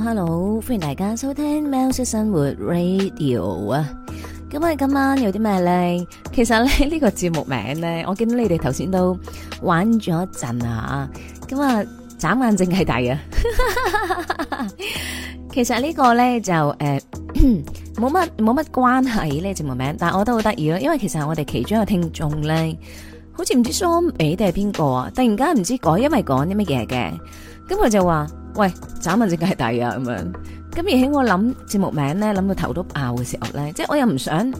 hello，歡迎大家收聽喵式生活 Radio 啊，咁啊今晚有啲咩咧？其實咧呢、呢個節目名咧，我見到你哋頭先都玩咗一陣啊，咁啊眨眼正契弟啊。 其實呢個呢個咧就誒冇乜冇乜關係呢、呢個節目名，但係我都好得意咯，因為其實我哋其中一個聽眾咧，好似唔知蘇美定係邊個啊，突然間唔知講因為講啲乜嘢嘅，咁佢就話。喂，眨眼正契弟係大約咁樣。咁而起我諗節目名咧，諗到頭都爆嘅時候咧，即係我又唔想，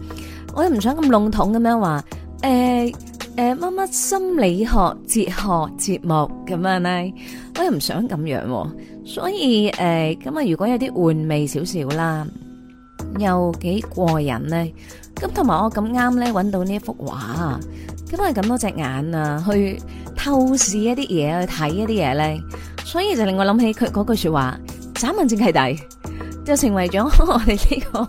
我又唔想咁籠統咁樣話，誒誒乜乜心理學哲學節目咁樣咧，我又唔想咁樣，所以誒咁啊如果有啲玩味少少啦，又幾過癮咧，咁同埋我咁啱咧搵到呢一幅畫，咁係咁多隻眼啊，去透視一啲嘢，去睇一啲嘢咧。所以就令我諗起佢嗰句說話，眨眼正契弟，就成為咗我哋呢個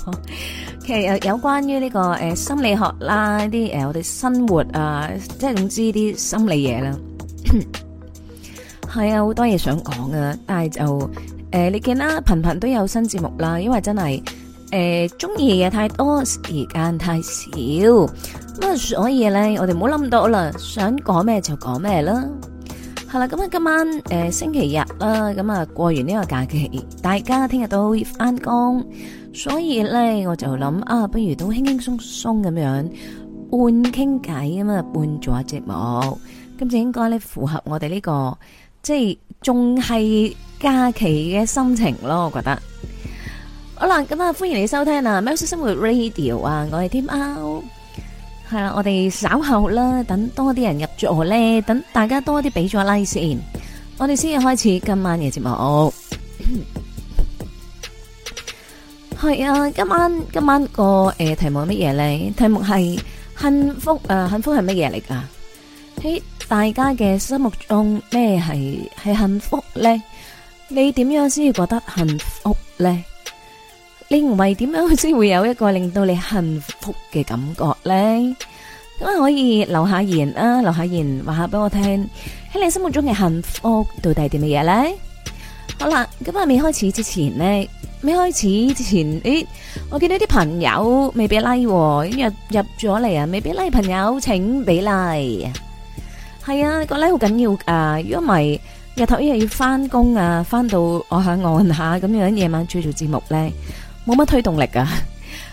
其實有關於呢個誒心理學啦，啲誒我哋生活啊，即係總之啲心理嘢啦。係啊，好多嘢想講啊，但係就誒你見啦，頻頻都有新節目啦，因為真係誒中意嘅嘢太多，時間太少，咁啊所以咧，我哋唔好諗咁多啦，想講咩就講咩啦。係啦，咁啊，今晚誒星期日啦，咁啊過完呢個假期，大家聽日都翻工，所以咧，我就諗啊，不如都輕輕鬆鬆咁樣半傾偈咁啊，半做下節目，咁就應該咧符合我哋呢個即係仲係假期嘅心情咯，我覺得。好啦，咁啊，歡迎你收聽啊，喵式生活 Radio 啊，我係天喵。係啦，我哋稍後啦，等多啲人入座咧，等大家多啲俾咗拉先，我哋先至開始今晚嘅節目。係啊，今晚今晚個誒題目係乜嘢咧？題目係幸福誒，幸福係乜嘢嚟噶？喺大家嘅心目中咩係係幸福咧？你點樣先至覺得幸福咧？你唔係，點樣先會有一個令到你幸福嘅感覺咧？咁啊，可以留下言啊，留下言話下俾我聽，喺你心目中嘅幸福到底係點乜嘢咧？好啦，咁啊，未開始之前咧，未開始之前，咦、哎？我見到啲朋友未俾拉，入入咗嚟啊，未俾拉，朋友請俾拉、like。係啊，個拉好緊要啊！如果唔係日頭一日要翻工啊，翻到我響岸下咁樣，夜晚追做節目咧。冇乜推動力啊，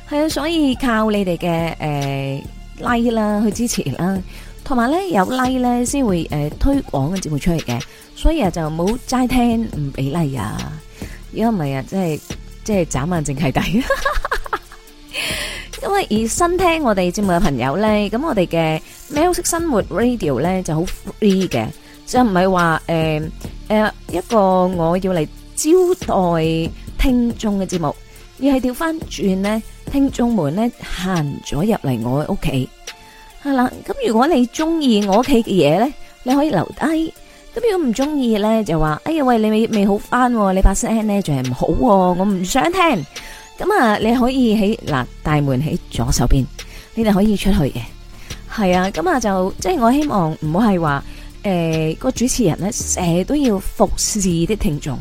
係啊，所以靠你哋嘅誒 like 啦去支持啦，同埋咧有 like 咧先會誒推廣嘅節目出嚟嘅，所以啊就冇齋聽唔俾 like 啊，如果唔係啊，即係即係眨眼正契弟，因為而新聽我哋節目嘅朋友咧，咁我哋嘅喵式生活 radio 咧就好 free 嘅，就唔係話誒誒一個我要嚟招待聽眾嘅節目。要係調翻轉咧，聽眾們咧行咗入嚟我屋企，係、啊、啦。咁如果你中意我屋企嘅嘢咧，你可以留低；咁如果唔中意咧，就話：哎呀，喂，你未未好翻、啊，你把聲咧就係唔好、啊，我唔想聽。咁啊，你可以喺嗱、啊、大門喺左手邊，你哋可以出去嘅。係啊，咁啊就即係我希望唔好係話誒個主持人咧，成日都要服侍啲聽眾。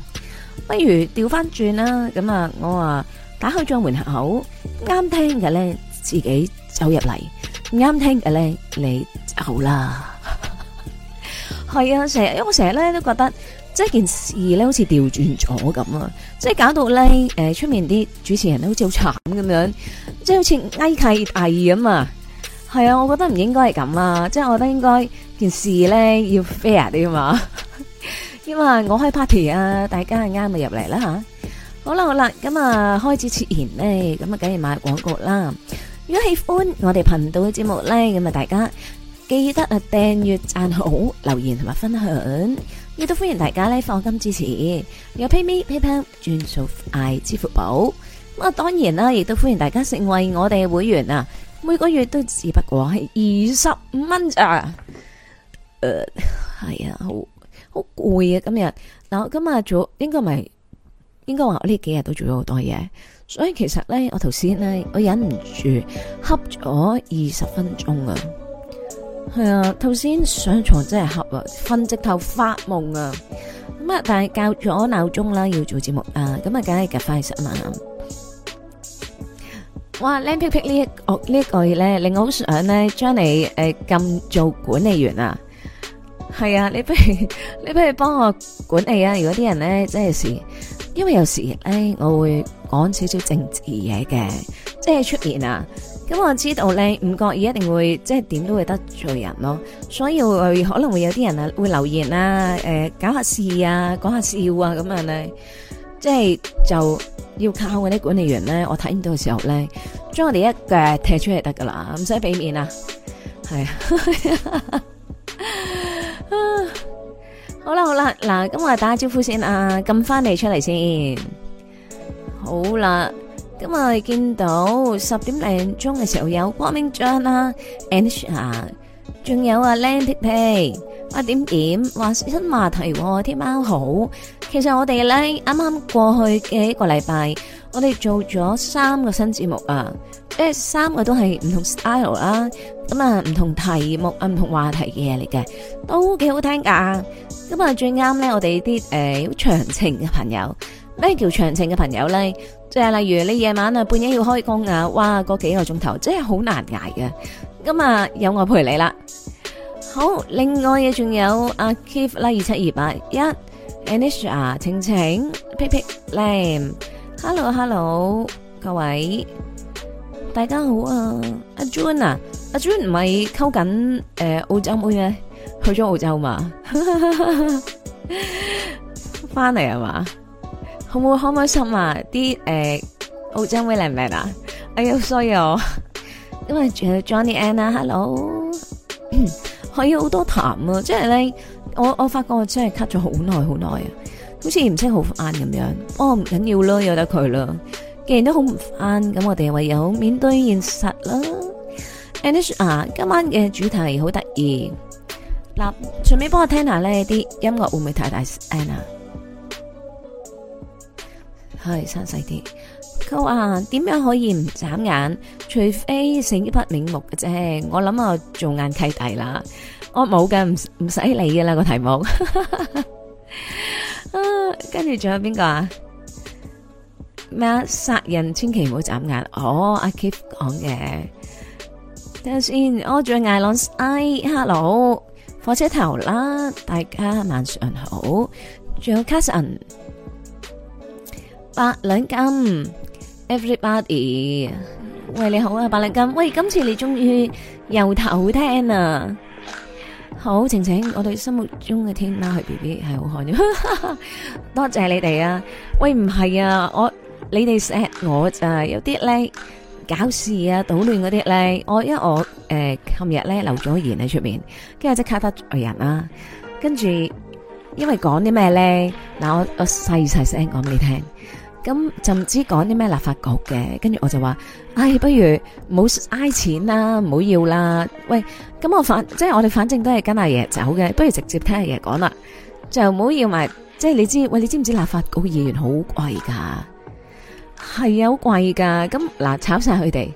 不如調翻轉啦，咁啊，我話。打開咗門口，啱聽嘅咧自己走入嚟，唔啱聽嘅咧你好啦。係啊，成日因為我成日咧都覺得，即係件事咧好似調轉咗咁啊，即係搞到咧誒出面啲主持人咧好似好慘咁樣，即係好似挨契弟啊嘛。係啊，我覺得唔應該係咁啊，即係我覺得應該件事咧要 fair 啲啊嘛。因為我開 party 啊，大家啱咪入嚟啦吓。好啦好啦，咁啊開始前呢，咁啊梗係買廣告啦。如果喜歡我哋頻道嘅節目呢，咁啊大家記得啊訂閱、讚好、留言同埋分享。亦都歡迎大家呢，課金支持，有 PayMe PayPal 轉數 i 支付寶。咁啊當然啦，亦都歡迎大家成為我哋會員啊！每個月都只不過係二十五蚊咋？係、呃、啊，好好攰啊！今日嗱，今日做應該咪。應該話我呢幾日都做咗好多嘢，所以其實咧，我頭先咧，我忍唔住，瞌咗二十分鐘啊。係啊，頭先上床真係瞌啊，瞓直頭發夢啊。咁啊，但係校咗鬧鐘啦，要做節目啊，咁啊，梗係夾返起身啊嘛。哇，靚皮皮呢一呢一句咧，令我好想咧將你誒禁、呃、做管理員啊！係啊，你不如你不如幫我管理啊！如果啲人咧，即係時，因為有時呢，我會講少少政治嘢嘅，即係出言啊。咁我知道咧，唔覺意一定會即係點都會得罪人咯，所以可能會有啲人啊會留言啊，誒、欸、搞下事啊，講下笑啊咁樣咧，即係就要靠我啲管理員咧。我睇唔到嘅時候咧，將我哋一腳踢出嚟得㗎喇，唔使俾面啊，係啊。 啊，好啦好啦，嗱，咁啊打下招呼先啊，撳翻你出嚟先。好啦，咁啊見到十點零鐘嘅時候有光明將啊，Andrea，仲有啊 Atlantic，八點點話新話題喎，天喵好。其實我哋咧，啱啱過去嘅一個禮拜。我哋做咗三個新節目啊，即係三個都係唔同 style 啦，咁啊唔同題目、唔同話題嘅嘢嚟嘅，都幾好聽噶。咁、嗯、啊最啱咧，我哋啲誒長情嘅朋友，咩叫長情嘅朋友咧？即係例如你夜晚啊半夜要開工啊，哇，嗰幾個鐘頭真係好難捱嘅。咁啊有我陪你啦。好，另外嘢仲有阿 Kev 啦，二七二八一，Anisha 晴晴，Peppe Lam。屁屁 Hello，Hello，hello, 各位，大家好啊！阿 John 啊，阿 John 唔係溝緊誒澳洲妹啊，去咗澳洲嘛？翻嚟啊嘛？好唔好，啊？開唔開心啲誒澳洲妹靚唔靚？啊？哎呀，衰啊！因為仲有 Johnny Anna，Hello，啊、可以好 多談啊！即係咧，我我發覺我真係 cut 咗好耐好耐啊！好似唔識好眼咁樣，哦，唔緊要咯，由得佢啦。既然都好唔眼，咁我哋唯有面對現實啦。Anna，啊，今晚嘅主題好得意。嗱，順便幫我聽下呢啲音樂會唔會太大？Anna，係，細細啲。佢話點樣可以唔眨眼？除非醒不醒目嘅啫。我諗啊，眨眼正契弟啦。我冇嘅，唔唔使理嘅啦個題目。啊，跟住仲有邊個啊？咩啊？殺人千祈唔好眨眼。哦，阿 Keep 講嘅，等下先。我仲有 Irons，哎，hello，火車頭啦，大家晚上好。仲有 Casson，八兩金，everybody，喂，你好啊，八兩金，喂，今次你終於由頭聽啊。好，晴晴，我哋心目中嘅天喵佢 B B 係好看嘅，多謝你哋啊！喂唔係啊，我你哋錫我誒，有啲咧搞事啊，搗亂嗰啲咧，我因為我誒，琴日咧留咗言喺出面，跟住即刻得罪人啦，跟住因為講啲咩咧，嗱我我細細聲講俾你聽。咁就唔知講啲咩，立法局嘅，跟住我就話，唉，不如冇挨錢啦，唔好要啦。喂，咁我反，即係我哋反正都係跟阿爺走嘅，不如直接聽阿爺講啦，就唔好要埋。即係你知喂，你知唔知立法局議員好貴噶？係啊，好貴噶。咁嗱，炒晒佢哋，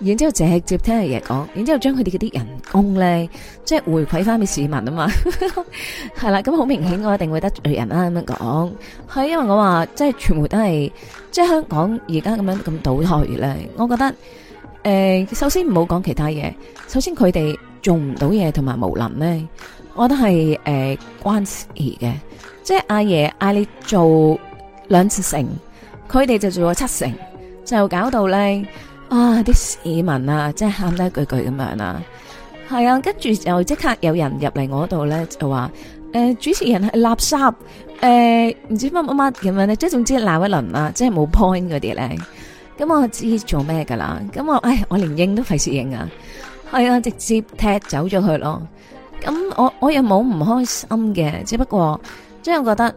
然之後直接聽阿爺講，然之後將佢哋嗰啲人工咧，即係回饋翻俾市民啊嘛。係 啦，咁好明顯我一定會得罪人啦、啊。咁樣講，係因為我話即係全部都係即係香港而家咁樣咁倒台咧。我覺得誒、呃，首先唔好講其他嘢，首先佢哋做唔到嘢同埋無能咧，我覺得係誒關事嘅。即係阿爺嗌你做兩次成。佢哋就做咗七成，就搞到咧啊！啲市民啊，即係喊得一句句咁樣啦，係啊，跟住就即刻有人入嚟我度咧，就話誒主持人係垃圾，誒唔知乜乜乜咁樣咧，即係總之鬧一輪啦，即係冇 point 嗰啲咧。咁我知做咩噶啦？咁我誒，我連應都費事應啊，係啊，直接踢走咗佢咯。咁我我又冇唔開心嘅，只不過即係我覺得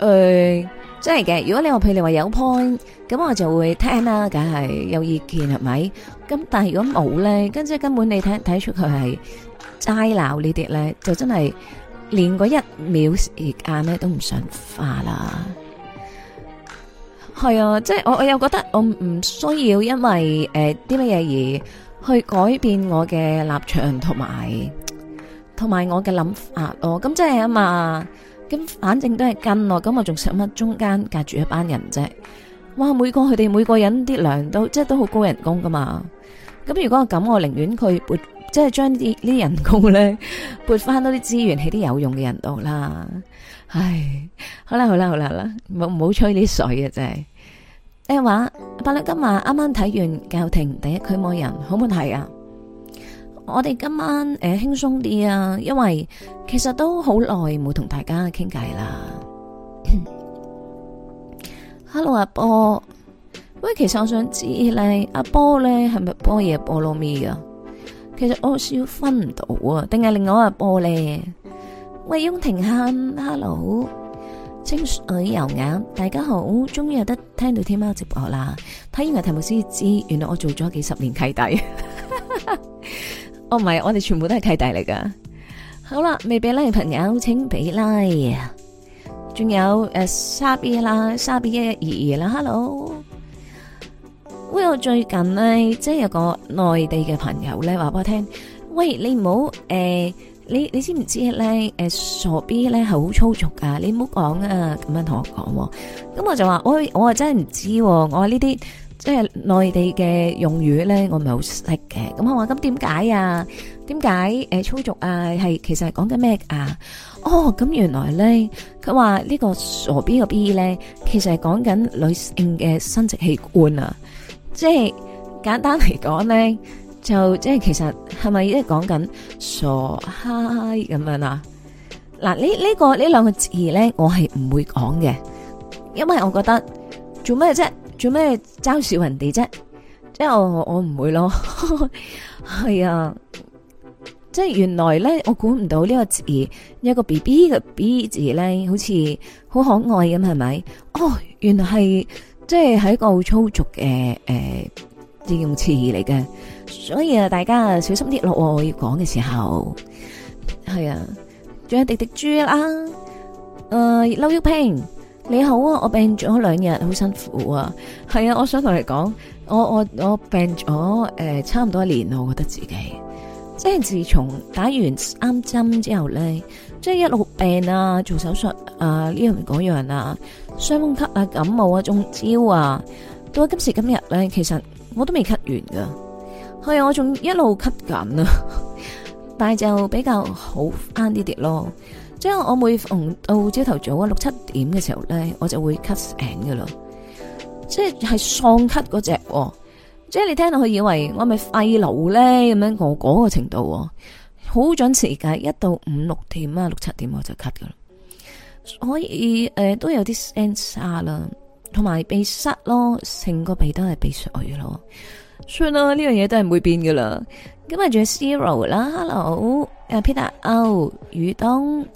誒。真係嘅，如果你話譬如你話有 point，咁我就會聽啦，梗係有意見係咪？咁但係如果冇咧，咁即係根本你睇睇出佢係齋鬧呢啲咧，就真係連嗰一秒時間咧都唔想花啦。係啊，即係我我又覺得我唔需要因為誒啲乜嘢而去改變我嘅立場同埋同埋我嘅諗法咯。咁即係啊嘛。咁反正都係跟囉，咁我仲使乜中間隔住一班人啫？哇！每個佢哋每個人啲糧都即係都好高人工噶嘛。咁如果我咁，我寧願佢撥即係將啲啲人工咧撥翻多啲資源喺啲有用嘅人度啦。唉，好啦好啦好啦好啦，唔好吹啲水啊真係。誒，話，伯樂今日啱啱睇完教廷第一區冇人，好唔好睇啊？我哋今晚誒輕鬆啲啊，因為其實都好耐冇同大家傾偈啦。Hello 阿波，喂，其實我想知咧，阿波咧係咪波嘢、菠蘿蜜啊？其實我少分唔到啊，定係另外阿波咧？喂，雍庭喊：Hello「h e l l o 清水油眼，大家好，終於有得聽到天喵直播啦！睇完題目先知，原來我做咗幾十年契弟。 唔係、哦，我哋全部都係契弟嚟噶。好啦，未俾拉嘅朋友請俾拉。仲有誒，沙 B 啦，沙 B 嘅爺爺啦，hello。喂，我最近咧，即係有個內地嘅朋友咧話俾我聽，喂，你唔好誒，你你知唔知咧？誒、呃，傻 B 咧係好粗俗噶，你唔好講啊，咁樣同我講。咁、嗯、我就話，喂，我真啊真係唔知，我呢啲。即係內地嘅用語咧，我唔係好識嘅。咁我話咁點解啊？點解誒粗俗啊？係其實係講緊咩啊？哦，咁原來咧，佢話呢個傻逼個 B 咧，其實係講緊女性嘅生殖器官啊。即係簡單嚟講咧，就即係其實係咪即係講緊傻嗨咁樣啊？嗱，呢呢個呢兩個字咧，我係唔會講嘅，因為我覺得做咩啫？做咩嘲笑人哋啫？即係我我唔會咯，係 啊！即係原來咧，我估唔到呢個字，一個 B B 嘅 B 字咧，好似好可愛咁，係咪？哦，原來係即係喺一個好粗俗嘅誒應用詞嚟嘅。所以啊，大家小心啲咯，我要講嘅時候，係啊，仲有滴滴豬啦，誒、呃、ping 你好啊，我病咗兩日，好辛苦啊。係啊，我想同你講，我我我病咗誒、呃，差唔多一年，我覺得自己，即係自從打完三針之後咧，即係一路病啊，做手術啊，呢樣嗰樣啊，傷風咳啊，感冒啊，中招啊，到今時今日咧，其實我都未咳完㗎，係啊，我仲一路咳緊啊，但係就比較好返啲啲咯。即係我每逢到朝頭早啊，六七點嘅時候咧，我就會咳醒 n d 噶啦，即係喪咳嗰隻，即係你聽到佢以為我咪肺癆咧咁樣。我、那、嗰個程度，好準時計一到五六點啊六七點我就咳噶啦，所以誒、呃、都有啲 e 沙啦，同埋鼻塞咯，成個鼻都係鼻水咯。算啦，呢樣嘢都係唔會變噶啦。今日仲有 Zero 啦，Hello，Peter 雨東，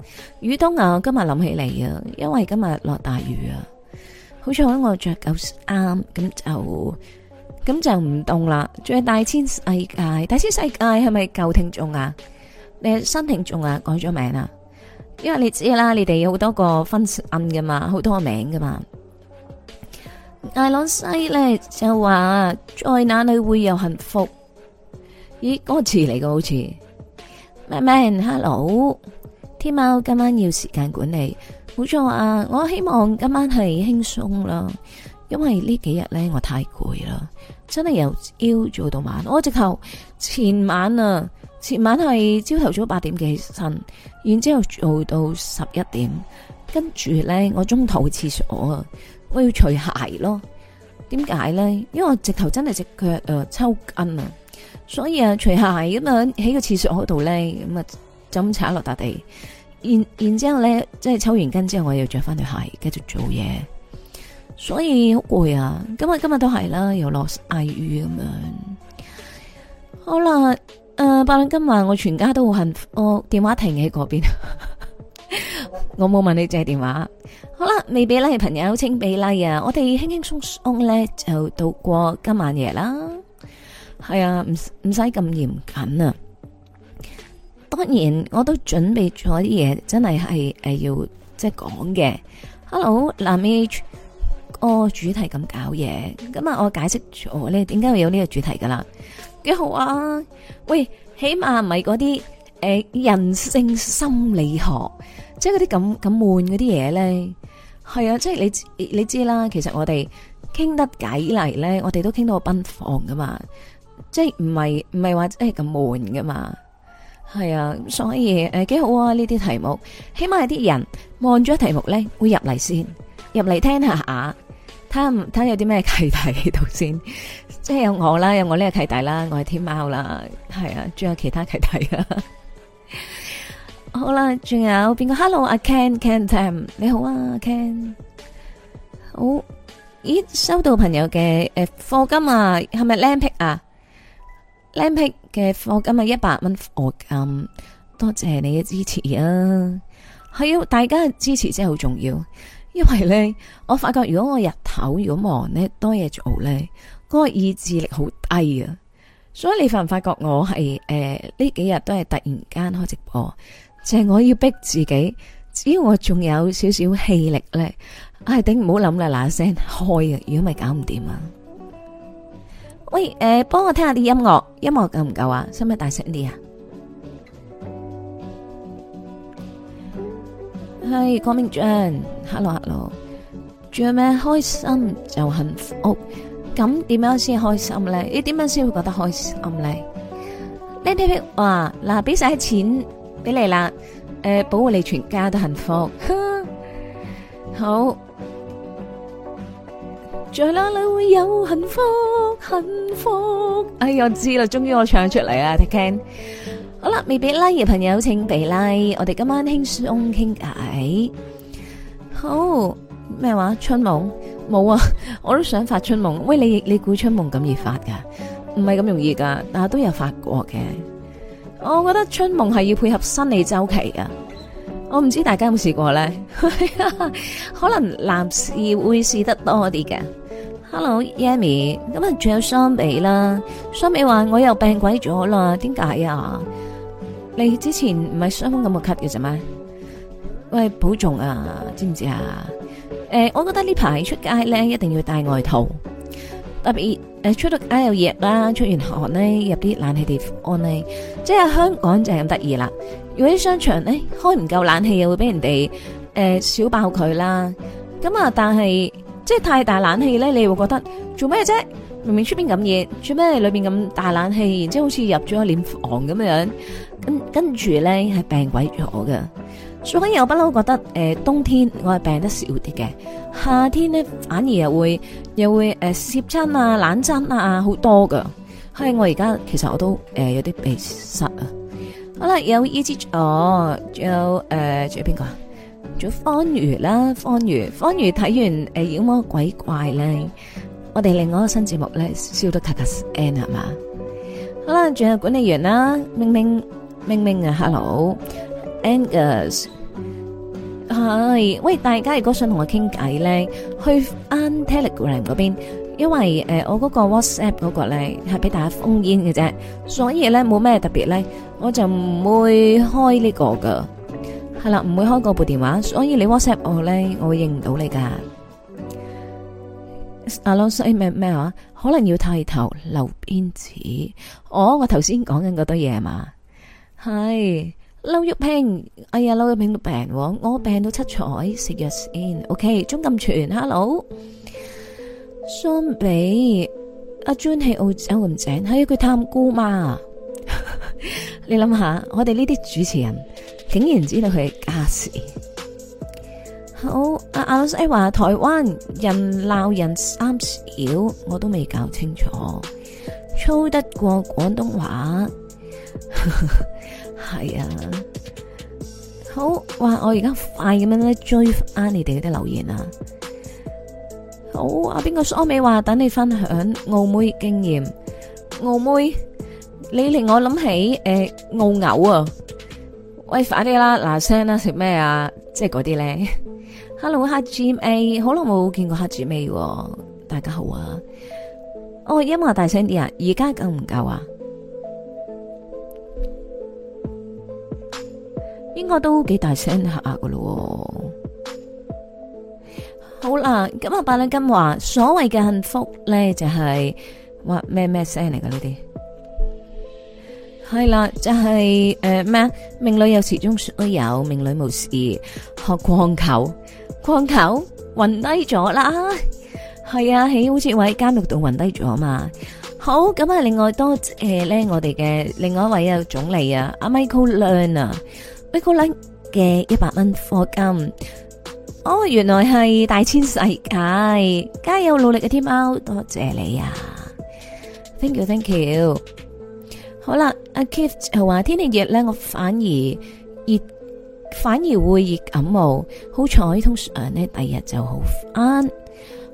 雨東、oh，啊，今日諗起嚟啊，因為今日落大雨啊，好彩咧，我着夠啱，咁就咁就唔凍啦。仲有大千世界，大千世界係咪舊聽眾啊？誒，新聽眾啊，改咗名啊，因為你知啦，你哋有好多個分音㗎嘛，好多個名噶嘛。艾朗西咧就話：在哪裏會有幸福？咦，歌詞嚟嘅好似。咩咩？Hello，天喵，今晚要時間管理，冇錯啊！我希望今晚係輕鬆啦，因為呢幾日咧我太攰啦，真係由朝做到晚。我直頭前晚啊，前晚係朝頭早八點幾起身，然之後做到十一點，跟住咧我中途去廁所啊。我要除鞋咯，點解咧？因為我直頭真係隻腳誒抽筋啊，所以啊除鞋咁樣喺個廁所嗰度咧，咁啊就咁踩落笪地，然然之後咧即係抽完筋之後，我又着翻對鞋，繼續做嘢，所以好攰啊！今日今日都係啦，又落大雨咁樣。好啦，誒、呃，拜倫，今晚我全家都好幸福，我電話停喺嗰邊。 我冇問你借電話，好啦，未俾 like 嘅朋友請俾 like 啊！我哋輕輕鬆鬆咧就度過今晚夜啦，係啊，唔唔使咁嚴謹啊。當然，我都準備咗啲嘢，真係係誒要即係講嘅。Hello，南美個主題咁搞嘢，咁啊，我解釋咗咧，點解會有呢個主題噶啦？幾好啊！喂，起碼唔係嗰啲。誒，人性心理學，即係嗰啲咁咁悶嗰啲嘢咧，係啊，即係你你知啦。其實我哋傾得偈嚟咧，我哋都傾到奔放噶嘛，即係唔係唔係話即係咁悶噶嘛，係啊。咁所以誒、欸，幾好啊呢啲題目，起碼有啲人望咗題目咧，會入嚟先，入嚟聽一下，下，睇下睇有啲咩契弟喺度先？即係有我啦，有我呢個契弟啦，我係天貓啦，係啊，仲有其他契弟啊。好啦、啊，仲有邊個？Hello，阿 Ken, Ken，Tam，你好啊，Ken。好，咦，收到朋友嘅誒貨金啊，係咪 lamppic 啊？lamppic 嘅貨金啊，一百蚊貨金，多謝你嘅支持啊！係要、啊、大家嘅支持真係好重要，因為咧，我發覺如果我日頭如果忙咧，多嘢做咧，嗰、嗰個意志力好低啊。所以你發唔發覺我係誒呢幾日都係突然間開直播。就係我要逼自己，只要我仲有少少氣力咧，唉頂唔好諗啦，嗱，聲開啊，如果咪搞唔掂啊。喂，誒，幫我聽下啲音樂，音樂夠唔夠啊？使唔使大聲啲啊？係郭明章，hello hello，仲有咩？開心就幸福，咁點樣先開心咧？你點樣先會覺得開心咧？呢啲話，嗱，俾晒錢。俾你啦，誒，保護你全家都幸福。好，在哪裏會有幸福？幸福？哎呀，我知啦，終於我唱出嚟啦，Tikang。好啦，未俾拉嘅朋友請俾拉。我哋今晚輕鬆傾偈。好，咩話？春夢？冇啊，我都想發春夢。喂，你你估春夢咁易發㗎？唔係咁容易㗎，但係都有發過嘅。我覺得春夢係要配合生理周期啊！我唔知大家有冇試過咧， 可能男士會試得多啲嘅。Hello，Yami，咁啊，仲有雙美啦，雙美話我又病鬼咗啦，點解啊？你之前唔係傷風感冒咳嘅啫咩？喂，保重啊，知唔知啊？誒、欸，我覺得呢排出街咧一定要帶外套。特別誒出到街又熱啦，出完汗咧入啲冷氣地方咧，即係香港就係咁得意啦。如果啲商場咧開唔夠冷氣又會俾人哋誒少爆佢啦。咁啊，但係即係太大冷氣咧，你又會覺得做咩啫？明明出邊咁熱，做咩裏面咁大冷氣？然之後好似入咗一簾房咁樣樣，跟跟住咧係病鬼咗我㗎。所以我不嬲覺得，誒、呃、冬天我係病得少啲嘅，夏天咧反而又會又會誒攝親啊、冷親啊好多噶。係我而家其實我都誒、呃、有啲鼻塞啊。好啦，有 E Z 哦，J J、o，有誒仲、呃、有邊個啊？仲有方如啦，方如，方如睇完誒妖魔鬼怪咧，我哋另外一個新節目咧笑得卡卡斯 N 係嘛。好啦，仲有管理員啦，明明明明啊，hello。Angus，係喂，大家如果想同我傾偈咧，去翻 Telegram 嗰邊，因為誒我嗰個 WhatsApp 嗰個咧係俾大家封煙嘅啫，所以咧冇咩特別咧，我就唔會開呢個噶，係啦，唔會開嗰部電話，所以你 WhatsApp 我咧，我會認唔到你噶。阿龍，咩咩話？可能要剃頭留辮子。我我頭先講緊嗰堆嘢係嘛，係。劉玉萍，哎呀，劉玉萍都病，哦，我病到七彩食藥先吃藥。O K，鍾錦全，Hello，相比阿 John 喺澳洲咁正，佢、嗯、探姑媽。 你諗下，我哋呢啲主持人竟然知道佢家事。好，啊、阿阿西話台灣人鬧人三小，我都未搞清楚，粗得過廣東話。 係啊，好話我而家快咁樣咧追翻你哋嗰啲留言啊！好啊，邊個梳尾話等你分享澳妹經驗，澳妹你令我諗起誒、呃、澳牛啊！喂，快啲啦，嗱聲啦，食咩啊？即係嗰啲咧。Hello，黑 GMA，好耐冇見過黑 GMA，大家好啊！哦，音樂大聲啲啊！而家夠唔夠啊？應該都幾大聲下噶咯。好啦，今日八兩金話所謂嘅幸福咧，就係哇咩咩聲嚟噶呢啲係啦，就係誒咩命裏有時終須有，命裏無時學光求。光求暈低咗啦，係啊，起好似位監獄度暈低咗啊嘛。好咁啊，另外多謝咧，我哋嘅另外一位啊總理啊，阿 Michael Leung 啊。一個零嘅一百蚊貨金，哦，原來係大千世界，加油努力嘅天貓，多謝你啊，thank you，thank you, thank you. 好啦，阿 Keith 就話天氣熱咧，我反而熱，反而會熱感冒。好彩，通常咧第二日就好返。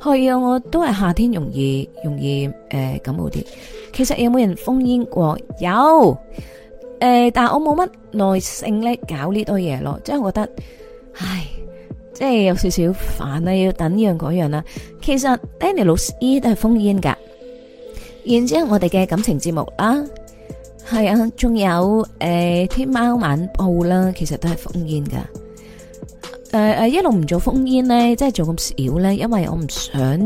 係啊，我都係夏天容易容易誒、呃、感冒啲。其實有冇人封煙過？有。誒，但係我冇乜耐性咧，搞呢多嘢咯，即係我覺得，唉，即係有少少煩啦，要等呢樣嗰樣啦。其實 Daniel 老師依都係 phone in 噶，然之後我哋嘅感情節目啦，係啊，仲有誒天喵晚報啦，其實都係 phone in 噶。誒誒，一路唔做 phone in 咧，即係做咁少咧，因為我唔想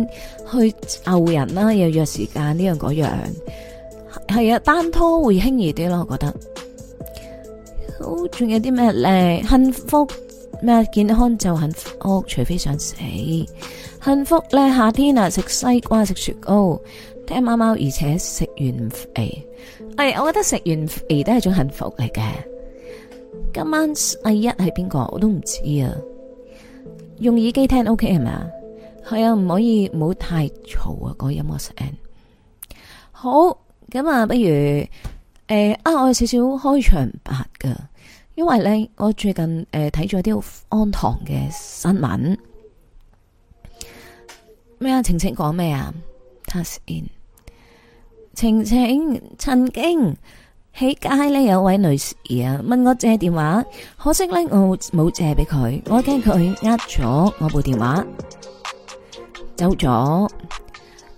去求人啦，又約時間呢樣嗰樣，係啊，單拖會輕易啲咯，我覺得。都仲有啲咩咧？幸福咩？健康就幸福，哦，除非想死。幸福咧，夏天啊，食西瓜，食雪糕，聽貓貓，而且食完肥。哎，我覺得食完肥都係一種幸福嚟嘅。今晚四一係邊個？我都唔知啊。用耳機聽 O K 係咪啊？係啊，唔可以唔好太嘈啊！嗰個音樂聲。好，咁啊，不如。誒、呃啊，我有少少開場白噶，因為咧我最近誒睇咗啲安堂嘅新聞。咩啊？晴晴講咩啊？Touch in。晴晴曾經喺街呢有位女士啊，問我借電話，可惜呢我冇借俾佢，我驚佢呃咗我部電話，走咗。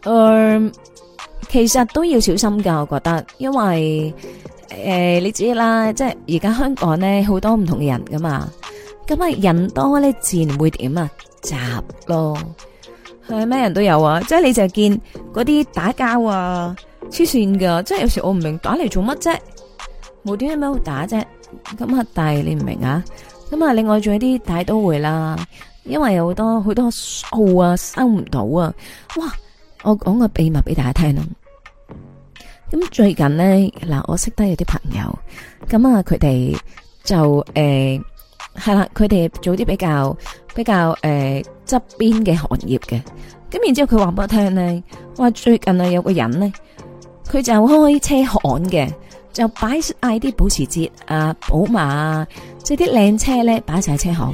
呃其實都要小心噶，我覺得，因為誒、呃、你知啦，即係而家香港咧好多唔同嘅人噶嘛，咁啊人多咧自然會點啊雜咯，係咩人都有啊，即係你就見嗰啲打交啊、黐線㗎。即係有時我唔明白打嚟做乜啫，無端係咩好打啫，咁啊但係你唔明啊，咁啊另外仲有啲大都會啦，因為有好多好多數啊收唔到啊，哇，我講個秘密俾大家聽咁最近咧，嗱我識得有啲朋友，咁啊佢哋就誒係啦，佢哋做啲比較比較誒側邊嘅行業嘅，咁然之後佢話俾我聽咧，哇最近啊有個人咧，佢就開車行嘅，就擺晒啲保時捷啊、寶馬啊，即係啲靚車咧擺晒車行，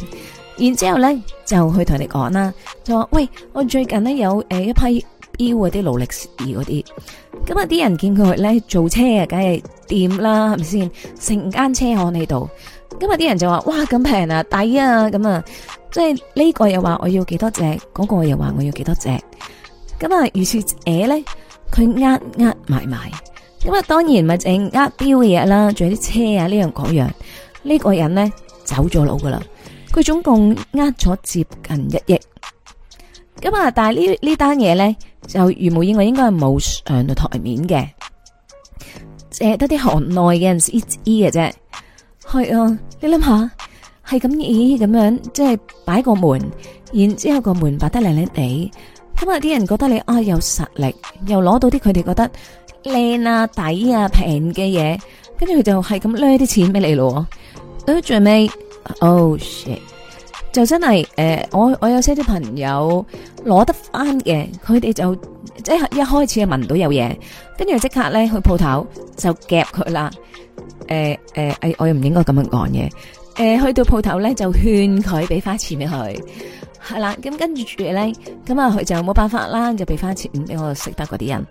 然之後咧就去同你講啦，就話喂我最近咧有誒一批。啲勞力士嗰啲，咁啊啲人見佢咧做車啊，梗係掂啦，係咪先成間車行喺度。咁啊啲人就話哇咁平啊，抵啊，咁啊，即係呢個又話我要幾多隻，嗰個又話我要幾多隻。咁啊，如是者咧，佢呃呃埋埋。咁啊，當然咪淨呃表嘅嘢啦，仲有啲車啊呢樣嗰樣。呢個人咧走咗佬噶啦，佢總共呃咗接近一億。咁啊，但係呢呢單嘢咧。就如無意外應該係冇上到台面嘅，誒得啲行內嘅人知知嘅啫。係啊，你諗下，係咁咦咁樣，即係擺個門，然之後個門擺得靚靚地，咁啊啲人覺得你啊有實力，又攞到啲佢哋覺得靚啊、抵啊、平嘅嘢，跟住佢就係咁掠啲錢俾你咯。誒最尾，oh shit！就真係誒、呃，我我有些啲朋友攞得翻嘅，佢哋就即係一開始就聞到有嘢，跟住即刻咧去鋪頭就夾佢啦。誒、呃、誒、呃，我我又唔應該咁樣講嘢，誒、呃，去到鋪頭咧就勸佢俾翻錢俾佢，係啦。咁跟住住咧，咁啊佢就冇辦法啦，就俾翻錢俾我識得嗰啲人。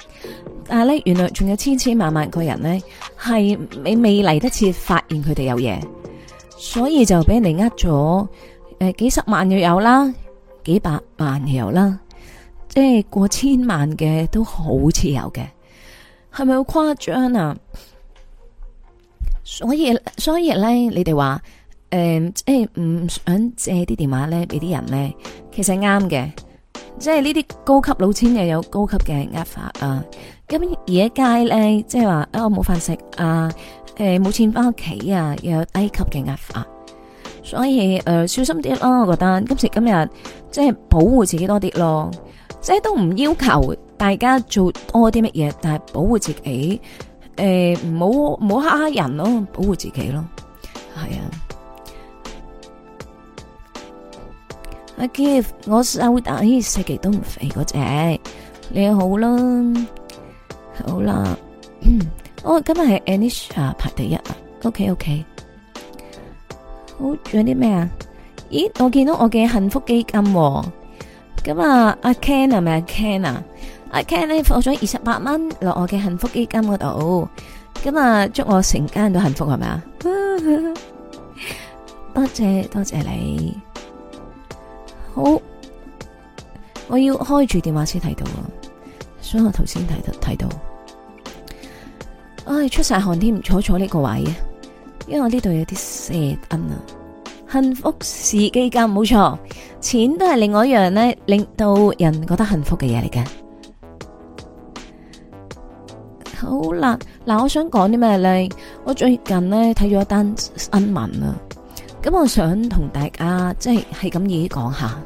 但係咧，原來仲有千千萬萬個人咧係未未嚟得切發現佢哋有嘢，所以就俾人呃咗。誒，幾十萬又有啦，幾百萬又有啦，即係過千萬嘅都好似有嘅，係咪好誇張啊？所以所以咧，你哋話誒，即係唔想借啲電話咧俾啲人咧，其實啱嘅，即係呢啲高級老千又有高級嘅呃法啊，咁而家街咧，即係話我冇飯食啊，誒冇錢翻屋企啊，又有低級嘅呃法。所以誒、呃，小心啲啦，我覺得今時今日即係保護自己多啲咯，即係都唔要求大家做多啲乜嘢，但係保護自己誒，唔好唔好嚇人咯，保護自己咯，係啊。阿 give 我手打起世紀都唔肥嗰隻，你好啦，好啦，我、 哦、今日係 Anisha 排第一啊，OK OK。好，仲有啲咩啊？咦，我見到我嘅幸福基金，咁啊，阿 Ken 係咪阿 Ken 啊？阿 Ken 咧，我想二十八蚊落我嘅幸福基金嗰度，咁啊，祝我成家人都幸福係咪啊？多謝多謝你，好，我要開住電話先睇到啊，所以我頭先睇得睇到，唉，出晒汗添，唔坐坐呢個位啊！因為我呢度有啲蛇吞啊，幸福是基金冇錯，錢都係另外一樣咧，令到人覺得幸福嘅嘢嚟嘅。好啦，嗱，我想講啲咩咧？我最近咧睇咗一單新聞啊，咁我想同大家即係係咁易講下，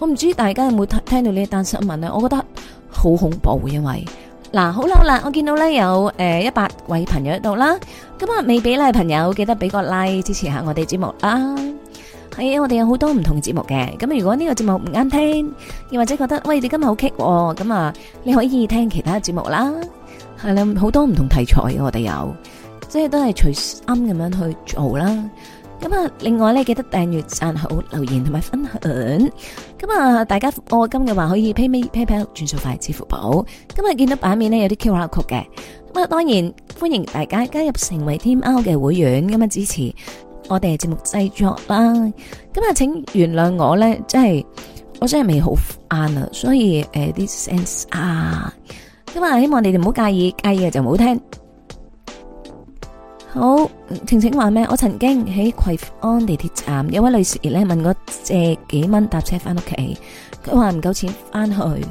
我唔知大家有冇聽聽到呢一單新聞咧？我覺得好恐怖，因為。嗱，好啦好啦，我見到咧有誒一百位朋友喺度啦，咁、嗯、啊未俾 like 朋友，記得俾個 like 支持下我哋節目啦。係啊，我哋有好多唔同節目嘅，咁如果呢個節目唔啱聽，又或者覺得喂你今日好 kick，咁、哦、啊你可以聽其他節目啦。係啦，好多唔同題材嘅我哋有，即係都係隨心咁樣去做啦。咁啊！另外咧，記得訂閱、讚好、留言同埋分享。咁啊，大家我今日話可以 pay me PayPal 轉數快支付寶。今日見到版面咧有啲 QR code 嘅。咁啊，當然歡迎大家加入成為 T M L 嘅會員咁啊，支持我哋嘅節目製作啦。咁啊，請原諒我咧，真係我真係未好晏啊，所以誒啲、呃、sense 啊。咁啊，希望你哋唔好介意，介意嘅就唔好聽。好，晴晴話咩？我曾經喺葵安地鐵站，有位女士咧問我借幾蚊搭車翻屋企，佢話唔夠錢翻去，誒、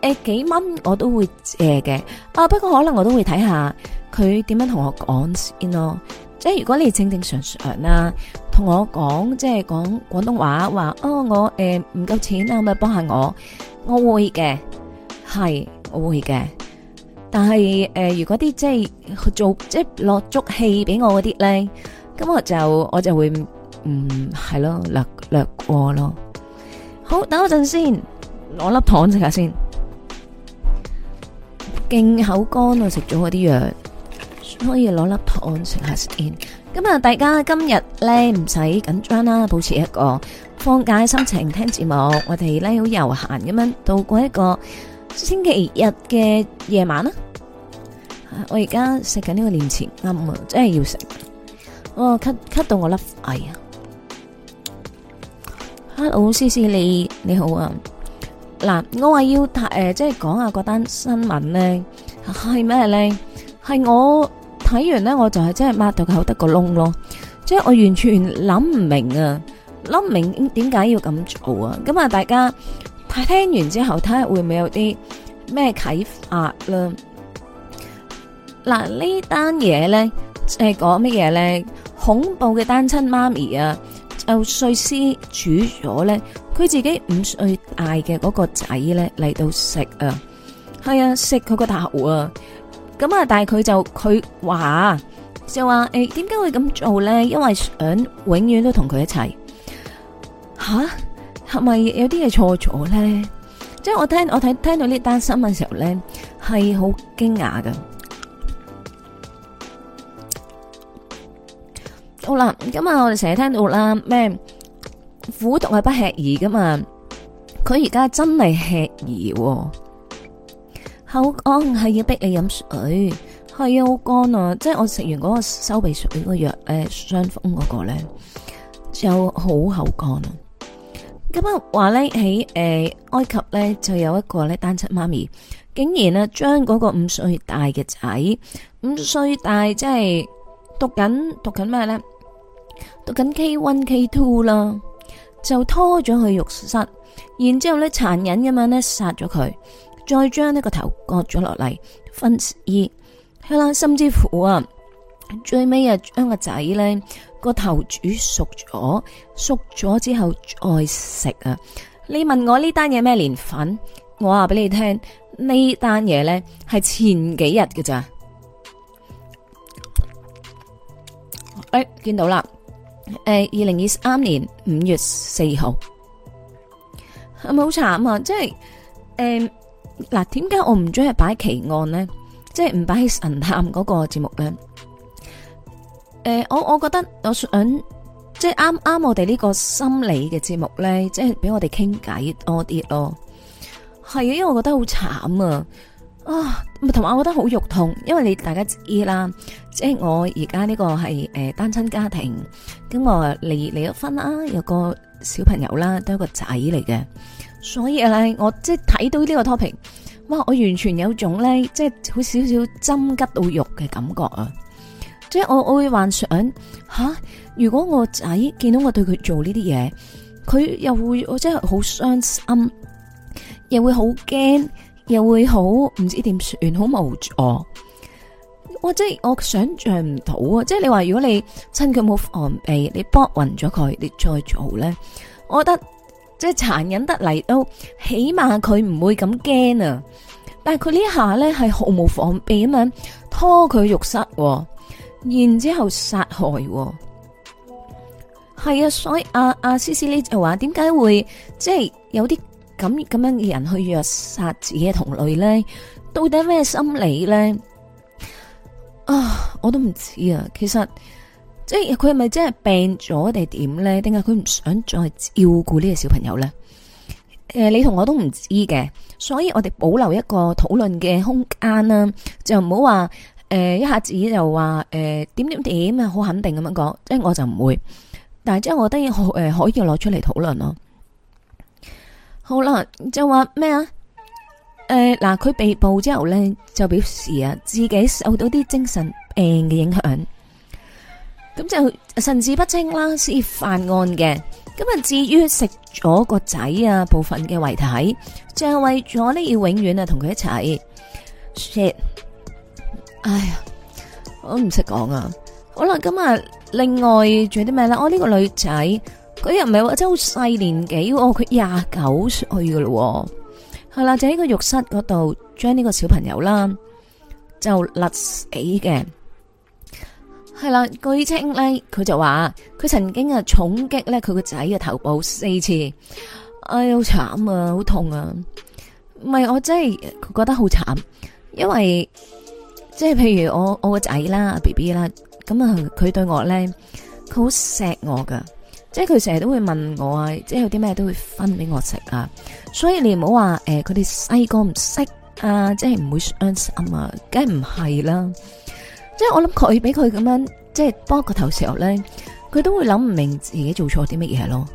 欸、幾蚊我都會借嘅，啊不過可能我都會睇下佢點樣同我講先咯，即係如果你正正常常啦、啊，同我講即係講廣東話，話哦我誒唔夠錢啊，可唔可以幫下我，我會嘅，係我會嘅。但係誒、呃，如果啲即係做即係落足氣俾我嗰啲咧，咁我就我就會嗯係咯，略略過咯。好，等我陣先，攞粒糖食下先。勁口乾啊，我食咗嗰啲藥，所以攞粒糖食下先。咁、嗯、啊，大家今日咧唔使緊張啦，保持一個放假心情聽節目，我哋咧好悠閒咁樣度過一個。星期日嘅夜晚啦，我而家食緊呢個蓮子，啱啊，真係要食。我咳咳到我粒危啊！Hello，思思，你你好啊。嗱，我話要睇誒，即係講下嗰單新聞咧，係咩咧？係我睇完咧，我就係真係擘到口得個窿咯，即係我完全諗唔明啊，諗唔明點解要咁做啊？咁啊，大家。聽完之後，睇下會唔會有啲咩啟發啦？嗱，呢單嘢咧，即係講乜嘢咧？恐怖嘅單親媽咪啊，就碎屍煮咗咧，佢自己五歲大嘅嗰個仔咧嚟到食啊，係啊，食佢個頭啊，咁啊，但係佢就佢話就話誒，點解會咁做咧？因為想永遠都同佢一齊吓。係咪有啲嘢錯咗咧？即係我聽我睇聽，聽到呢單新聞嘅時候咧，係好驚訝嘅。好啦，咁啊，我哋成日聽到啦，咩苦毒係不吃兒嘅嘛？佢而家真係吃兒、啊，口乾係要逼你飲水，係好乾啊！即係我食完嗰個收鼻水嗰個藥，誒，傷風嗰個咧，就好口乾啊！咁啊話咧，喺誒埃及咧就有一個咧單親媽咪，竟然咧將嗰個五歲大嘅仔，五歲大即係讀緊讀緊咩咧？讀緊 K one K two 啦，就拖咗去浴室，然之後咧，殘忍咁樣咧殺咗佢，再將呢個頭割咗落嚟分屍，係、嗯、啦，甚至乎啊，最尾啊將個仔咧。個頭煮熟咗，熟咗之後再食啊！你問我呢單嘢咩年份，我話俾你聽，這事呢單嘢咧係前幾日嘅咋？誒，見到啦，誒，二零二三年五月四號，係咪好慘啊？即係誒，嗱、嗯，點解我唔中意擺奇案呢？即係唔擺喺神探嗰個節目咧？誒、呃，我我覺得我想即係啱啱我哋呢個心理嘅節目咧，即係俾我哋傾偈多啲咯。係啊，因為我覺得好慘啊！啊，同埋我覺得好肉痛，因為你大家知啦，即係我而家呢個係誒、呃、單親家庭，咁我離離咗婚啦，有個小朋友啦，都有個仔嚟嘅，所以咧我即係睇到呢個 topic，哇！我完全有種咧，即係好少少針拮到肉嘅感覺啊！即係我我會幻想吓、啊，如果我仔見到我對佢做呢啲嘢，佢又會我真係好傷心，又會好驚，又會好唔知點算，好無助。我即係我想象唔到啊！即係你話，如果你趁佢冇防備，你剝暈咗佢，你再做咧，我覺得即係殘忍得嚟都起碼佢唔會咁驚啊！但係佢呢下咧係毫無防備啊嘛，拖佢浴室、啊。然之後殺害，係啊，所以阿、啊、阿、啊、思思呢就話：點解會即係、就是、有啲咁咁樣嘅人去虐殺自己嘅同類咧？到底咩心理咧？啊，我都唔知啊。其實即係佢係咪真係病咗定點咧？點解佢唔想再照顧呢個小朋友咧？誒、呃，你同我都唔知嘅，所以我哋保留一個討論嘅空間啦，就唔好話。誒，一下子就話誒、呃、點點點啊，好肯定咁樣講，即係我就唔會，但係即我覺得可誒可以攞出嚟討論咯。好啦，就話咩啊？誒、呃，嗱，佢被捕之後呢，就表示啊，自己受到啲精神病嘅影響，咁就神志不清啦，先犯案嘅。咁啊，至於食咗個仔啊部分嘅遺體，就係、是、為咗呢，要永遠啊同佢一齊。哎呀，我都唔識講啊。好啦，咁啊，另外仲有啲咩呢？我、哦、呢、呢個女仔佢又唔係話真係好細年紀，我佢廿九歲噶喎，係啦，就喺個浴室嗰度將呢個小朋友啦就勒死嘅。係啦，據稱咧，佢就話佢曾經啊重擊咧佢個仔嘅頭部四次。哎呀，好慘啊，好痛啊，唔係我真係佢覺得好慘，因為。即係譬如我我個仔啦，B B 啦，咁啊佢對我咧，佢好錫我噶，即係佢成日都會問我啊，即係有啲咩都會分俾我食啊，所以你唔好話誒佢哋細個唔識啊，即係唔會傷心啊，梗係唔係啦，即係我諗佢俾佢咁樣，即係幫個頭時候咧，佢都會諗唔明自己做錯啲乜嘢咯，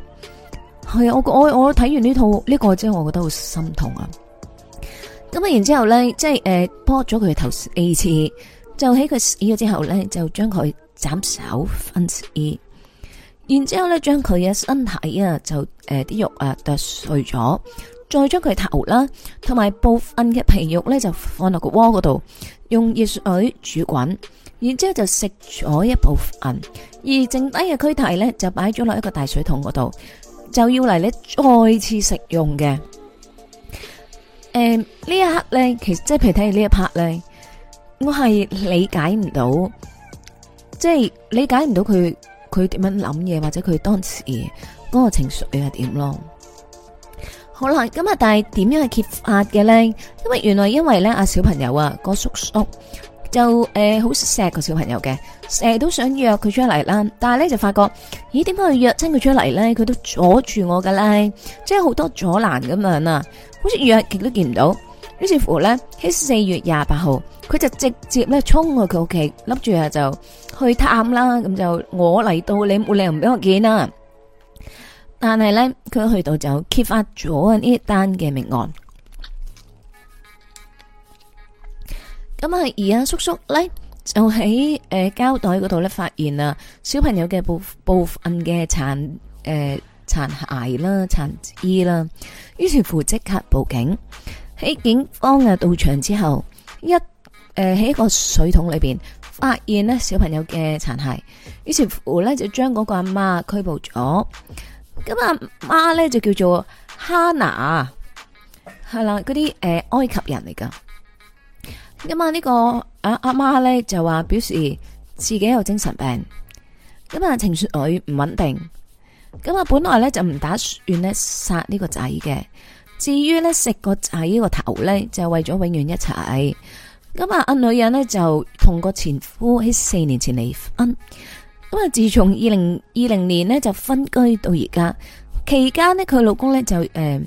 係啊，我我我睇完呢套呢個即係我覺得好心痛啊。咁然之後呢即係誒，剝咗佢嘅頭四次，就喺佢死咗之後呢，就將佢斬首分屍。然之後呢將佢嘅身體、呃、啊，就誒啲肉啊剁碎咗，再將佢頭啦，同埋部分嘅皮肉呢，就放落個鍋嗰度，用熱水煮滾。然之後就食咗一部分，而剩低嘅軀體呢，就擺咗落一個大水桶嗰度，就要嚟呢，再次食用嘅。誒，呢、嗯、一刻咧，其實即係譬如睇住呢一 part 咧，我係理解唔到，即、就、係、是、理解唔到佢佢點樣諗嘢，或者佢當時嗰個情緒係點咯。好啦，咁啊，但係點樣去揭發嘅咧？因為原來因為咧，阿小朋友啊，個叔叔。就誒，好、呃、錫個小朋友嘅，成日都想約佢出嚟啦。但係咧，就發覺，咦，點解佢約親佢出嚟咧，佢都阻住我噶啦，即係好多阻攔咁樣啊，好似約極都見唔到。於是乎咧，喺四月廿八號，佢就直接咧衝去佢屋企，笠住啊就去探啦。咁就我嚟到，你冇理由唔俾我見啦。但係咧，佢去到就揭翻咗呢單嘅命案。咁啊，而阿叔叔咧就喺誒膠袋嗰度咧發現啊，小朋友嘅部部分嘅殘誒殘骸啦、殘肢啦，於是乎即刻報警。喺警方嘅到場之後，一誒喺、呃、一個水桶裏邊發現呢小朋友嘅殘骸，於是乎咧就將嗰個阿媽拘捕咗。咁阿媽咧就叫做哈娜，係啦，嗰啲誒埃及人嚟噶。咁、這個、啊，呢個阿阿媽咧就話表示自己有精神病，咁、嗯、啊情緒女唔穩定，咁、嗯、啊本來咧就唔打算咧殺呢個仔嘅，至於咧食個仔呢個頭咧就為咗永遠一齊。咁、嗯、啊，阿女人咧就同個前夫喺四年前離婚，咁、嗯、啊、嗯、自從二零二零年呢就分居到而家，期間呢，佢老公咧就誒、呃，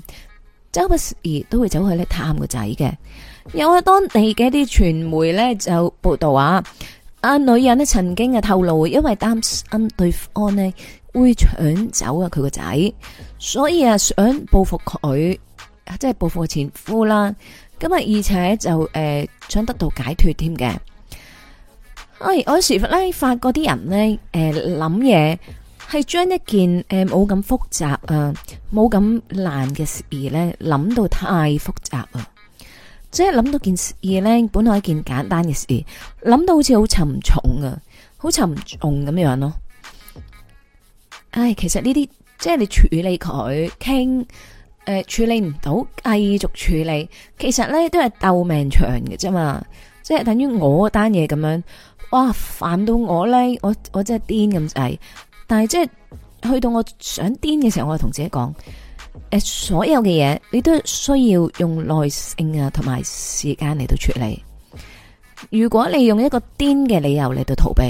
周不時而都會走去咧探個仔嘅。有喺當地嘅一啲傳媒咧就報道啊，阿女人呢曾經啊透露，因為擔心對方呢會搶走啊佢個仔，所以啊想報復佢，即係報復前夫啦。咁啊，而且就誒想得到解脫添嘅。哎，我時時咧發覺啲人咧誒諗嘢係將一件誒冇咁複雜啊，冇咁難嘅事咧諗到太複雜啊。即係諗到件事咧，本來一件簡單嘅事，諗到好似好沉重㗎，好沉重咁樣咯。唉，其實呢啲即係你處理佢傾，誒、呃、處理唔到，繼續處理，其實咧都係鬥命長嘅啫嘛。即係等於我單嘢咁樣，哇煩到我咧，我我真係癲咁滯。但係即係去到我想癲嘅時候，我就同自己講。誒，所有嘅嘢你都需要用耐性啊，同埋時間嚟到處理。如果你用一個癲嘅理由嚟到逃避，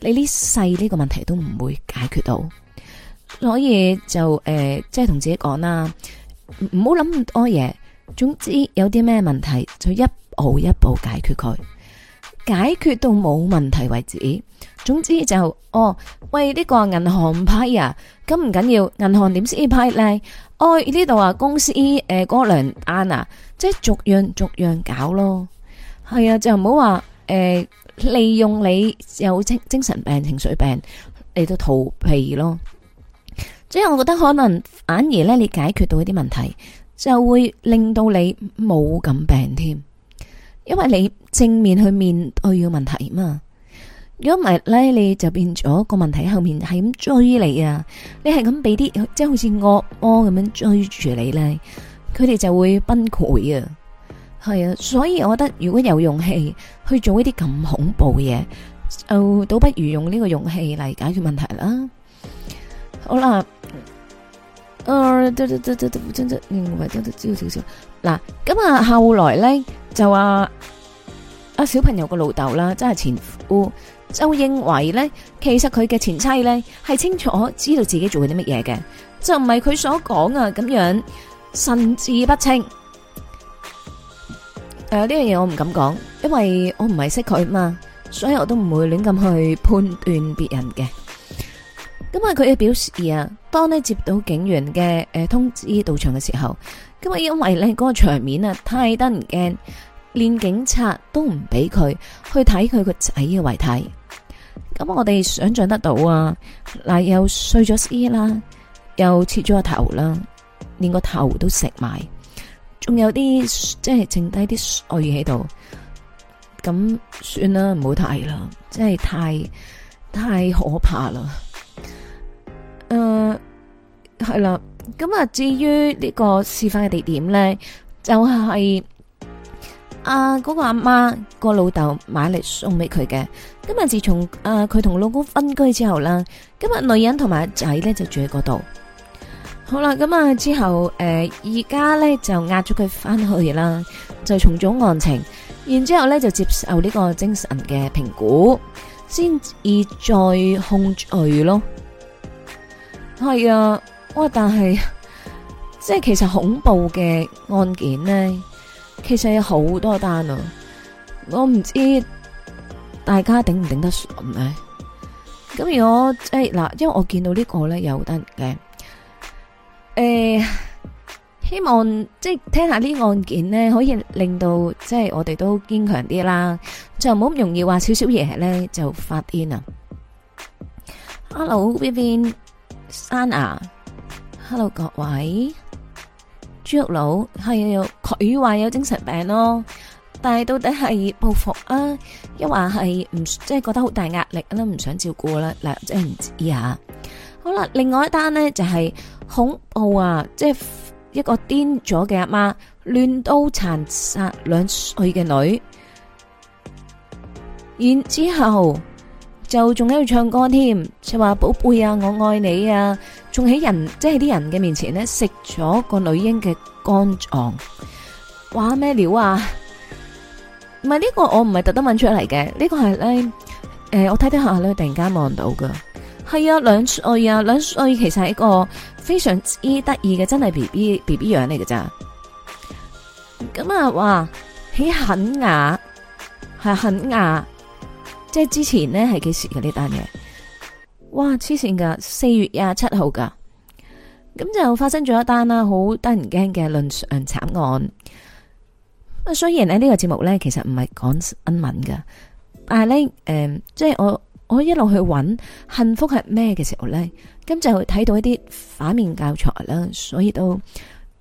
你呢世呢個問題都唔會解決到。所以就誒，即係同自己講啦，唔好諗咁多嘢。總之有啲咩問題，就一步一步解決佢。解決到冇問題為止。總之就哦，喂呢個銀行批啊，咁唔緊要，銀行點先批呢？哦呢度啊公司誒嗰個糧啊，呃、Anna，即係逐樣逐樣搞咯。係啊，就唔好話誒利用你有精精神病、情緒病你都逃避咯。即係我覺得可能反而呢，你解決到一啲問題，就會令到你冇咁病添。因為你正面去面對個問題嘛，如果唔係咧，你就變咗個問題後面係咁追你啊，你係咁俾啲即係好似惡魔咁樣追住你咧，佢哋就會崩潰啊，係啊，所以我覺得如果有勇氣去做呢啲咁恐怖嘅嘢，就倒不如用呢個勇氣嚟解決問題啦。好啦，誒，嗱，咁啊，後來咧。就話阿小朋友個老豆啦，真係前夫就認為咧。其實佢嘅前妻咧係清楚知道自己做緊啲乜嘢嘅，就唔係佢所講啊咁樣神志不清。誒、呃，呢樣嘢我唔敢講，因為我唔係識佢嘛，所以我都唔會亂咁去判斷別人嘅。咁、呃、啊，佢嘅表示啊，當咧接到警員嘅誒、呃、通知到場嘅時候。咁因為咧嗰個場面啊太得人驚，連警察都唔俾佢去睇佢個仔嘅遺體。咁我哋想象得到啊，嗱又碎咗屍啦，又切咗個頭啦，連個頭都食埋，仲有啲即係剩低啲碎喺度。咁算啦，唔好睇啦，真係太太可怕啦。誒、uh，係啦。咁啊，至於呢個事發嘅地點咧，就係阿嗰個阿媽個老豆買嚟送俾佢嘅。今日自從阿佢同老公分居之後啦，今日女人同埋仔咧就住喺嗰度。好啦，咁啊之後誒，而家咧就押咗佢翻去啦，就重組案情，然之後咧就接受呢個精神嘅評估，先至再控罪咯係啊。哇！但係即係其實恐怖嘅案件咧，其實有好多單啊！我唔知大家頂唔頂得順咧？咁如果，即係，嗱，因為我見到個呢個咧有得嘅誒，希望即係聽下啲案件咧，可以令到即係我哋都堅強啲啦。就唔好咁容易話少少嘢咧就發癲啊！Hello，Vivian，Sana hello 各位，豬肉佬係佢話有精神病咯，但係到底係報復啊？抑或係唔即係覺得好大壓力啦，唔想照顧啦，嗱即係唔知啊。好啦，另外一單呢，就係恐怖啊，即係一個癲咗嘅阿媽亂刀殘殺兩歲嘅女，然之後。就仲喺度唱歌添，就話寶貝啊，我愛你啊，仲喺人即係啲人嘅面前咧食咗個女嬰嘅肝臟，話咩料啊？唔係呢個我唔係特登問出嚟嘅，呢個係咧誒，我睇睇下咧，突然間望到噶，係啊兩歲啊兩歲，其實係一個非常之得意嘅真係 B B B B 樣嚟㗎咋，咁啊哇，起很牙係很牙。即係之前呢係幾時嘅呢單嘢？哇，黐線噶，四月廿七號噶。咁就發生咗一單啦，好得人驚嘅倫常慘案。啊，雖然呢、這個節目呢其實唔係講新聞噶，但係呢，誒、呃，即係我我一路去揾幸福係咩嘅時候呢，咁就會睇到一啲反面教材啦，所以都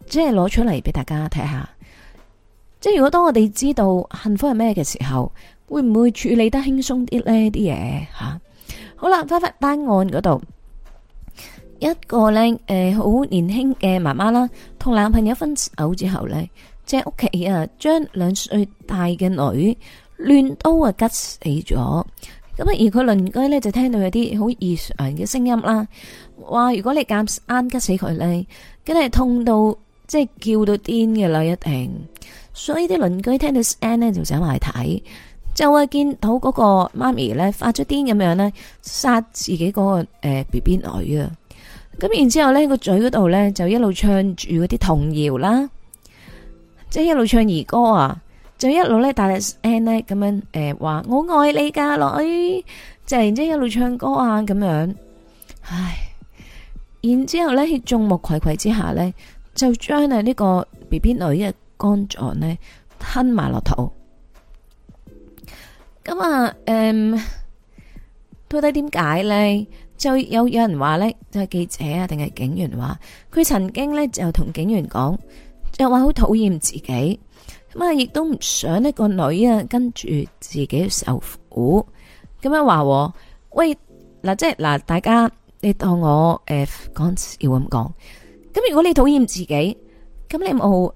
即係攞出嚟俾大家睇下。即係如果當我哋知道幸福係咩嘅時候。會唔會處理得輕鬆啲呢？啲嘢，吓好啦，返返單案嗰度一個呢，誒，好年輕嘅媽媽啦，同男朋友分手之後呢，即係屋企啊，將兩歲大嘅女亂刀啊，吉死咗。咁啊，而佢鄰居呢就聽到有啲好異常嘅聲音啦，話如果你夾硬吉死佢呢，梗係痛到即係叫到癲嘅啦，一定。所以啲鄰居聽到聲呢，就想埋睇。就見到嗰個媽咪咧，發咗癲咁樣咧，殺自己嗰個誒 B B 女啊！咁然之後咧，個嘴嗰度咧就一路唱住嗰啲童謠啦，即係一路唱兒歌啊，就一路咧大力嗌咧咁樣誒，話、呃、我愛你噶女，就係然之後一路唱歌啊咁樣，唉，然之後咧喺眾目睽睽之下咧，就將啊呢個 B B 女嘅肝臟咧吞埋落肚。咁啊，嗯，到底點解咧？就有有人話咧，就係記者啊，定係警員話佢曾經咧就同警員講，就話好討厭自己，咁啊，亦都唔想呢個女啊跟住自己受苦，咁樣話喎，喂，嗱，即係嗱，大家你當我誒講笑咁講，咁如果你討厭自己，咁你冇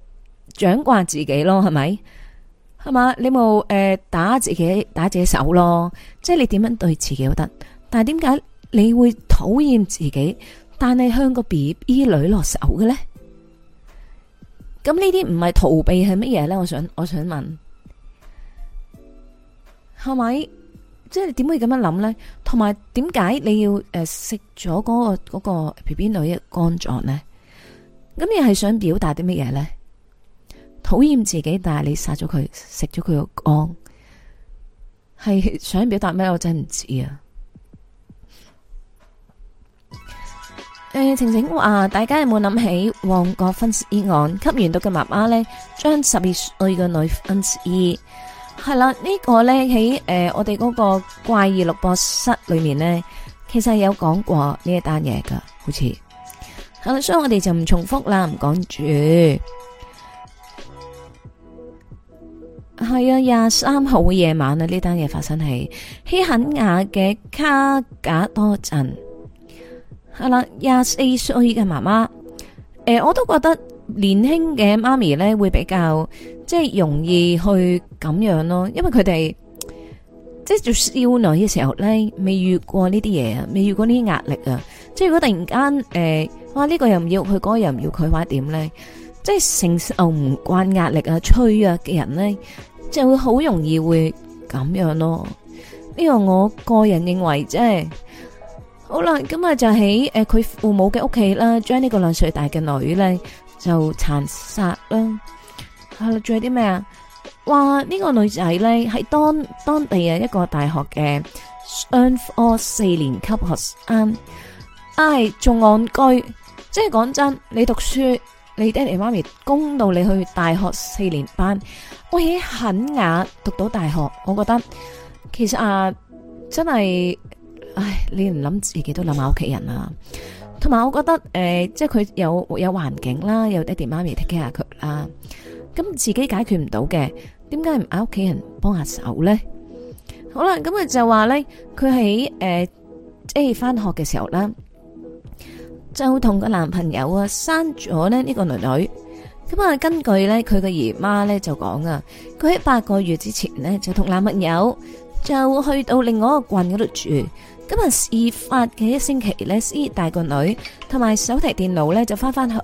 掌摑自己咯，係咪？係嘛？你冇誒、呃、打自己打自己手咯，即係你點樣對自己都得。但係點解你會討厭自己？但係向個 B B 女落手嘅咧？咁呢啲唔係逃避係乜嘢咧？我想我想問，係咪？即係點會咁樣諗咧？同埋點解你要誒食咗嗰個嗰、嗰個 B B 女嘅肝臟咧？咁你係想表達啲乜嘢咧？討厭自己，但係你殺咗佢，食咗佢個肝，係想表達咩？我真係唔知啊！誒、呃，晴晴話：大家有冇諗起旺角分屍案吸完毒嘅媽媽呢，將十二歲嘅女分屍，係啦，呢、這個呢，喺誒、呃、我哋嗰個怪異錄播室裏面呢，其實有講過呢一單嘢噶，好似，係啦，所以我哋就唔重複啦，唔講住。係啊，廿三號嘅夜晚啊，呢單嘢發生喺希肯雅嘅卡賈多鎮。係、嗯、啦，廿四歲嘅媽媽，誒、呃，我都覺得年輕嘅媽咪咧會比較即係、就是、容易去咁樣咯，因為佢哋即係做少女嘅時候咧，未遇過呢啲嘢啊，未遇過呢啲壓力啊，即係如果突然間誒、呃，哇呢、這個又唔要佢，嗰、那個又唔要佢，話點咧？即係承受唔慣壓力啊，脆弱嘅人咧就會好容易會咁樣咯。呢個我個人認為即係好啦。咁啊就喺誒佢父母嘅屋企啦，將呢個兩歲大嘅女咧就殘殺啦。係啦，仲有啲咩啊？話呢個女仔咧喺當當地嘅一個大學嘅商科四年級學生，唉，仲戇居，即係講真，你讀書。你爹哋媽咪供到你去大學四年班，我起肯捱讀到大學，我覺得其實啊，真係，唉，你唔諗自己都諗下屋企人啦。同埋，我覺得誒，即係佢有有環境啦，有爹哋媽咪睇下佢啦，咁自己解決唔到嘅，點解唔嗌屋企人幫下手咧？好啦，咁佢就話咧，佢喺誒即係翻學嘅時候啦。就同個男朋友啊，生咗咧呢個女女咁啊。根據咧佢嘅姨媽咧就講啊，佢喺八個月之前咧就同男朋友就去到另外一個郡嗰度住。咁啊，事發嘅一星期咧先帶個女同埋手提電腦咧就翻翻去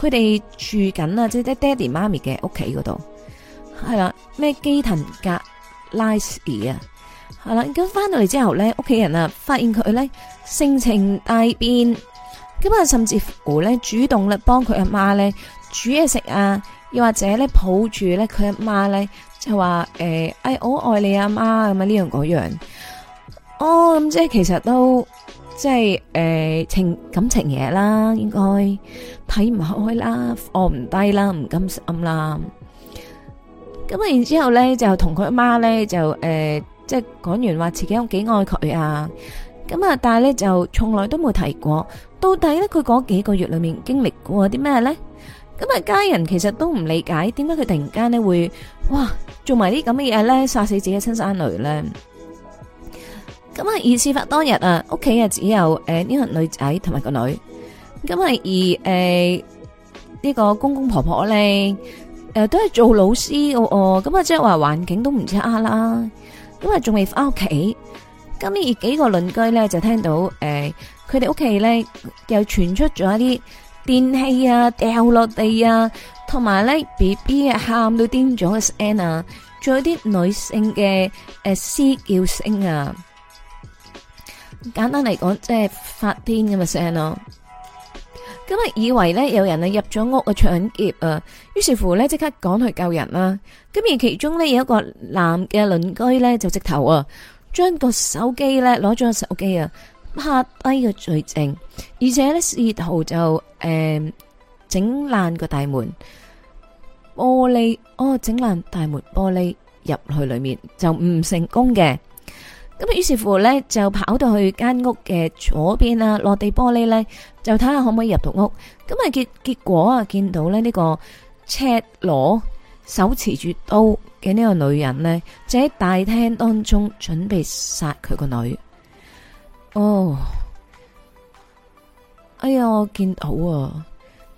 佢哋住緊啊，即係爹爹哋媽咪嘅屋企嗰度係啦。咩基滕格拉斯啊，係啦。咁翻到嚟之後咧，屋企人啊發現佢咧性情大變。咁啊，甚至乎咧，主動咧幫佢阿媽咧煮嘢食啊，又或者咧抱住咧佢阿媽咧，就話誒、呃，哎，我愛你阿媽咁啊，呢樣嗰樣哦，咁即係其實都即係誒、呃、情感情嘢啦，應該睇唔開啦，放唔低啦，唔甘心啦。咁、呃、啊，然之後咧就同佢阿媽咧就誒，即係講完話自己有幾愛佢啊。咁啊！但係咧就從來都冇提過，到底咧佢嗰幾個月裏面經歷過啲咩咧？咁啊家人其實都唔理解，點解佢突然間咧會哇做埋啲咁嘅嘢咧，殺死自己親生女咧？咁啊，而事發當日啊，屋企啊只有誒呢個女仔同埋個女，咁啊而誒呢個公公婆婆咧誒都係做老師嘅哦，咁啊即係話環境都唔差啦，咁啊仲未翻屋企。今而幾個鄰居咧就聽到誒，佢哋屋企咧又傳出咗一啲電器啊掉落地啊，同埋咧 B B 啊喊到癲咗嘅聲啊，仲、啊、有啲女性嘅誒嘶叫聲啊，簡單嚟講即係發癲咁嘅聲咯。咁、嗯、啊以為咧有人啊入咗屋啊搶劫啊，於是乎咧即刻趕去救人啦、啊。咁而其中咧有一個男嘅鄰居咧就直頭啊！將個手機呢攞咗個手機啊，拍低個罪證，而且呢試圖就，誒整爛個大門玻璃，哦整爛大門玻璃入去裏面就唔成功嘅。咁於是乎呢就跑到去間屋嘅左邊啊，落地玻璃呢就睇下可唔可以入到屋。咁啊結結果啊見到呢，呢個赤裸手持住刀。嘅呢個女人呢，就喺大廳當中準備殺佢個女。哦，哎呀，我見到啊，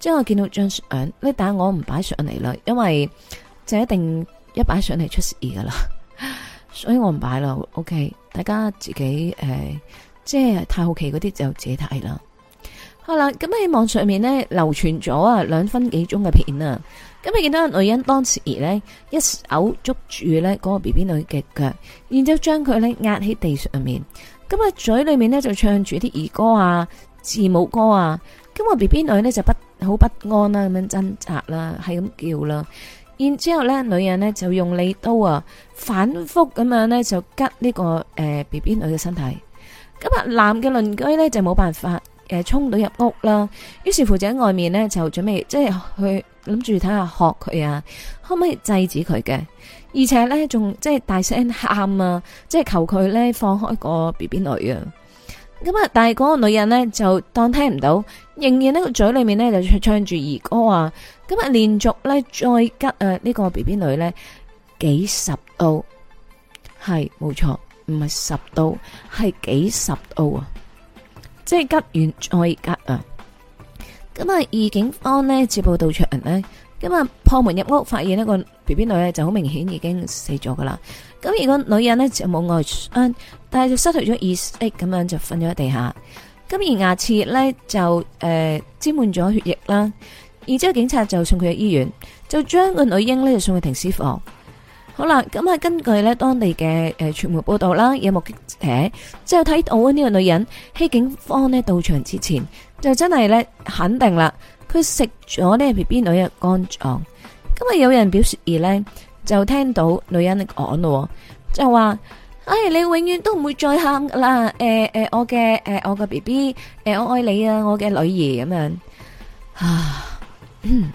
即係我見到張相呢，但我唔擺上嚟啦，因為就一定一擺上嚟出事噶啦所以我唔擺啦。OK，大家自己誒，即係太好奇嗰啲就自己睇啦。好啦，咁喺網上面咧流傳咗啊兩分幾鐘嘅片啊。咁你見到個女人當時咧一手捉住咧嗰個 B B 女嘅腳，然之後將佢咧壓喺地上面。咁啊，嘴裏面咧就唱住啲兒歌啊、字母歌啊。咁啊，B B 女咧就不好不安啦、啊，咁樣掙扎啦、啊，係咁叫啦、啊。然之後咧，女人咧就用利刀啊，反覆咁樣咧就拮呢個誒 B B 女嘅身體。咁啊，男嘅鄰居咧就冇辦法。誒，衝到入屋啦，於是乎就喺外面呢，就準備即係、就是、去諗住睇下學佢啊，可唔可以制止佢嘅？而且呢，仲即係大聲喊啊，即係求佢呢，放開個 B B 女啊。咁啊，但係嗰個女人呢，就當聽唔到，仍然呢個嘴裏面呢，就唱住兒歌啊。咁、嗯、啊，連續呢，再吉啊呢個 B B 女呢，幾十刀？係冇錯，唔係十刀，係幾十刀啊！即係急完再急啊！咁啊，而警方呢，接報到場人呢，咁啊破門入屋，發現呢個 B B 女呢就好明顯已經死咗噶啦。咁而個女人呢就冇外傷，但係就失去咗意識咁樣就瞓咗喺地下。咁而牙齒呢就誒、呃、沾滿咗血液啦。然之後警察就送佢去醫院，就將個女嬰呢就送去停屍房。好啦，咁啊，根據咧當地嘅誒傳媒報道啦，有目擊者就睇到呢個女人，喺警方呢到場之前就真係咧肯定啦，佢食咗咧 B B 女嘅肝臟。咁、嗯、日、嗯、有人表示疑咧，就聽到女人講咯、哦，就話：，誒、哎，你永遠都唔會再喊噶啦，誒、呃、誒、呃，我嘅誒、呃、我嘅 B B，誒，我愛你啊，我嘅女兒咁樣。啊，咁、嗯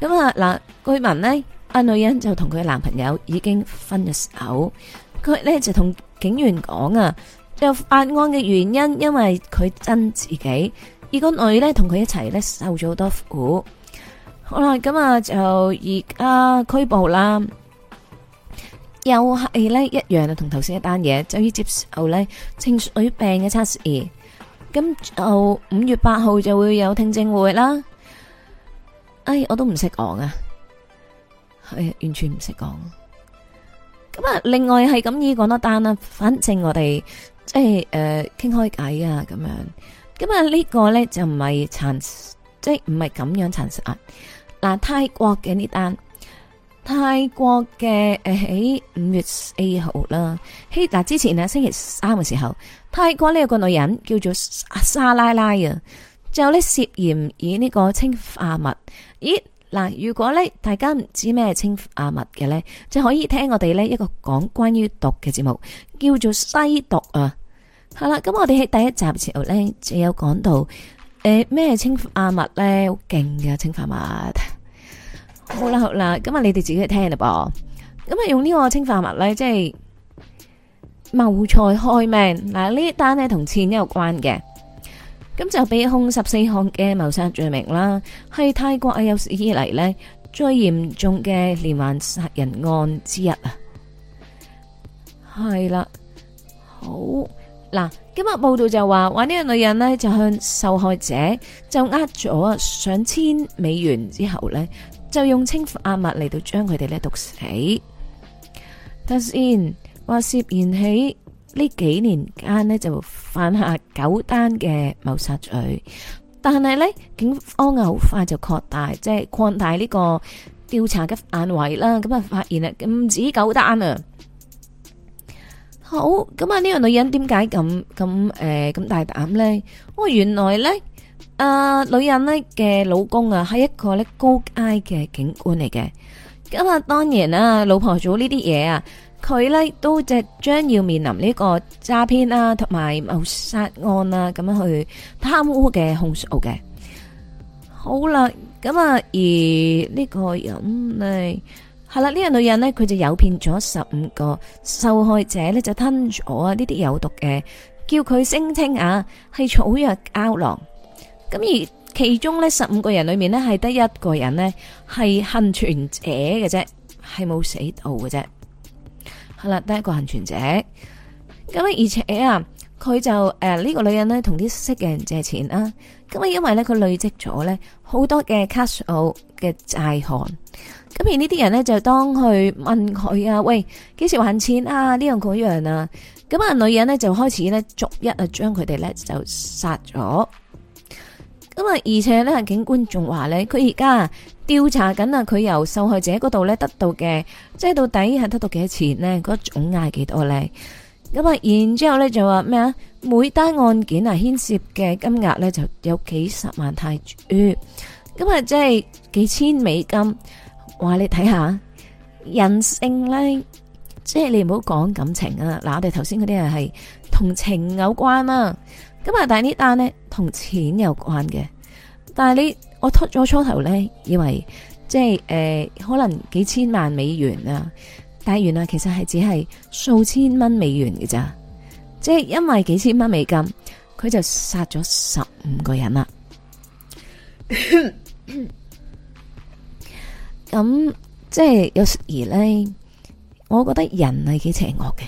嗯嗯、啊嗱，據聞呢阿女人就同佢男朋友已經分咗手，佢咧就同警員講啊，就發案嘅原因，因為佢憎自己，而個女咧同佢一齊咧受咗好多苦。好啦，咁啊就而家拘捕啦，又係咧一樣啊，同頭先一單嘢，就要接受咧情緒病嘅測試。咁就五月八號就會有聽證會啦。哎，我都唔識講啊！完全唔識講，咁啊！另外係咁依講多單啦，反正我哋即係誒傾開偈啊咁樣。咁啊呢個咧就唔係殘，即係唔係咁樣殘殺。嗱，泰國嘅呢單，泰國嘅誒喺五月四號啦。嘿，嗱之前咧星期三嘅時候，泰國呢有個女人叫做沙拉拉啊，就咧涉嫌以呢個氰化物，咦？嗱，如果咧大家唔知咩氰化物嘅咧，就可以聽我哋咧一個講關於毒嘅節目，叫做「西毒」啊。好啦，咁我哋喺第一集時候咧就有講到，誒、呃、咩氰化物咧好勁嘅氰化物。好啦好啦，咁啊你哋自己去聽啦噃。咁啊用呢個氰化物咧，即係謀財害命。嗱，呢一單咧同錢有關嘅。咁就被控十四項嘅謀殺罪名啦，係泰國有史以嚟呢，最嚴重嘅連環殺人案之一，係啦，好嗱，今日報道就話，話呢個女人呢，就向受害者就呃咗上千美元之後呢，就用氰化物嚟到將佢哋呢毒死，但先話涉嫌起。呢幾年間咧就犯下九單嘅謀殺罪，但係咧警方啊好快就擴大，即係擴大呢個調查嘅範圍啦。咁啊發現啊唔止九單啊，好，咁啊呢個女人點解咁咁誒咁大膽咧？哦，原來咧啊女人咧嘅老公啊係一個咧高階嘅警官嚟嘅，咁啊當然啦，老婆做呢啲嘢啊。佢咧都即將要面臨呢個詐騙啊，同埋謀殺案啊，咁樣去貪污嘅控訴嘅。好啦，咁啊，而呢個人呢，係啦呢個女人呢，佢就誘騙咗十五個受害者呢，就吞咗啊呢啲有毒嘅，叫佢聲稱啊係草藥膠囊。咁而其中呢十五個人裏面呢，係得一個人呢，係幸存者嘅啫，係冇死到嘅啫。係啦，第一個幸存者。咁啊，而且啊，佢就誒呢、呃這個女人呢，同啲識嘅人借錢啦。咁啊，因為咧佢累積咗咧好多嘅 cash out 嘅債項。咁而呢啲人呢，就當去問佢啊，喂，幾時還錢啊？呢樣嗰樣啊。咁啊，女人呢，就開始咧逐一啊將佢哋咧就殺咗。咁啊，而且呢，警官仲話咧，佢而家。調查緊啊，佢由受害者嗰度咧得到嘅，即係到底係得到幾多錢呢嗰個總額係幾多呢？咁啊，然之後咧就話咩啊？每單案件啊牽涉嘅金額咧就有幾十萬泰銖，咁啊即係幾千美金。話你睇下人性咧，即係你唔好講感情啊。嗱，我哋頭先嗰啲人係同情有關啦、啊，咁啊但係呢單呢同錢有關嘅，但係你。我拖咗初頭咧，以為即係誒、呃，可能幾千萬美元啊，但係原來其實係只係數千蚊美元嘅咋。即係因為幾千蚊美金，佢就殺咗十五個人啦。咁 即係有時咧，我覺得人係幾邪惡嘅。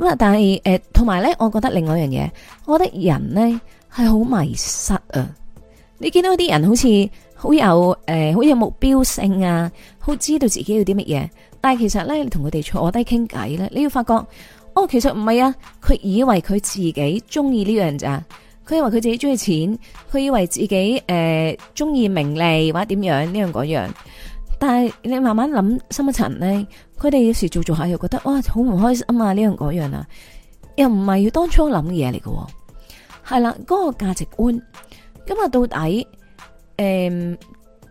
咁啊，但係誒，同埋咧，我覺得另外一樣嘢，我覺得人呢係好迷失啊。你見到啲人好似好有誒，好有目標性啊,好知道自己要啲乜嘢。但係其實咧，你同佢哋坐低傾偈咧，你要發覺哦，其實唔係啊，佢以為佢自己中意呢樣咋，佢以為佢自己中意錢，佢以為自己誒中意名利或者點樣呢樣嗰樣。但係你慢慢諗深一層咧，佢哋有時做做下又覺得哇，好唔開心啊，呢樣嗰樣啊，又唔係要當初諗嘅嘢嚟嘅，係啦，嗰個價值觀。咁、嗯呃、啊，啊，到底誒，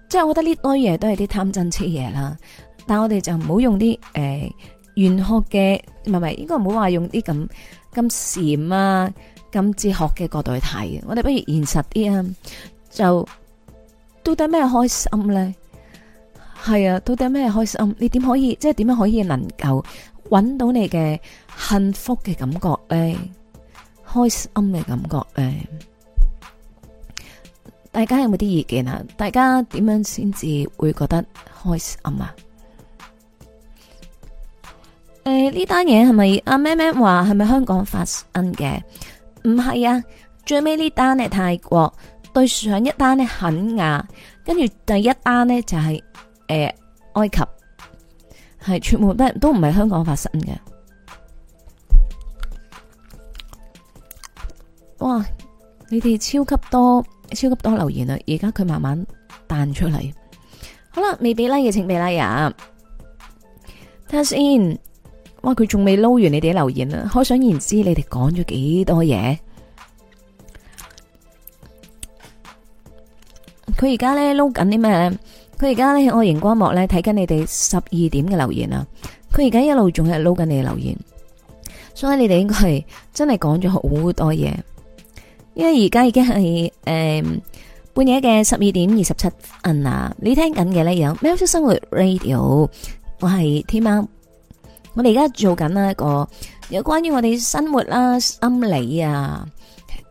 即係我覺得呢堆嘢都係啲貪嗔痴嘢啦。但係我哋就唔好用啲誒，玄學嘅，唔係唔係，應該唔好話用啲咁咁禪啊，咁哲學嘅角度去睇。我哋不如現實啲啊，就到底咩開心咧？係啊，到底咩開心？你點可以即係點樣可以能夠搵到你嘅幸福嘅感覺咧？開心嘅感覺咧？大家有冇啲意見啊？大家點樣先至會覺得開心啊？呃、這是是 啊？誒，呢單嘢係咪阿咩咩話係咪香港發生嘅？唔係啊，最尾呢單係泰國，對上一單呢，肯亞，跟住第一單呢、就係，就係誒埃及，係全部都都唔係香港發生嘅。哇！你哋超級多，超級多留言啦！而家佢慢慢彈出嚟，好啦，未俾拉嘅請俾拉呀。睇下先，哇，佢仲未撈完你哋嘅留言啦！可想而知你，你哋講咗幾多嘢。佢而家咧撈緊啲咩咧？佢而家咧喺我熒光幕咧睇緊你哋十二點嘅留言啦。佢而家一路仲係撈緊你嘅留言，所以你哋應該係真係講咗好多嘢。因為而家已經係誒半夜嘅十二點二十七分啊！你聽緊嘅咧有《喵式生活 Radio》，我係天喵。我哋而家做緊啦一個有關於我哋生活啦、心理啊、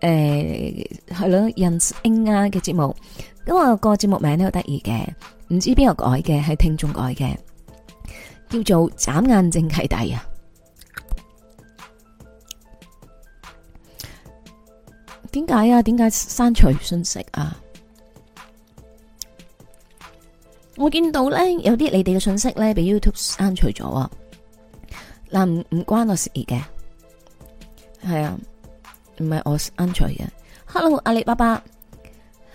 誒係囉，人性啊嘅節目。咁我個節目名都好得意嘅，唔知邊個改嘅，係聽眾改嘅，叫做《眨眼正契弟》。點解啊？點解刪除信息啊？我見到咧有啲你哋嘅信息咧，俾 YouTube 刪除咗啊嗱，唔唔關我事嘅，係啊，唔係我刪除嘅。Hello，阿里巴巴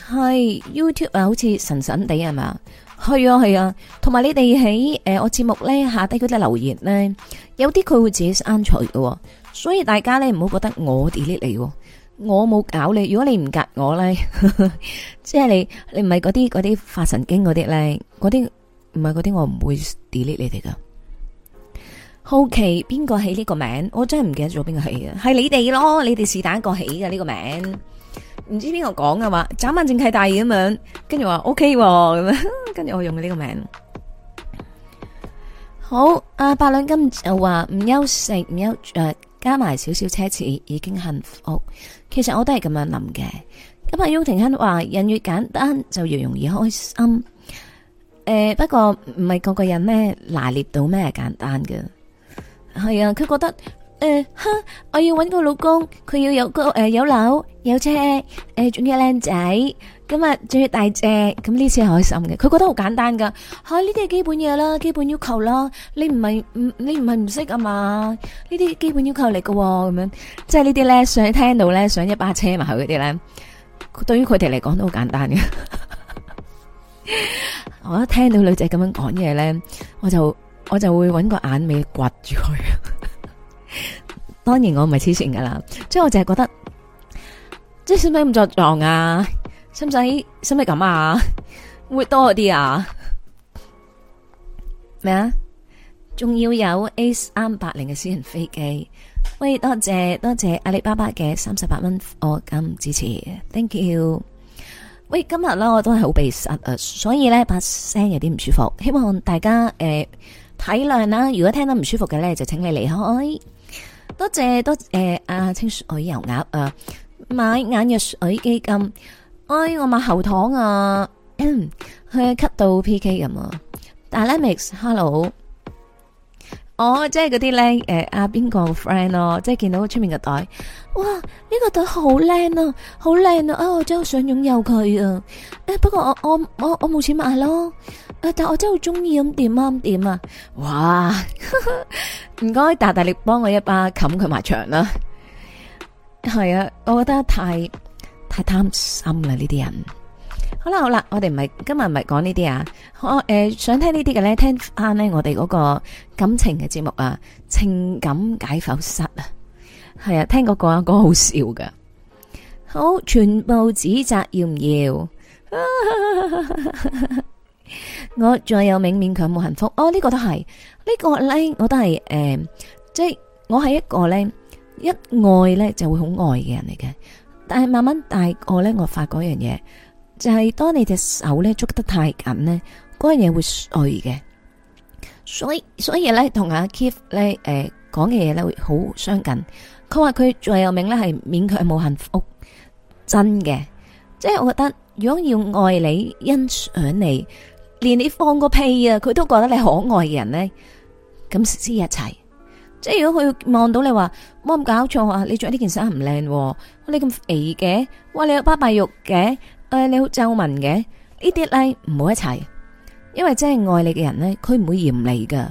係 YouTube 啊，好似神神地係嘛？係啊，係啊，同埋你哋喺誒我節目咧下低嗰啲留言咧，有啲佢會自己刪除嘅，所以大家咧唔好覺得我 delete 嚟。我冇搞你，如果你唔夾我咧，即係你你唔係嗰啲嗰啲發神經嗰啲咧，嗰啲唔係嗰啲我唔會 delete 你哋噶。好奇邊個起呢個名？我真係唔記得咗邊個起嘅，係你哋咯，你哋是但一個起嘅呢個名。唔知邊個講啊嘛，眨眼正契弟咁樣，跟住話 O K 咁樣，跟住我用呢個名。好，阿八兩金就話唔休息唔休誒。加埋少少奢侈已經幸福，其實我都係咁樣諗嘅。咁阿雍廷鏗話：人越簡單就越容易開心。誒、呃，不過唔係個個人咧，拿捏到咩簡單嘅。係啊，佢覺得誒，哼、呃，我要搵個老公，佢要有個誒、呃、有樓有車誒，仲要靚仔。今日仲要大隻，咁呢次係開心嘅。佢覺得好簡單噶，吓，呢啲係基本嘢啦，基本要求啦。你唔係唔你唔係唔識啊嘛？呢啲基本要求嚟喎，哦。咁樣，即係呢啲咧，想聽到咧，想一把車埋去嗰啲咧，對於佢哋嚟講都好簡單嘅。 我一聽到女仔咁樣講嘢咧，我就我就會揾個眼尾掘住佢。 當然我唔係黐綫噶啦，即係我淨係覺得，即係使唔使咁作狀啊？使唔使使唔使咁啊？會多啲啊！咩啊？仲要有 A 三八零嘅私人飛機？喂，多謝多謝阿里巴巴嘅三十八蚊課金支持，Thank you。喂，今日啦我都係好鼻塞啊所以呢，把聲有啲唔舒服，希望大家誒、呃、體諒啦、啊。如果聽得唔舒服嘅呢，就請你離開。多謝多謝阿、啊、清水水油鴨啊，買眼藥水基金。哎、我買喉糖啊，佢係 cut 到 PK 咁啊！但係呢 mix，hello，Dynam ics, 我即係嗰啲咧，誒阿邊個 friend 咯，即係、呃、見到出面嘅袋，哇呢、這個袋好靚啊，好靚啊，我真係想擁有佢啊！不過我我我我冇錢買咯，呃、但係我真係好中意咁點啊點啊！哇，唔 該大大力幫我一把冚佢埋牆啦！係啊，我覺得太。太貪心啦！呢啲人，好啦好啦，我哋唔係今日唔係講呢啲啊，我誒、呃、想聽呢啲嘅咧，聽翻呢我哋嗰個感情嘅節目啊，情感解剖室啊，係啊，聽嗰、嗰個阿哥、嗰個、好笑噶，好全部指責要唔要？ 我再有勉勉強冇幸福，哦、這個也是這個、呢個都係呢個咧，我都係誒，即、呃、係、就是、我係一個咧一愛咧就會好愛嘅人嚟嘅。但係慢慢大個咧，我發覺樣嘢，就係、是、當你隻手咧捉得太緊呢，嗰樣嘢會碎嘅。所以所以咧、呃，同阿 Keith 咧誒講嘅嘢咧會好相近。佢話佢最有名咧係勉強冇幸福，真嘅。即係我覺得，如果要愛你、欣賞你，連你放個屁啊，佢都覺得你可愛嘅人呢，咁先一齊。即係如果佢望到你話，我唔搞錯啊，你着呢件衫唔靚，你咁肥嘅，哇、呃、你有拜拜肉嘅，誒你好皺紋嘅，呢啲咧唔好一齊，因為真係愛你嘅人咧，佢唔會嫌你噶，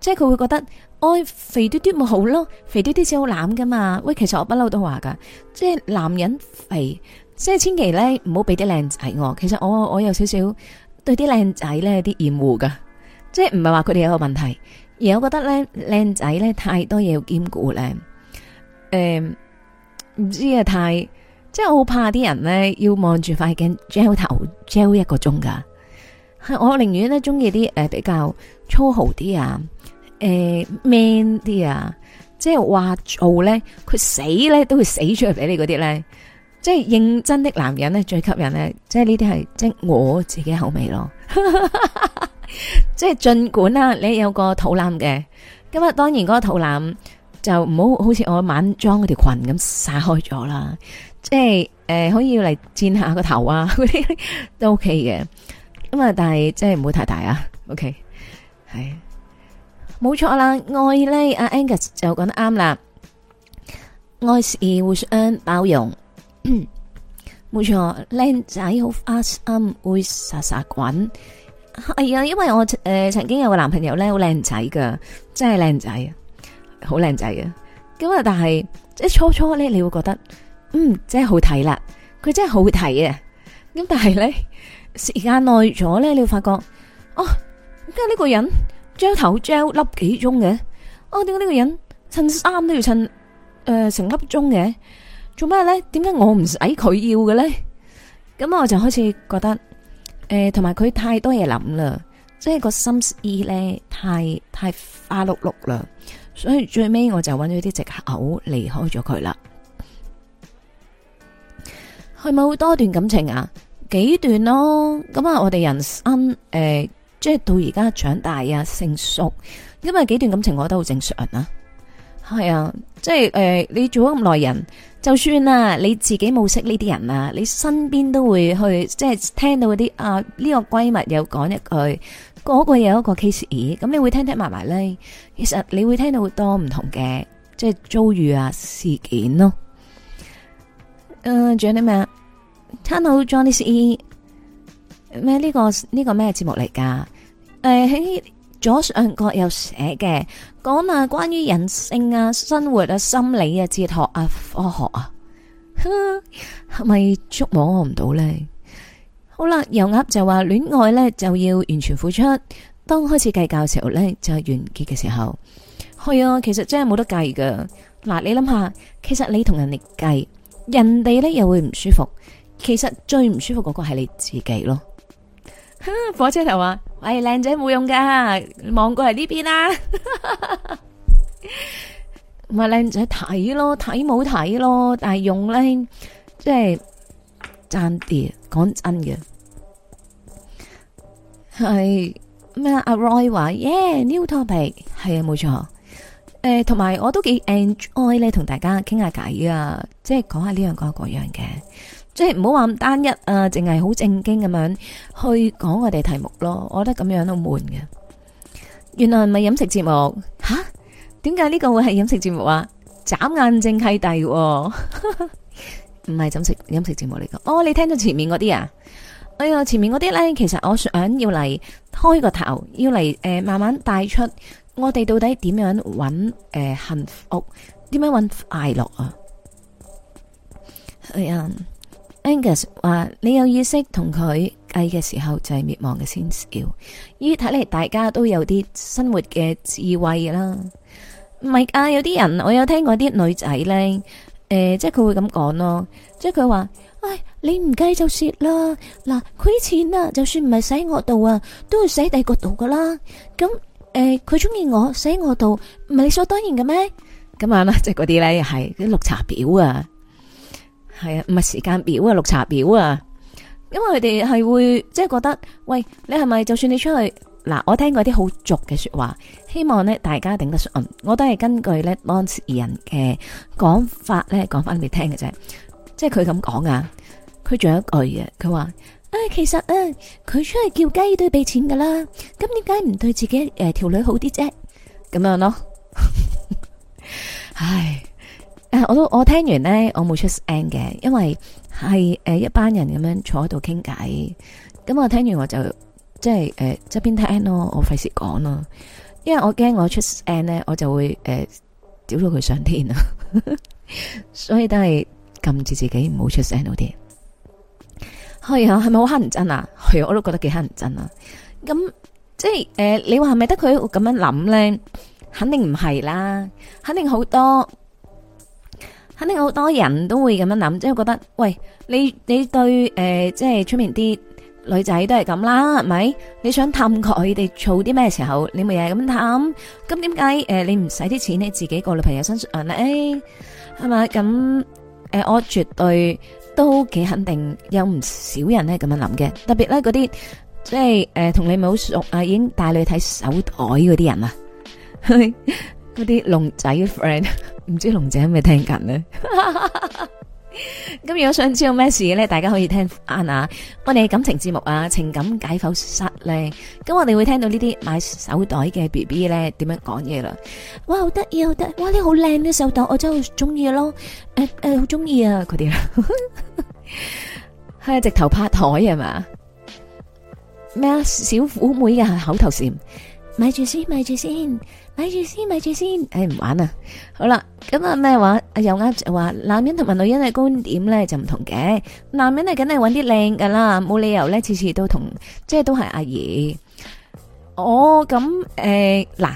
即係佢會覺得愛、哎、肥嘟嘟咪好咯，肥嘟嘟先好攬噶嘛。喂，其實我不嬲都話噶，即係男人肥，即係千祈咧唔好俾啲靚仔我。其實我我有少少對啲靚仔咧有啲厭惡噶，即係唔係話佢哋有個問題。而我覺得咧，靚仔咧太多嘢要兼顧咧，誒、嗯、唔知啊太，即係我好怕啲人咧要望住塊鏡 gel 頭 gel 一個鐘噶，係我寧願咧中意啲比較粗豪啲啊，誒、呃、man 啲啊，即係話做咧佢死咧都會死出嚟俾你嗰啲咧，即係認真的男人咧最吸引咧，即係呢啲係即係我自己口味咯。 即係盡管啦、啊，你有個肚腩嘅，今日當然嗰個肚腩就唔好好似我晚裝嗰條裙咁散開咗啦，即係誒、呃、可以嚟墊下個頭啊啲 都 OK 嘅，咁啊但係即係唔會太大啊，OK 係冇錯啦，愛呢阿 Angus 就講得啱啦，愛是互相包容，冇錯，靚仔好阿 Sam 會殺殺滾。係啊、哎，因為我誒、呃、曾經有個男朋友咧，好靚仔噶，真係靚仔，啊，好靚仔啊！咁啊，但係即係初初咧，你會覺得嗯，真係好睇啦，佢真係好睇啊！咁但係咧，時間耐咗咧，你會發覺哦，點解呢個人着頭着粒幾鐘嘅？哦，點解呢個人襯衫、哦、都要襯誒成粒鐘嘅？做咩咧？點解我唔使佢要嘅咧？咁我就開始覺得。誒，同埋佢太多嘢諗啦，即係個心思意咧，太太花碌碌啦，所以最尾我就搵咗啲藉口離開咗佢啦。係咪好多段感情啊？幾段咯，咁啊，我哋人生誒、呃，即係到而家長大啊，成熟，因為幾段感情，我覺得好正常啊。係啊，即係誒、呃，你做咗咁耐人，就算啊，你自己冇識呢啲人啊，你身邊都會去，即係聽到嗰啲啊，呢個閨蜜有講一句，嗰個有一個 case，咦，咁你會聽聽埋埋咧。其實你會聽到好多唔同嘅，即係遭遇啊、事件咯。誒，仲有啲咩啊？Hello Johnny 咩？呢個呢個咩節目嚟噶？誒、呃。左上角有寫嘅，講啊關於人性啊、生活啊、心理啊、哲學啊、科學啊，哼，係咪捉摸我唔到呢？好啦，油鴨就話戀愛呢就要完全付出，當開始計較嘅時候呢就係完結嘅時候。係啊，其實真係冇得計㗎。嗱，你諗下，其實你同人哋計，人哋呢又會唔舒服。其實最唔舒服嗰個係你自己咯。火車頭話、啊。喂，靚仔冇用噶，望過嚟呢邊啦。咪靚仔睇咯，睇冇睇咯，但係用咧，即係爭啲。講真嘅，係咩？阿 Roy 話耶，new topic，係啊，冇錯。誒，同埋我都幾 enjoy 咧，同大家傾下偈啊，即係講下呢樣講下嗰樣嘅。即係唔好話咁單一啊，淨係好正經咁樣去講我哋題目咯，我覺得咁樣都悶嘅。原來唔係飲食節目吓，點解呢個會係飲食節目啊？眨眼正契弟，啊，唔係飲食飲節目嚟噶。哦，你聽到前面嗰啲啊？哎呀，前面嗰啲呢，其實我想要嚟開個頭，要嚟誒、呃、慢慢帶出我哋到底點樣揾誒、呃、幸福，點樣揾快樂啊？哎呀。Angus 話：你有意識同佢計嘅時候就係、是、滅亡嘅先兆。於睇嚟，大家都有啲生活嘅智慧啦。唔係啊，有啲人我有聽過啲女仔咧，誒、呃，即係佢會咁講咯。即係佢話：唉、哎，你唔計就蝕啦。嗱，佢啲錢啊，就算唔係使我度啊，都會使第個度噶啦。咁，誒、呃，佢中意我，使我度，唔係理所當然嘅咩？咁、就是、啊，即係嗰啲咧係啲綠茶婊啊。係啊，唔係時間表啊，綠茶表啊，因為佢哋係會即係、就是、覺得，喂，你係咪就算你出去嗱，我聽過啲好俗嘅說話，希望咧大家頂得順，我都係根據咧當事人嘅講法咧講翻你聽嘅啫，即係佢咁講啊，佢仲有一句嘅，佢話，誒、哎，其實啊，佢出去叫雞都要俾錢噶啦，咁點解唔對自己誒條、呃、女好啲啫？咁樣咯， 唉。誒，我都、啊、我聽完咧，我冇出聲嘅，因為係誒一班人咁樣坐喺度傾偈。咁我聽完我就即係誒側邊聽咯，我費事講咯，因為我驚我出聲咧，我就會誒屌、呃、到佢上天啊。 所以都係禁住自己唔好出聲多啲。係啊，係咪好乞人憎啊？係啊，我都覺得幾乞人憎啊。咁即係誒、呃，你話係咪得佢咁樣諗咧？肯定唔係啦，肯定好多。肯定好多人都會咁樣諗，即係覺得，喂，你你對誒，即係出面啲女仔都係咁啦，係咪？你想氹佢哋，儲啲咩時候？你咪嘢咁探？咁點解誒？你唔使啲錢你自己個女朋友身上咧，係咪？咁誒，我絕對都幾肯定，有唔少人咧咁樣諗嘅，特別咧嗰啲即係誒，同你冇熟啊，已經帶你去睇手袋嗰啲人啊。 啲龍仔嘅 friend 唔知龍仔係咪聽緊呢？咁 如果想知道咩事咧，大家可以聽 Anna 你我哋感情節目啊，情感解剖室咧。咁我哋會聽到呢啲買手袋嘅 BB 咧點樣講嘢啦。哇，好得意，好得意！哇，呢好靚啲手袋，我真係好中意咯。誒誒，好中意啊！佢哋係啊，啊 直頭拍台係嘛？咩啊？小虎妹嘅口頭禪，買住先，買住先。咪住先，咪住先。誒，唔玩啦。好啦，咁啊咩話？阿友啱話，男人同埋女人嘅觀點咧就唔同嘅。男人係，梗係揾啲靚噶啦，冇理由咧次次都同，即係都係阿爺。哦，咁誒嗱，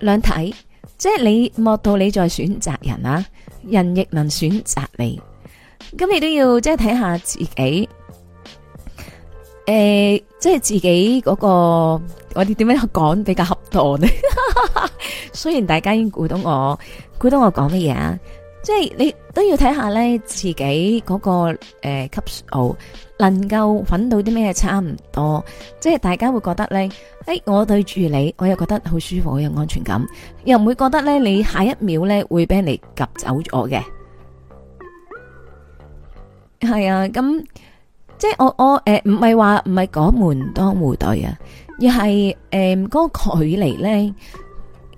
兩、嗯、睇，即係你莫到你再選擇人啊，人亦能選擇你。咁你都要即係睇下自己。誒，即係自己嗰、那個，我哋點樣講比較合當呢？ 雖然大家已經估到我，估到我講乜嘢啊？即係你都要睇下咧，自己嗰、那個誒、呃，級數能夠揾到啲咩差唔多，即係大家會覺得咧，誒、哎，我對住你，我又覺得好舒服，好有安全感，又唔會覺得咧，你下一秒咧會俾人哋夾走咗我嘅？係啊，咁。即係我我誒，唔係話唔係講門當戶對啊，而係誒嗰個距離咧，嗰、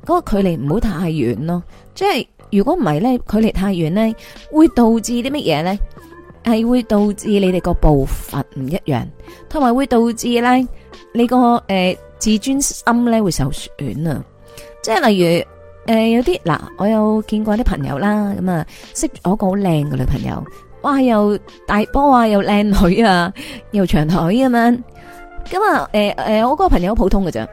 那個距離唔好太遠咯。即係如果唔係咧，距離太遠咧，會導致啲乜嘢咧？係會導致你哋個步伐唔一樣，同埋會導致咧你個誒、呃、自尊心咧會受損啊！即係例如誒、呃、有啲嗱，我有見過啲朋友啦，咁、嗯、啊識咗個好靚嘅女朋友。哇！又大波啊，又靚女啊，又長腿咁樣。咁啊，誒、嗯、誒、嗯嗯嗯嗯，我嗰個朋友好普通嘅咋。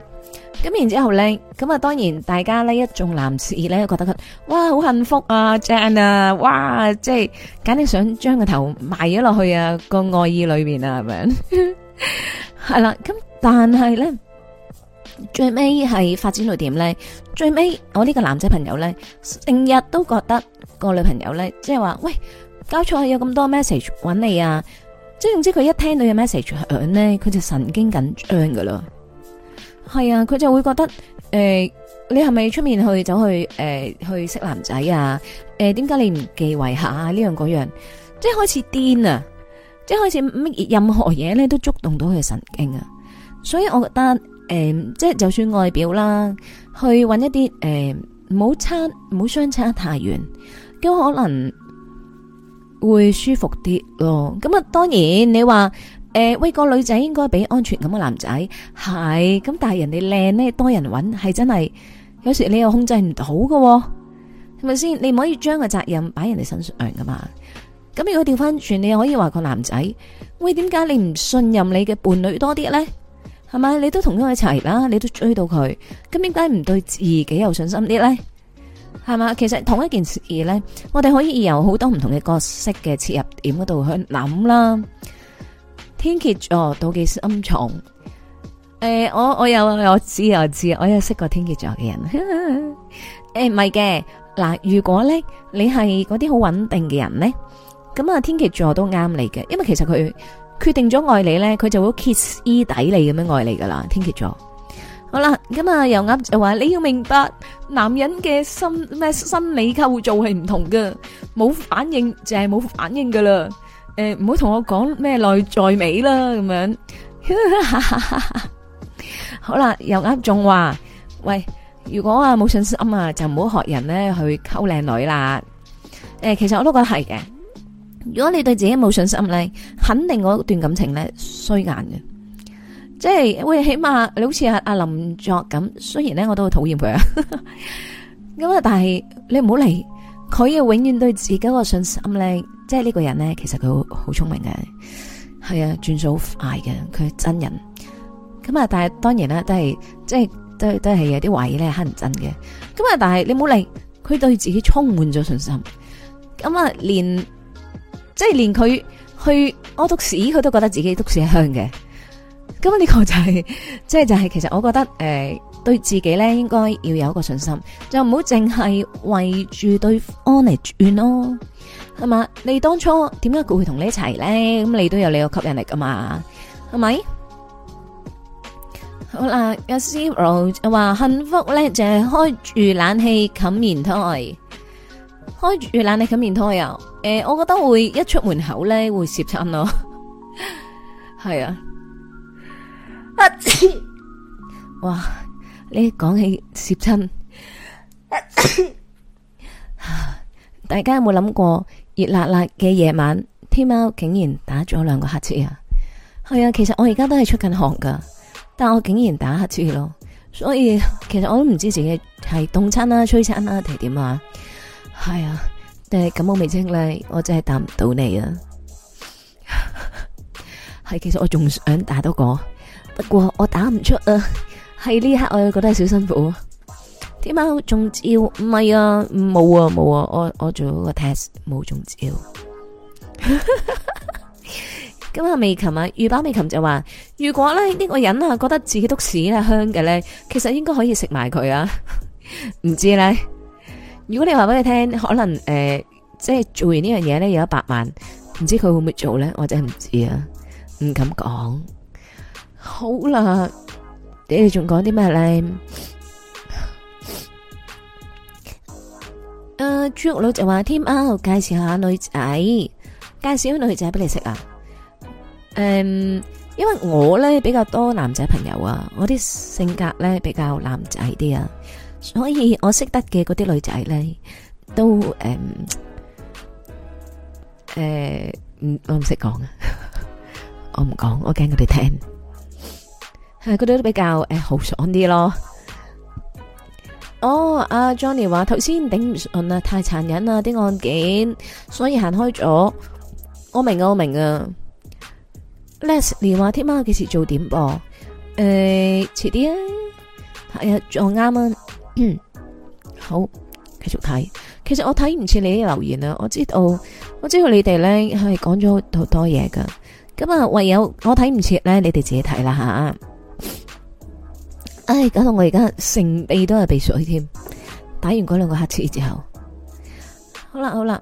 咁然之後靚，咁啊，當然大家呢，一眾男士咧覺得佢哇好幸福啊正啊，哇，即係簡直想將個頭埋咗落去啊個外衣裏面啊，係咪？係 啦，咁、嗯、但係咧最尾係發展到點咧？最尾我呢個男仔朋友咧，成日都覺得個女朋友咧，即係話喂。搞錯有咁多 message 揾你啊，即係總之佢一聽到有 message 響咧，佢就神經緊張噶啦。係啊，佢就會覺得誒、呃，你係咪出面去走去誒、呃、去識男仔啊？誒、呃，點解你唔忌諱下呢樣嗰樣？即係開始癲啊！即係開始乜任何嘢咧都觸動到佢嘅神經啊。所以我覺得誒，即、呃、係就算外表啦，去搵一啲誒，唔、呃、好差，唔好相差太遠，咁可能。會舒服啲咯，咁啊當然你話誒、呃、喂個女仔應該畀安全感嘅男仔係，咁但係人哋靚呢，多人搵係真係，有時你又控制唔到㗎喎。係咪先？你唔可以將個責任擺人哋身上噶嘛？咁如果調翻轉，你又可以話個男仔，喂，點解你唔信任你嘅伴侶多啲呢？係咪？你都同佢一齊啦，你都追到佢，咁點解唔對自己有信心啲呢？係嘛？其實同一件事咧，我哋可以由好多唔同嘅角色嘅切入點嗰度去諗啦。天蠍座都幾深重？誒、欸，我我有我知我知，我有，我我我有識過天蠍座嘅人。誒、 欸，唔係嘅。嗱，如果咧你係嗰啲好穩定嘅人咧，咁啊天蠍座都啱你嘅，因為其實佢決定咗愛你咧，佢就會 kiss 衣底你咁樣愛你噶啦。天蠍座。好啦，咁啊，有鴨就話你要明白男人嘅心咩，心理構造係唔同噶，冇反應就係冇反應噶啦，誒唔好同我講咩內在美啦咁樣。好啦，有鴨仲話，喂，如果啊冇信心啊，就唔好學人咧去溝靚女啦。誒，其實我都覺得係嘅。如果你對自己冇信心咧，肯定嗰段感情咧衰硬嘅。即係，喂起碼你好似阿阿林作咁，雖然咧我都好討厭佢啊，咁啊，但係你唔好理，佢啊永遠對自己個信心咧，即係呢個人咧，其實佢好好聰明嘅，係啊，轉數好快嘅，佢係真人，咁啊，但係當然啦，都係，即係都都係有啲懷疑咧，係乞人憎嘅，咁啊，但係你唔好理，佢對自己充滿咗信心，咁啊，即連即係連佢去屙督屎，佢都覺得自己督屎係香嘅。咁呢個就係，即係就係，其實我覺得誒，對自己咧應該要有一個信心，就唔好淨係圍住對方嚟轉咯，係嘛？你當初點解佢會同你一齊咧？咁你都有你個吸引力噶嘛？係咪？好啦，阿 Zero 話幸福咧就係開住冷氣冚棉胎，開住冷氣冚棉胎啊！誒，我覺得會一出門口咧會攝親咯，係啊。 哇，你講起攝親， 大家有冇諗過熱辣辣嘅夜晚，天喵竟然打咗兩個乞嗤啊？係啊，其實我而家都係出緊汗噶，但我竟然打乞嗤咯，所以其實我都唔知自己係凍親啦、吹親啦，定係點啊？係啊，誒，咁我未清咧，我真係答唔到你啊。係，其實我仲、啊、 想打多個。不過、哦、我打唔出啊，喺 呢一刻我又覺得係小辛苦。點解中招？唔係啊，冇啊冇啊，啊，我我做一個 test 冇中招。照 今日未琴啊，魚寶未琴就話，如果咧呢、呢個人啊覺得自己篤屎啊香嘅咧，其實應該可以食埋佢啊。唔 知咧，如果你話俾佢聽，可能誒、呃，即係做完這件事呢樣嘢咧有一百萬，唔知佢會唔會做咧，我真係唔知啊，唔敢講。好啦，你哋仲講啲咩咧？誒，豬肉佬就話添，介紹下女仔，介紹女仔俾你識啊。誒，因為我咧比較多男仔朋友啊，我啲性格咧比較男仔啲啊，所以我識得嘅嗰啲女仔咧都誒誒，唔，我唔識講啊，我唔講，我驚佢哋聽。係佢都比較誒豪爽啲咯。哦，阿 Johnny 話頭先頂唔順啊，太殘忍啊啲案件，所以行開咗。我明啊，我明啊。Leslie 話天喵幾時做點播？誒、呃，遲啲啊。係啊，仲啱啊。好，繼續睇。其實我睇唔切你啲留言啊。我知道，我知道你哋咧係講咗好多嘢噶咁啊，唯有我睇唔切咧，你哋自己睇啦吓。唉，搞到我而家成鼻都係鼻水添。打完嗰兩個乞嗤之後，好啦好啦，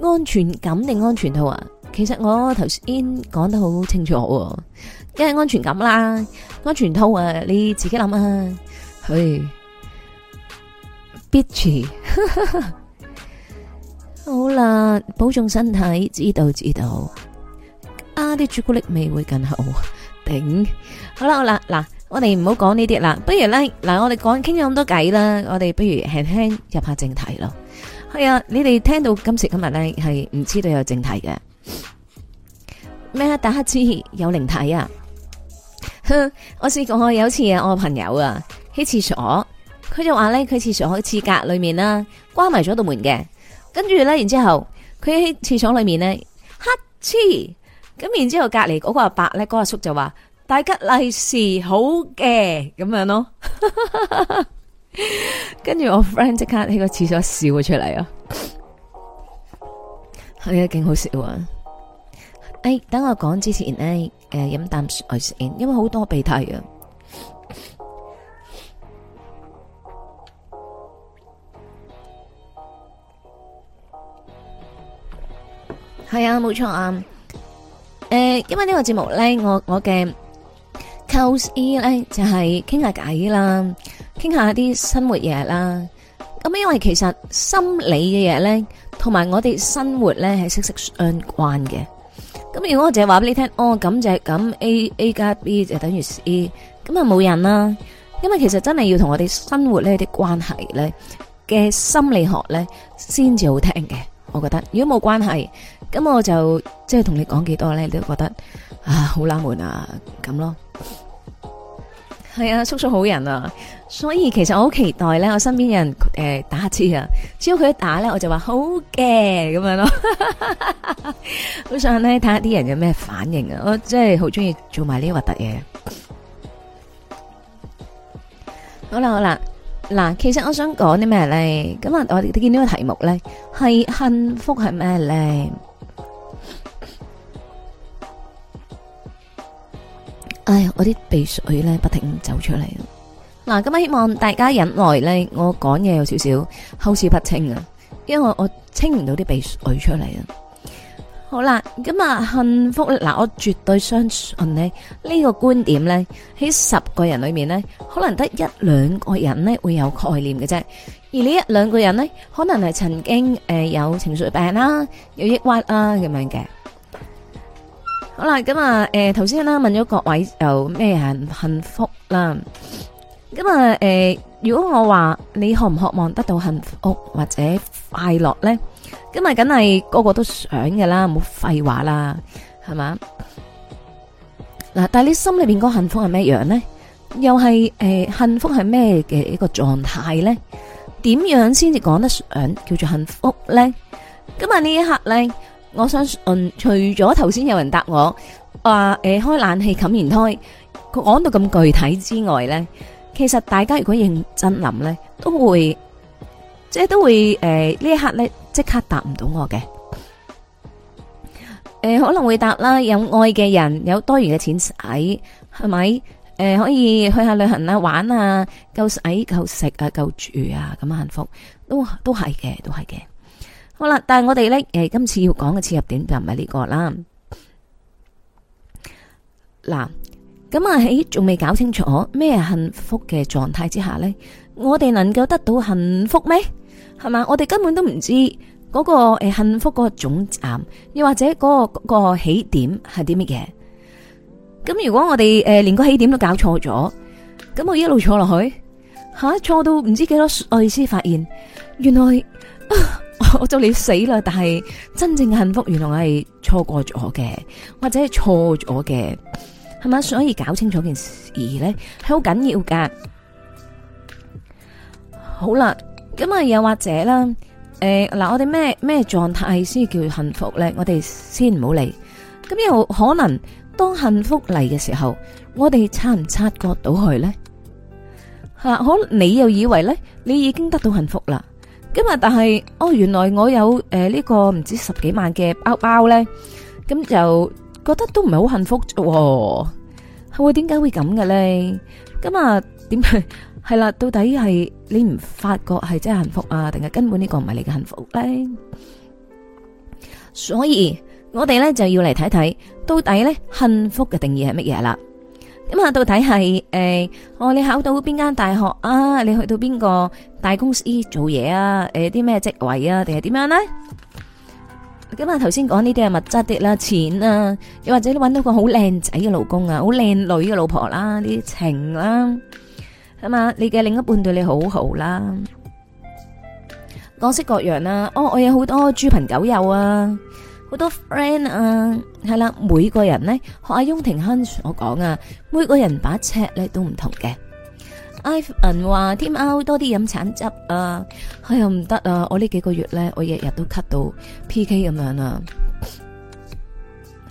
安全感定安全套啊？其實我頭先講得好清楚、啊，梗係安全感啦，安全套啊，你自己諗啊，去 bitchy 好啦，保重身體，知道知道。啊，加啲朱古力味會更好，頂。好啦好啦嗱。我哋唔好講呢啲啦，不如咧嗱，我哋講傾咗咁多偈啦，我哋不如輕輕入下正題咯。係啊，你哋聽到今時今日咧係唔知道有正題嘅咩？打乞嗤有靈體啊！哼，我試過有一次啊，我個朋友啊喺廁所，佢就話咧佢廁所喺廁格裏面啦，關埋咗道門嘅，跟住咧，然之後佢喺廁所裏面咧乞嗤，咁然之後隔籬嗰個阿伯咧，嗰個阿叔就話。大吉利是，好嘅咁樣咯，跟住我 friend 即刻喺個廁所笑咗出嚟咯，係啊，勁好笑啊！哎，等我講之前咧，誒，飲啖水先，因為好多鼻涕啊。係啊，冇錯啊。誒，因為呢個節目咧，我我嘅。構思咧就係傾下偈啦，傾下啲生活嘢啦。咁因為其實心理嘅嘢咧，同埋我哋生活咧係息息相關嘅。咁如果我淨係話俾你聽，哦咁就係咁，A A 加 B 就等於 C，咁啊冇人啦。因為其實真係要同我哋生活咧啲關係咧嘅心理學咧先至好聽嘅。我覺得如果冇關係，咁我就即係同你講幾多咧你都覺得啊好冷門啊咁咯。係啊，叔叔好人啊！所以其實我好期待咧，我身邊有人誒、呃、打下字啊，只要佢一打咧，我就話好嘅咁樣咯。好 想咧睇下啲人有咩反應啊！我真係好中意做埋呢啲核突嘢。好啦，好啦，嗱，其實我想講啲咩咧？咁啊，我哋睇見到個題目咧，係幸福係咩咧？哎，我啲鼻水咧不停走出嚟咁，嗱，希望大家忍耐咧，我講嘢有少少口齒不清啊，因為我，我清唔到啲鼻水出嚟啊。好啦，咁啊幸福嗱，我絕對相信呢呢個觀點咧，喺十個人裏面咧，可能得一兩個人咧會有概念嘅啫。而呢一兩個人咧，可能係曾經誒有情緒病啦，有抑鬱啊咁樣嘅。好啦，咁啊，誒，頭先啦問咗各位有咩人幸福啦？咁啊，誒，如果我話你渴唔渴望得到幸福或者快樂咧？咁啊梗係個個都想嘅啦，冇廢話啦，係嘛？嗱，但係你心裏邊個幸福係咩樣咧？又係誒，幸福係咩嘅一個狀態咧？點樣先至講得上叫做幸福咧？咁啊呢一刻咧？我相信除咗頭先有人答我話誒、呃、開冷氣冚棉胎，講到咁具體之外咧，其實大家如果認真諗咧，都會即係都會誒呢、呃、一刻咧，即刻答唔到我嘅。誒、呃、可能會答啦，有愛嘅人，有多餘嘅錢使，係咪？誒、呃、可以去下旅行啊玩啊，夠使夠食啊夠住啊咁幸福，都都係嘅，都係嘅。好啦，但係我哋咧誒，今次要講嘅切入點就唔係呢個啦。嗱，咁啊喺仲未搞清楚咩幸福嘅狀態之下咧，我哋能夠得到幸福咩？係嘛，我哋根本都唔知嗰個誒幸福嗰個總站，又或者嗰個嗰個起點係啲乜嘢。咁如果我哋誒連個起點都搞錯咗，咁我一路坐落去吓，坐到唔知幾多愛斯，先發現原來。 我就嚟死啦！但係真正幸福，原來我係錯過咗嘅，或者係錯咗嘅，係咪？所以搞清楚件事咧，係好緊要噶。好啦，咁啊又或者啦，誒、呃、嗱，我哋咩咩狀態先叫幸福咧？我哋先唔好嚟。咁又可能當幸福嚟嘅時候，我哋察唔察覺到佢咧？吓，可你又以為咧，你已經得到幸福啦？今日，但係哦，原來我有誒呢個唔知十幾萬嘅包包咧，咁就覺得都唔係好幸福喎。係我點解會咁嘅咧？咁啊，點係啦？到底係你唔發覺係真係幸福啊，定係根本呢個唔係你嘅幸福咧？所以我哋咧就要嚟睇睇到底咧幸福嘅定義係乜嘢啦？咁啊，到底係誒，哦，你考到邊間大學啊？你去到邊個大公司做嘢啊？誒，啲咩職位啊？定係點樣呢？咁啊，頭先講呢啲係物質啲啦，錢啊，又或者你搵到個好靚仔嘅老公啊，好靚女嘅老婆啦，呢啲情啦，係嘛？你嘅另一半對你好好啦，各式各樣啦，哦，我有好多豬朋狗友啊！好多 friend 啊，係啦，每個人呢，學阿雍庭鏗我講啊，每個人把尺咧都唔同嘅。阿文話添 out 多啲飲橙汁啊，佢又唔得啊！我呢幾個月呢，我日日都咳到 PK 咁樣啊！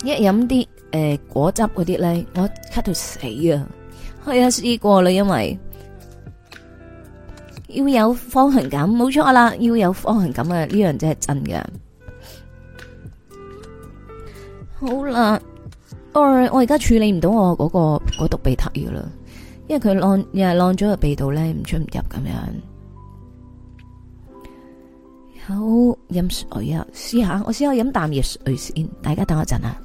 一飲啲誒果汁嗰啲呢，我咳到死啊！佢、哎、啊，試過啦，因為要有方向感，冇錯啦，要有方向感啊！呢樣真係真嘅。好啦，我我而家處理唔到我嗰、那個嗰獨鼻涕嘅啦，因為佢晾又晾咗個鼻度咧，唔出唔入咁樣。好，飲水啊，試下，我試下飲啖熱水先，大家等我陣啊。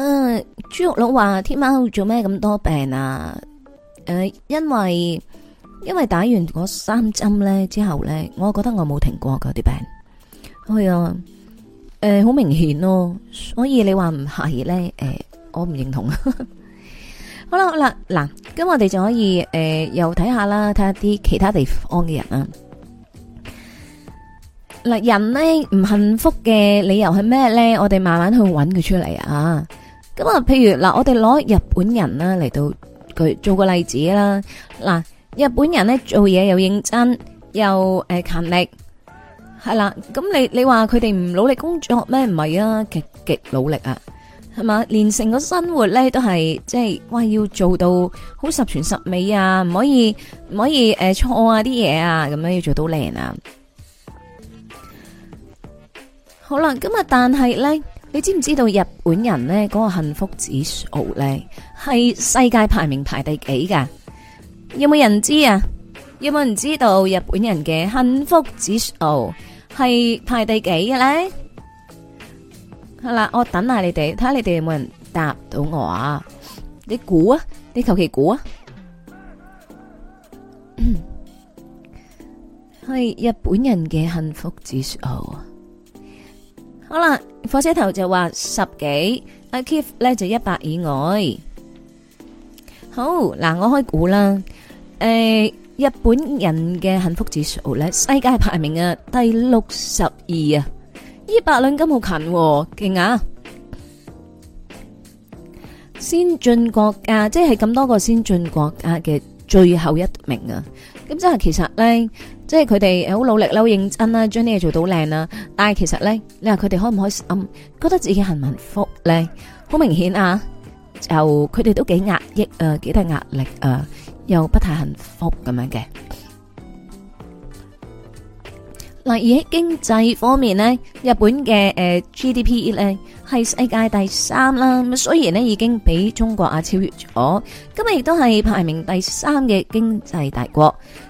誒，豬、呃、肉佬話天貓做咩咁多病啊？誒、呃，因為因為打完嗰三針咧之後咧，我覺得我冇停過嗰啲病，係啊，誒、呃，好明顯咯。所以你話唔係咧，誒、呃，我唔認同、啊呵呵。好啦好啦，嗱，咁我哋就可以誒、呃，又睇下啦，睇下啲其他地方嘅人啊。嗱，人呢，唔幸福嘅理由係咩咧？我哋慢慢去揾佢出嚟啊！咁啊，譬如嗱，我哋攞日本人啦嚟到佢做個例子啦。嗱，日本人咧做嘢又認真又誒勤力，係啦。咁你你話佢哋唔努力工作咩？唔係啊，極極努力啊，係嘛？連成個生活咧都係即係哇，要做到好十全十美啊，唔可以唔可以誒錯啊啲嘢啊，咁樣要做到靚啊。好啦，咁啊但係咧。你知唔知道日本人呢嗰個幸福指數咧係世界排名排第幾㗎？有冇人知啊？有冇人知道日本人嘅幸福指數係排第幾嘅咧？好啦，我等下你哋睇下，你哋有冇人答到我啊？你估啊，你求其估啊，係 日本人嘅幸福指數。好啦，火車頭就話十幾，阿 Kif 咧就一百以外。好嗱，我開估啦。誒，日本人嘅幸福指數咧，世界排名啊第六十二啊，依百兩金好近勁啊！先進國家，即係咁多個先進國家嘅最後一名啊，咁即係其實咧。即係佢哋好努力啦，好認真啦，將啲嘢做到靚啦。但係其實咧，你話佢哋開唔開心，覺得自己幸唔幸福咧？好明顯啊，就佢哋都幾壓抑啊，幾大壓力啊，又不太幸福咁樣嘅。嗱，而喺經濟方面咧，日本嘅誒 GDP 咧係世界第三啦。咁雖然咧已經俾中國啊超越咗，今日亦都係排名第三嘅經濟大國。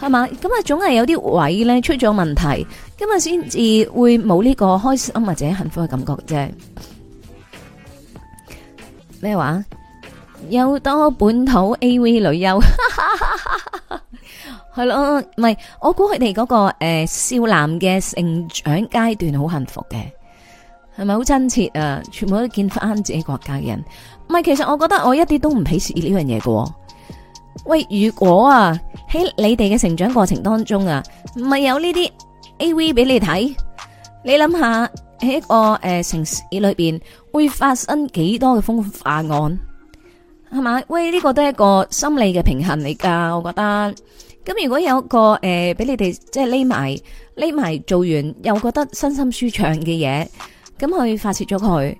係嘛？咁啊，總係有啲位咧出咗問題，咁啊先至會冇呢個開心、啊、或者幸福嘅感覺啫。咩話？有多本土 A V 女優係咯？唔 係，我估佢哋嗰個誒、呃、少男嘅成長階段好幸福嘅，係咪好親切啊？全部都見翻自己國家嘅人。唔係，其實我覺得我一啲都唔鄙視呢樣嘢㗎喎。喂，如果啊喺你哋嘅成長過程當中啊，唔係有呢啲 A.V. 俾你睇，你諗下喺一個誒、呃、城市裏邊會發生幾多嘅風化案，係咪？喂，呢、這個都係一個心理嘅平衡嚟噶。我覺得咁，如果有一個誒俾、呃、你哋即係匿埋匿埋做完，又覺得身心舒暢嘅嘢，咁去發洩咗佢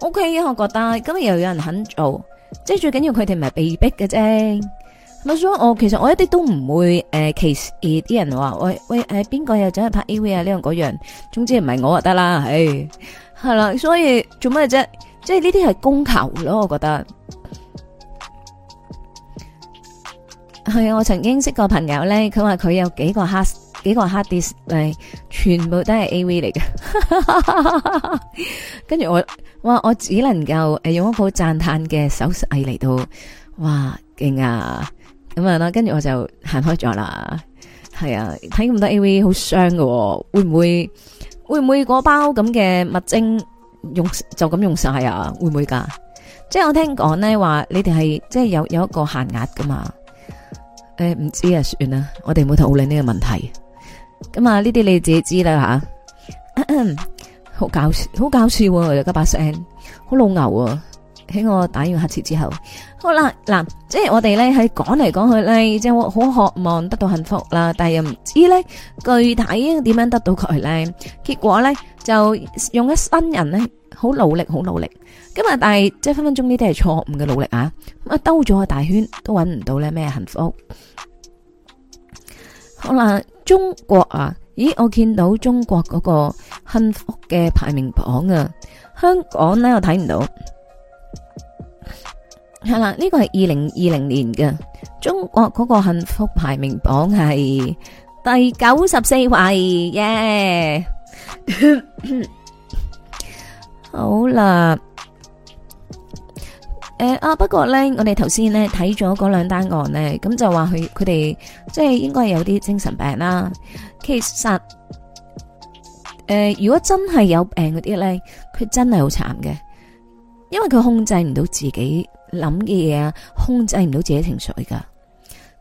，O.K.，我覺得咁又有人肯做，即係最緊要佢哋唔係被逼嘅啫。所以我，我其實我一啲都唔會誒歧視啲人話喂喂誒邊個又走去拍 AV 啊？呢樣嗰樣，總之唔係我就得啦，係、欸，係啦。所以做咩啫？即係呢啲係供求咯，我覺得。係啊，我曾經識個朋友咧，佢話佢有幾個 hard 幾個 hard disk 全部都係 AV 嚟嘅。 跟住我，哇！我只能夠誒用一個讚嘆嘅手勢嚟到，哇！勁啊！咁樣啦，跟住我就行開咗啦。係啊，睇咁多 AV 好傷噶，會唔會會唔會嗰包咁嘅物質用就咁用晒啊？會唔會噶？即係我聽講咧話，你哋係即係有有一個限額噶嘛？誒、欸，唔知啊，算啦，我哋唔會討論呢個問題。咁啊，呢啲你自己知啦吓，啊。好搞笑，好搞笑，啊，又加把聲，好老牛啊！喺我打完乞嗤之後。好啦，嗱，即係我哋咧係講嚟講去咧，即係好渴望得到幸福啦，但係又唔知咧具體點樣得到佢咧？結果咧就用一新人咧，好努力，好努力，今日，但係即係分分鐘呢啲係錯誤嘅努力啊！咁啊兜咗個大圈都搵唔到咧咩幸福？好啦，中國啊，咦，我見到中國嗰個幸福嘅排名榜啊，香港咧我睇唔到。係啦，呢個係二零二零年嘅中國嗰個幸福排名榜係第九十四位嘅。好啦，誒啊，不過咧，我哋頭先咧睇咗嗰兩單案咧，咁就話佢佢哋即係應該係有啲精神病啦。其實誒，如果真係有病嗰啲咧，佢真係好慘嘅，因為佢控制唔到自己。諗嘅嘢啊，控制唔到自己情緒噶，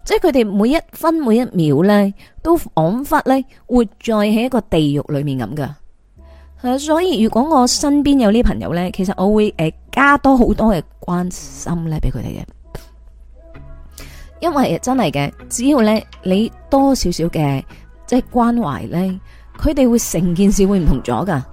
即係佢哋每一分每一秒咧，都仿佛咧活在喺一個地獄裏面咁噶。所以如果我身邊有呢啲朋友咧，其實我會誒、呃、加多好多嘅關心咧俾佢哋嘅，因為真係嘅，只要咧你多少少嘅即係關懷咧，佢哋會成件事會唔同咗噶。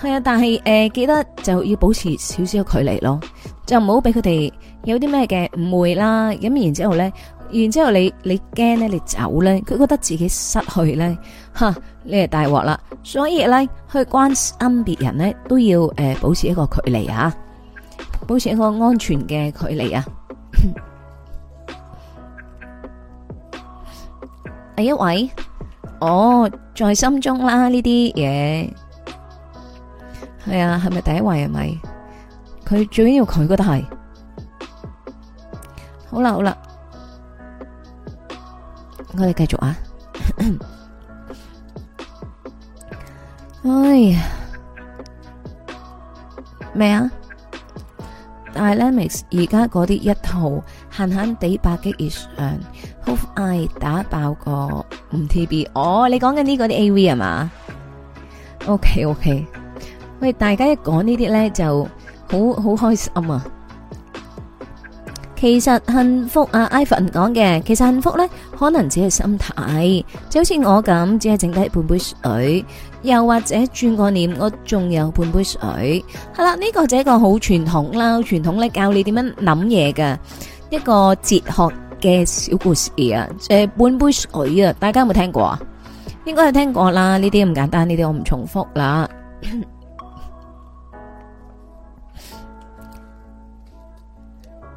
係啊，但係誒、呃，記得就要保持少少距離咯，就唔好俾佢哋有啲咩嘅誤會啦。咁然之後咧，然之後你你驚咧，你走咧，佢覺得自己失去咧，吓你係大鑊啦。所以咧，去關心別人咧都要誒、呃、保持一個距離啊，保持一個安全嘅距離啊。第一位，哦，在心中啦呢啲嘢。係啊，係咪第一位係咪？佢最緊要佢覺得係。好啦好啦，我哋繼續啊。哎呀，咩啊？Dynamics 而家嗰啲一套閑閑地百 GB 以上，Hope I 打爆個五 TB。哦，你講緊呢個啲 AV 係嘛？OK OK。大家一講呢啲咧就好好開心啊！其實幸福啊，Ivan 講嘅，其實幸福咧可能只係心態，就好似我咁，只係剩低半杯水，又或者轉個念，我仲有半杯水。係啦，呢個就係一個好傳統啦，傳統咧教你點樣諗嘢嘅一個哲學嘅小故事啊！誒，半杯水啊，大家有冇聽過啊？應該有聽過啦，呢啲咁簡單，呢啲我唔重複啦。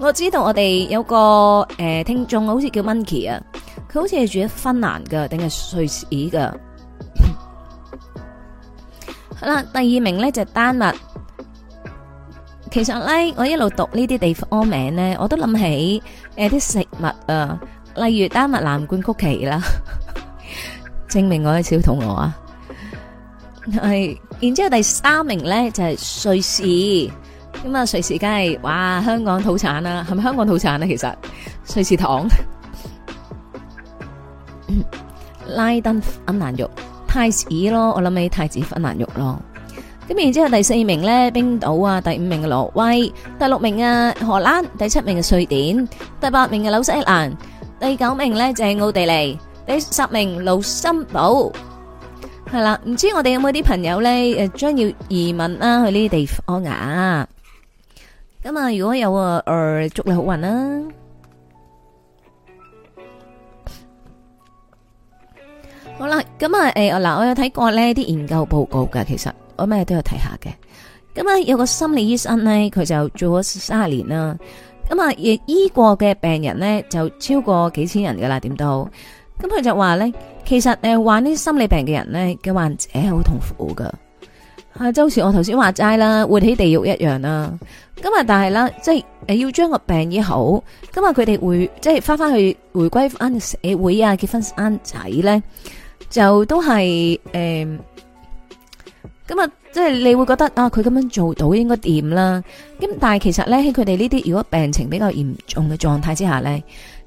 我知道我哋有個誒聽眾好似叫 Monkey 啊，佢好似係住喺芬蘭噶，定係瑞士噶。好啦，第二名咧就係丹麥。其實咧，我一路讀呢啲地方名咧，我都諗起誒啲食物啊，例如丹麥藍罐曲奇啦。證明我係小肚餓啊！係，然之後第三名咧就係瑞士。咁啊瑞士梗係哇香港土產啦，係咪香港土產咧？其實瑞士糖、拉登粉難芬蘭肉、太子咯，我諗起太子芬蘭肉咯。咁然之後第四名咧冰島啊，第五名嘅挪威，第六名啊荷蘭，第七名嘅瑞典，第八名嘅紐西蘭，第九名咧就係奧地利，第十名盧森堡。係啦，唔知我哋有冇啲朋友咧誒，將要移民啦去呢啲地方啊？咁啊、嗯，如果有啊、呃，祝你好運啦！好啦，咁、嗯、啊，誒、嗯，嗱、嗯，我有睇過呢啲研究報告噶，其實我咩都有睇下嘅。咁、嗯、啊，有個心理醫生咧，佢就做咗三十年啦。咁、嗯、啊，亦醫過嘅病人咧，就超過幾千人噶啦，點都。咁、嗯、佢就話咧，其實誒，患呢啲心理病嘅人咧嘅患者係好痛苦噶。啊，就好似我頭先話齋啦，活喺地獄一樣啦。咁啊，但係啦，即係你要將個病醫好，咁啊，佢哋會即係翻翻去回歸翻社會啊，結婚生仔咧，就都係誒。咁啊，即係你會覺得啊，佢咁樣做到應該掂啦。咁但係其實咧，喺佢哋呢啲如果病情比較嚴重嘅狀態之下咧，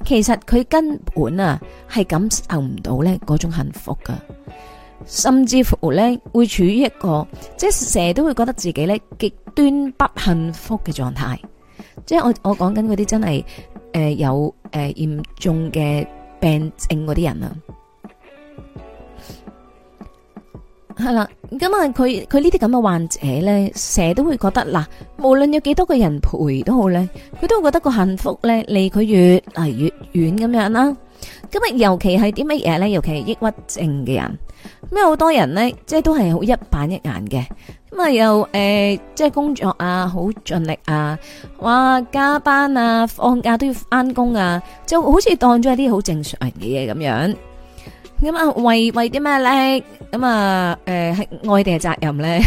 其實佢根本啊係感受唔到咧嗰種幸福噶。甚至乎咧，會處於一個即係成日都會覺得自己咧極端不幸福嘅狀態。即係我我講緊嗰啲真係誒、呃、有誒、呃、嚴重嘅病症嗰啲人啊，係啦。咁啊，佢佢呢啲咁嘅患者咧，成日都會覺得嗱，無論有幾多個人陪都好咧，佢都會覺得個幸福咧離佢越嚟越遠咁樣啦。咁啊，尤其係啲乜嘢咧？尤其係抑鬱症嘅人，咁啊，好多人咧，即係都係好一板一眼嘅，咁啊，又誒，即係工作啊，好盡力啊，哇，加班啊，放假都要翻工啊，就好似當咗一啲好正常人嘅嘢咁樣。咁啊，為為啲咩咧？咁啊，誒，係愛定係責任咧？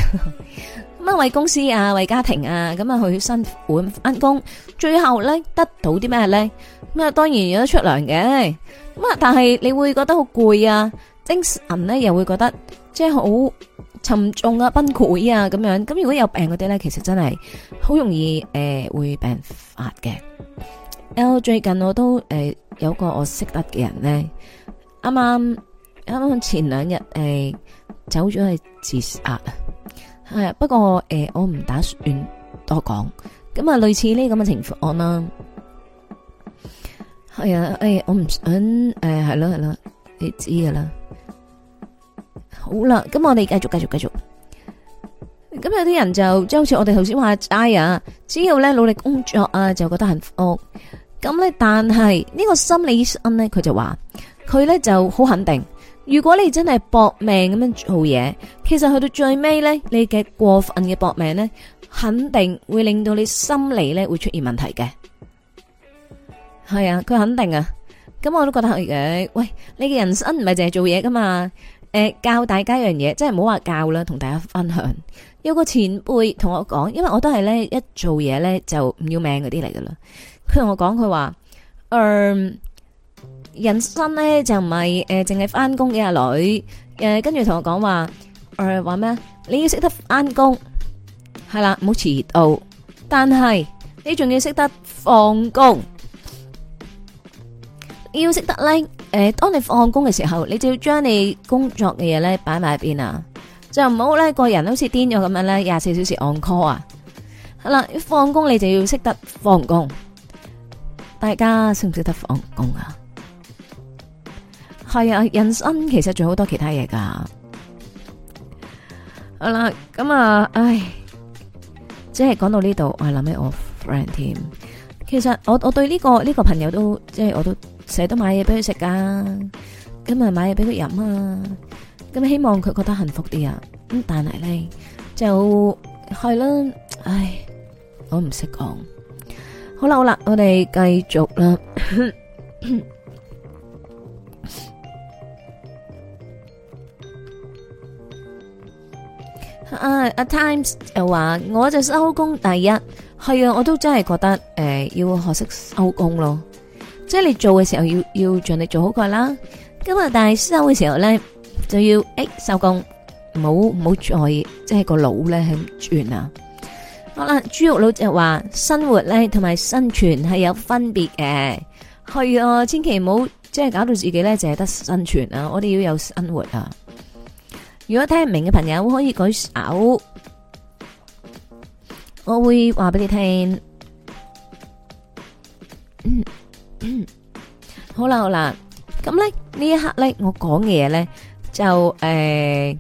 乜為公司啊，為家庭啊，咁啊去辛苦返工，最後咧得到啲咩咧？咁啊，當然有得出糧嘅，咁啊，但係你會覺得好攰啊，精神咧又會覺得即係好沉重啊，崩潰啊咁樣。咁如果有病嗰啲咧，其實真係好容易誒、呃、會病發嘅。咁啊、呃、最近我都誒、呃、有個我識得嘅人咧，啱啱啱啱前兩日誒走咗去自殺。係啊，不過誒、欸，我唔打算多講。咁啊，類似呢咁嘅情況啦。係啊，誒、欸，我唔想誒，係咯係咯，你知噶啦。好啦，咁我哋繼續繼續繼續。咁有啲人就即係好似我哋頭先話齋啊，只要咧努力工作啊，就覺得幸福。咁咧，但係呢個心理醫生咧，佢就話，佢咧就好肯定。如果你真係搏命咁樣做嘢，其實去到最尾呢，你嘅過分嘅搏命呢，肯定會令到你心理呢會出現問題嘅。係啊，佢肯定啊，咁我都覺得係嘅。喂，你嘅人生唔係淨係做嘢噶嘛？誒、呃，教大家一樣嘢，即係唔好話教啦，同大家分享。有個前輩同我講，因為我都係呢一做嘢呢，就唔要命嗰啲嚟噶啦。佢同我講佢話，嗯。呃人生咧就唔係誒，淨係翻工嘅阿女誒，跟住同我講話誒，話咩？你要識得翻工係啦，唔好遲到。但係你仲要識得放工，要識得咧誒。當你放工嘅時候，你就要將你工作嘅嘢咧擺埋一邊啊，就唔好咧個人好似癲咗咁樣咧，廿四小時 on call 啊。係啦，放工你就要識得放工。大家識唔識得放工啊？係啊，人生其實仲好多其他嘢噶。好啦，咁啊，唉，即係講到呢度，我係諗起我 friend 添。其實我我對呢個呢個朋友都，即係我都捨得買嘢俾佢食噶。咁啊，買嘢俾佢飲啊。咁希望佢覺得幸福啲啊。咁但係咧，就係啦，唉，我唔識講。好啦好啦，我哋繼續啦。啊、uh，at times 又話我就收工第一，係啊，我都真係覺得誒、呃、要學識收工咯，即係你做嘅時候要要盡力做好佢啦。但係收嘅時候咧，就要誒收工，唔好唔好再即係個腦咧喺轉啊。好啦，豬肉佬就話生活咧同埋生存係有分別嘅，係啊，千祈唔好即係搞到自己咧淨係得生存啊，我哋要有生活啊。如果聽唔明嘅朋友可以舉手，我會話俾你聽。好啦好啦，咁咧呢一刻咧，我講嘅嘢咧就誒，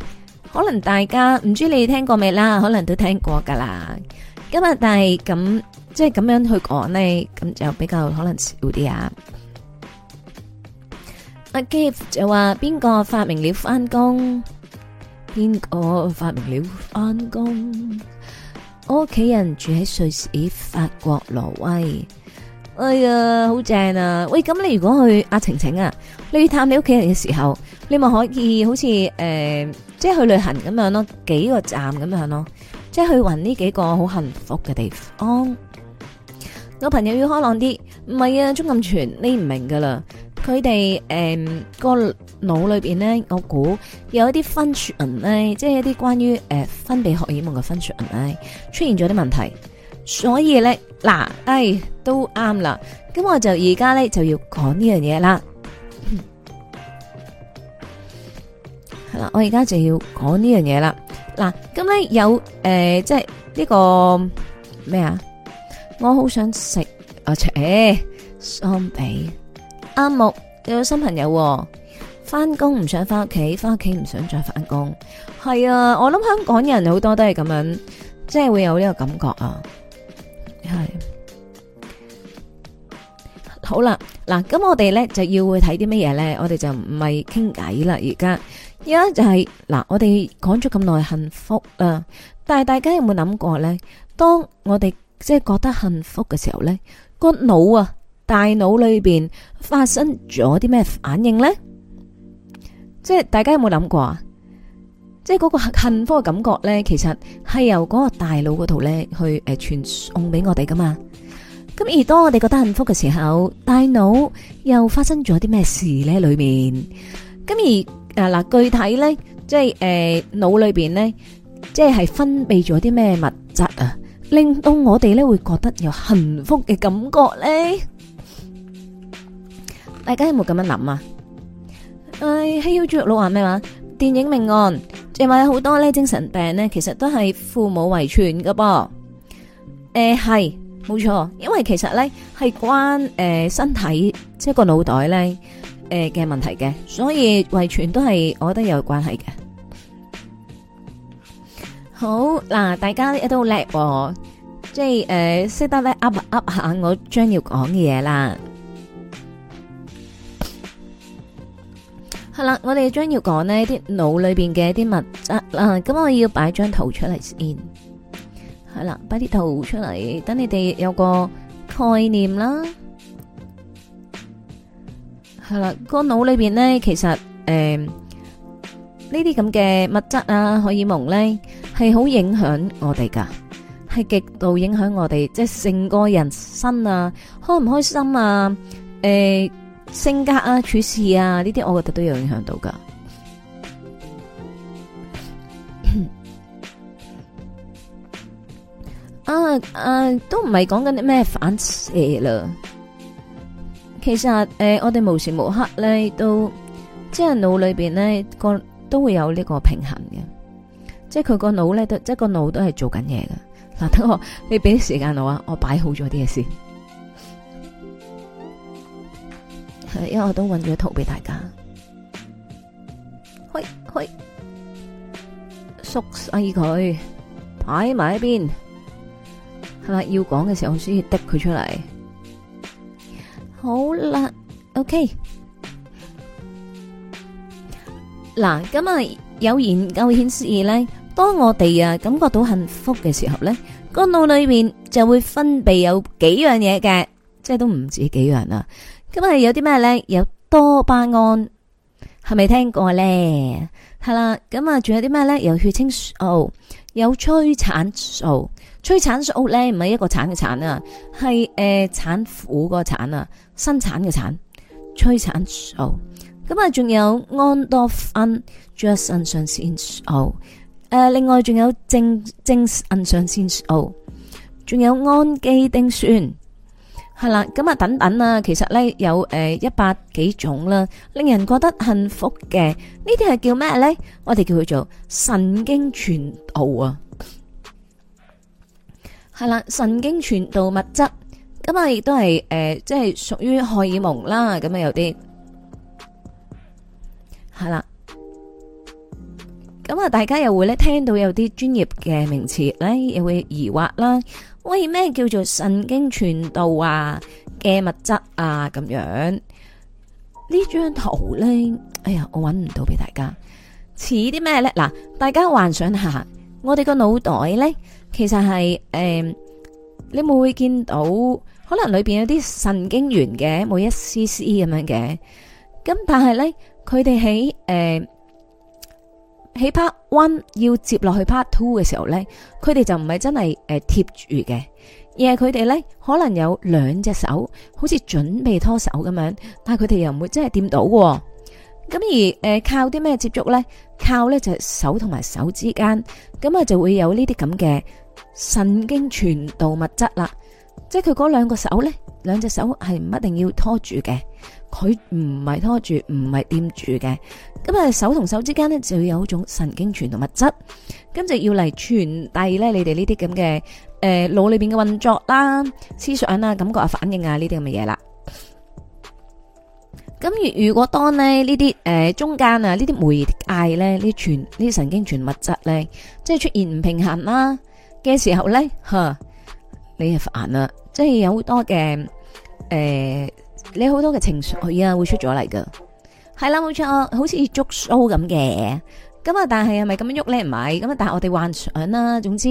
可能大家唔知你聽過未啦，可能都聽過噶啦。今日但係咁即係咁樣去講咧，咁就比較可能少啲啊。阿 Gift 就話邊個發明了返工？邊個發明了返工？我屋企人住喺瑞士、法國、挪威。哎呀，好正啊！喂，咁你如果去阿、啊、晴晴啊，你要探你屋企人嘅時候，你咪可以好似誒、呃，即係去旅行咁樣咯，幾個站咁樣咯，即係去搵呢幾個好幸福嘅地方。我朋友要開朗啲，唔係啊，中咁全，你唔明噶啦。佢哋誒個腦裏邊咧，我估有一啲、呃、分泌物咧，即係一啲關於誒分泌荷爾蒙嘅分泌物咧，出現咗啲問題，所以咧嗱，誒都啱啦。咁、哎、我就而家咧就要講呢樣嘢啦。係啦、呃這個，我而家就要講呢樣嘢啦。嗱、欸，咁咧有誒，即係呢個咩啊？我好想食啊！雙比。阿木有新朋友、哦，翻工唔想翻屋企，翻屋企唔想再翻工。係啊，我諗香港人好多都係咁樣，即係會有呢個感覺啊。係好啦，嗱，咁我哋呢，就要會睇啲乜嘢呢？我哋就唔係傾偈啦。而家而家就係、是、嗱，我哋講咗咁耐幸福啦，但係大家有冇諗過呢？當我哋即係覺得幸福嘅時候呢，個腦啊～大腦裏邊發生咗啲咩反應咧？即係大家有冇諗過啊？即係嗰個幸福嘅感覺咧，其實係由嗰個大腦嗰度咧去誒傳送俾我哋噶嘛。咁而當我哋覺得幸福嘅時候，大腦又發生咗啲咩事咧？裏面咁而誒嗱，具體咧即係誒腦裏邊咧，即係分泌咗啲咩物質啊，令到我哋咧會覺得有幸福嘅感覺咧？大家有冇咁樣諗啊？誒，希優豬玉老話咩話？電影命案，正話有好多咧精神病咧，其實都係父母遺傳噶噃。誒，係冇錯，因為其實咧係關誒身體即係個腦袋咧誒嘅問題嘅，所以遺傳都係我覺得有關係嘅。好嗱，大家也都好叻，即係誒識得咧 up up 下我將要講嘅嘢啦。係啦，我哋將要講呢啲腦裏邊嘅一啲物質啊，咁我要擺張圖出嚟先。係啦，擺啲圖出嚟，等你哋有個概念啦。係啦，個腦裏邊呢，其實誒呢啲咁嘅物質啊、荷爾蒙咧，係好影響我哋噶，係極度影響我哋，即係成個人生啊，開唔開心啊，誒。性格啊、處事啊呢啲，這些我覺得都有影響到噶。 啊啊，都唔係講緊啲咩反射啦。其實誒、呃，我哋無時無刻咧都即係腦裏邊咧個都會有呢個平衡嘅，即係佢個腦咧都即係個腦都係做緊嘢嘅。嗱，等我你俾啲時間我啊，我擺好咗啲嘢先。因為我都揾咗圖俾大家，喂喂，縮細佢，擺埋一邊，係咪？要講嘅時候，我先要滴佢出嚟。好啦，OK。嗱，咁啊，有研究顯示咧，當我哋啊感覺到幸福嘅時候咧，個腦裏面就會分泌有幾樣嘢嘅，即係都唔止幾樣啊。咁係有啲咩咧？有多巴胺，係咪聽過咧？係啦，咁啊，仲有啲咩咧？有血清素，有催產素。催產素咧，唔係一個殘殘、呃、產嘅產啊，係誒產婦個產啊，生產嘅產。催產素。咁啊，仲有安多芬，仲有腎上腺素。誒、呃，另外仲有正正腎上腺素，仲、嗯嗯、有氨基丁酸。係啦，咁啊等等啊，其實咧有誒一百幾種啦，令人覺得幸福嘅，呢啲係叫咩咧？我哋叫佢做神經傳導啊，係啦，神經傳導物質，咁啊亦都係誒、呃，即係屬於荷爾蒙啦，咁啊有啲係啦，咁啊大家又會咧聽到有啲專業嘅名詞咧，又會疑惑啦。喂，咩叫做神經傳導啊？嘅物質啊，咁樣張呢張圖咧？哎呀，我搵唔到俾大家。似啲咩咧？嗱，大家幻想下，我哋個腦袋咧，其實係誒、呃，你冇會見到可能裏邊有啲神經元嘅，每一絲絲咁樣嘅。咁但係咧，佢哋喺誒。呃起 part one 要接落去 part two 嘅時候呢，佢哋就唔係真係誒貼住嘅，而係佢哋呢可能有兩隻手，好似準備拖手咁樣，但係佢哋又唔會真係掂到、哦。咁而誒、呃、靠啲咩接觸呢？靠呢就係、手同埋手之間，咁啊就會有呢啲咁嘅神經傳導物質啦。即係佢嗰兩個手呢，兩隻手係唔一定要拖住嘅，佢唔係拖住，唔係掂住嘅。咁啊，手同手之間咧，就會有一種神經傳導物質，咁就要嚟傳遞咧，你哋呢啲咁嘅誒腦裏邊嘅運作啦、思想啦、感覺啊、反應啊呢啲咁嘅嘢啦。咁如如果當咧呢啲誒中間啊呢啲媒介咧呢傳呢神經傳物質咧，即係出現唔平衡啦嘅時候咧，吓你煩啦，即係有好多嘅誒，你好多嘅情緒啊會出咗嚟噶。係啦，冇錯，好似竹梳咁嘅，咁啊，但係係咪咁樣喐咧？唔係，咁啊，但係我哋幻想啦。總之，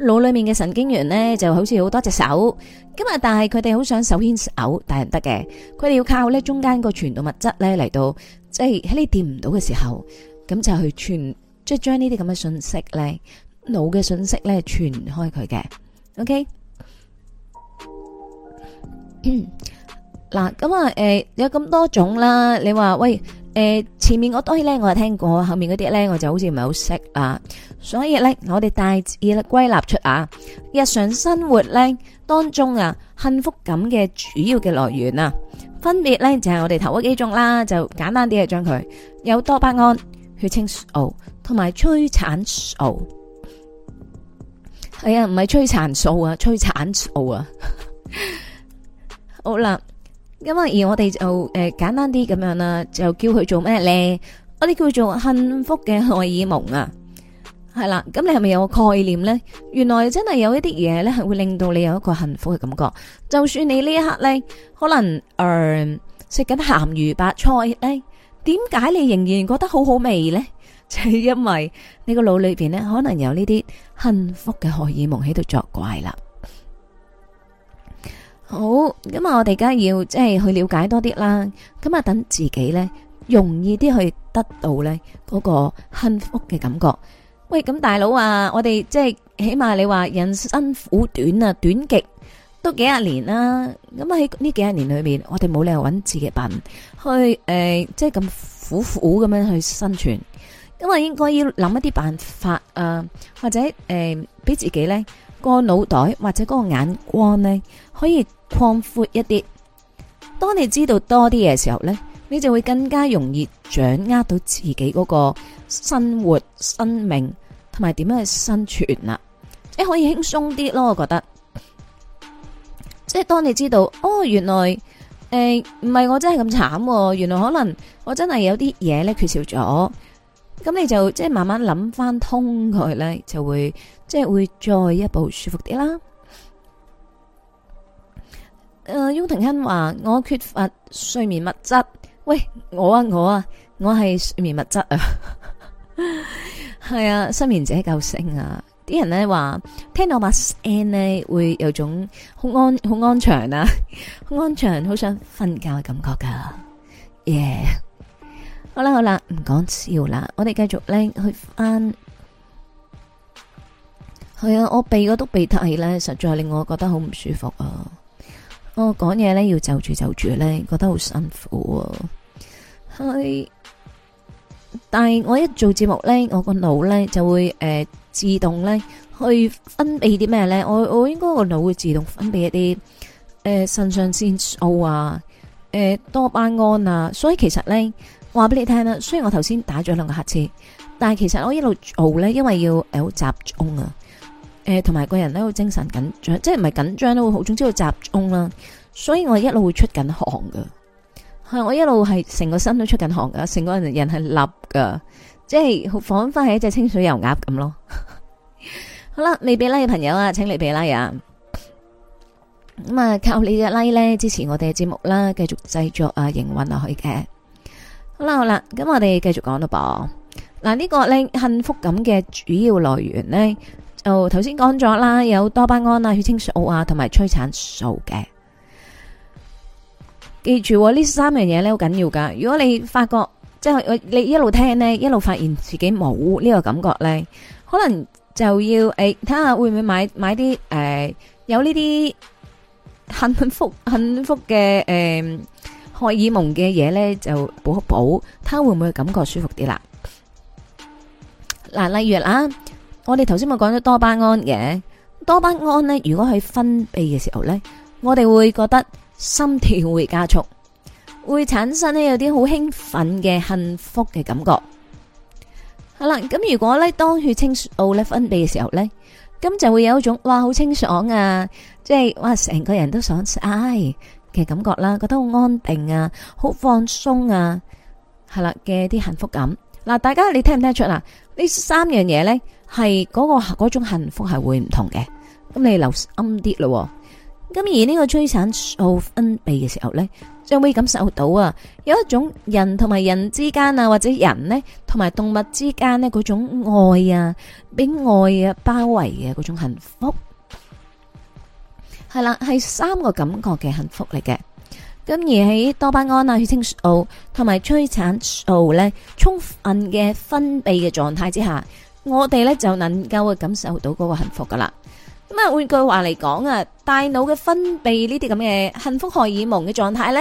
腦裏面嘅神經元咧，就好似好多隻手，咁啊，但係佢哋好想手牽手，但係唔得嘅。佢哋要靠咧中間個傳導物質咧嚟到，即係喺你掂唔到嘅時候，咁就去傳，即係將呢啲咁嘅信息咧，腦嘅信息咧傳開佢嘅。OK。嗱，咁啊，誒，有咁多種啦。你話喂，誒，前面嗰堆咧，我係聽過，後面嗰啲咧，我就好似唔係好識啊。所以咧，我哋大致歸納出啊，日常生活咧當中啊，幸福感嘅主要嘅來源啊，分別咧就係我哋頭嗰幾種啦，就簡單啲嘅將佢有多巴胺、血清素同埋催產素。係啊，唔係催產素啊，催產素啊。好啦。咁啊，而我哋就誒、呃、簡單啲咁樣啦，就叫佢做咩呢？我哋叫做幸福嘅荷爾蒙啊，係啦。咁你係咪有個概念呢？原來真係有一啲嘢呢，係會令到你有一個幸福嘅感覺。就算你呢一刻呢，可能誒食緊鹹魚白菜呢，點解你仍然覺得好好味呢？就係、是、因為你個腦裏邊呢，可能有呢啲幸福嘅荷爾蒙喺度作怪啦。好，咁啊，我哋梗係要即係去了解多啲啦，咁啊，等自己呢，容易啲去得到呢嗰個幸福嘅感覺。喂，咁大佬啊，我哋即係起碼你話人生苦短啊，短極都幾廿年啦。咁喺呢幾廿年裏面，我哋冇理由揾自己笨去誒，即係咁苦苦咁樣去生存。咁啊，應該要諗一啲辦法啊、呃、或者誒，俾、呃、自己呢。個腦袋或者個眼光呢，可以擴闊一啲。當你知道多啲嘢時候呢，你就會更加容易掌握到自己嗰個生活、生命同埋點樣去生存啦。即、欸、可以輕鬆啲咯，我覺得。即係當你知道哦，原來誒唔係我真係咁慘，原來可能我真係有啲嘢呢缺少咗。咁你就即係慢慢諗翻通佢呢，就會。即係會再一步舒服啲啦。誒、呃，翁庭欣話我缺乏睡眠物質。喂，我啊，我啊，我係睡眠物質啊。係 啊，失眠者救星啊！啲人呢話聽到我把聲呢會有種好安好安詳啊， 好安詳好想瞓覺嘅感覺噶。Yeah 好。好啦好啦，唔講笑啦，我哋繼續呢去翻。係啊，我鼻嗰督鼻涕咧，實在令我覺得好唔舒服啊！我講嘢咧要就住就住咧，覺得好辛苦，啊。係，但係我一做節目咧，我個腦咧就會誒、呃、自動咧去分泌啲咩咧？我我應該個腦會自動分泌一啲誒腎上腺素啊，誒、呃、多巴胺啊。所以其實咧，話俾你聽啦，雖然我頭先打咗兩個乞嗤，但係其實我一路做咧，因為要好、呃、集中啊。誒，同埋、呃、個人咧會精神緊張，即係唔係緊張都會好，總之會集中啦。所以我一路會出緊汗噶，係我一路係成個身都出緊汗噶，成個人人係立噶，即係好仿翻係一隻清水油鴨咁咯。 好啦，未俾 like 嘅朋友啊，請你俾 like 呀。咁啊，靠你嘅 like 咧支持我哋嘅節目啦，繼續製作啊，營運落去嘅。好啦，好啦，咁我哋繼續講到噃。嗱，呢個呢，幸福感嘅主要來源呢。哦，頭先講咗啦，有多巴胺啊、血清素啊，同埋催產素嘅。記住呢、哦、三樣嘢咧好緊要噶。如果你發覺即係你一路聽呢，一路發現自己冇呢個感覺呢，可能就要誒睇下會唔會買買啲誒、呃、有呢啲幸福幸福嘅誒荷爾蒙嘅嘢呢，就補一補，睇下會唔會感覺舒服啲啦？嗱，例如啦。我哋頭先咪講咗多巴胺嘅，多巴胺咧，如果佢分泌嘅時候咧，我哋會覺得心跳會加速，會產生咧有啲好興奮嘅幸福嘅感覺。係啦，咁如果咧當血清素咧分泌嘅時候咧，咁就會有一種哇好清爽啊，即係哇成個人都爽晒嘅感覺啦，覺得好安定啊，好放鬆啊，係啦嘅啲幸福感嗱。大家你聽唔聽得出啊？呢三樣嘢咧。係嗰、嗰個那種幸福係會唔同嘅，咁你留暗啲咯。咁而呢個催產素分泌嘅時候呢，就會感受到啊，有一種人同埋人之間啊，或者人呢同埋動物之間呢，嗰種愛啊，俾愛啊包圍嘅嗰種幸福係啦，係三個感覺嘅幸福嚟嘅。咁而喺多巴胺啊、血清素同埋催產素呢，充分嘅分泌嘅狀態之下，我哋咧就能夠會感受到嗰個幸福噶啦。咁啊，換句話嚟講啊，大腦嘅分泌呢啲咁嘅幸福荷爾蒙嘅狀態呢，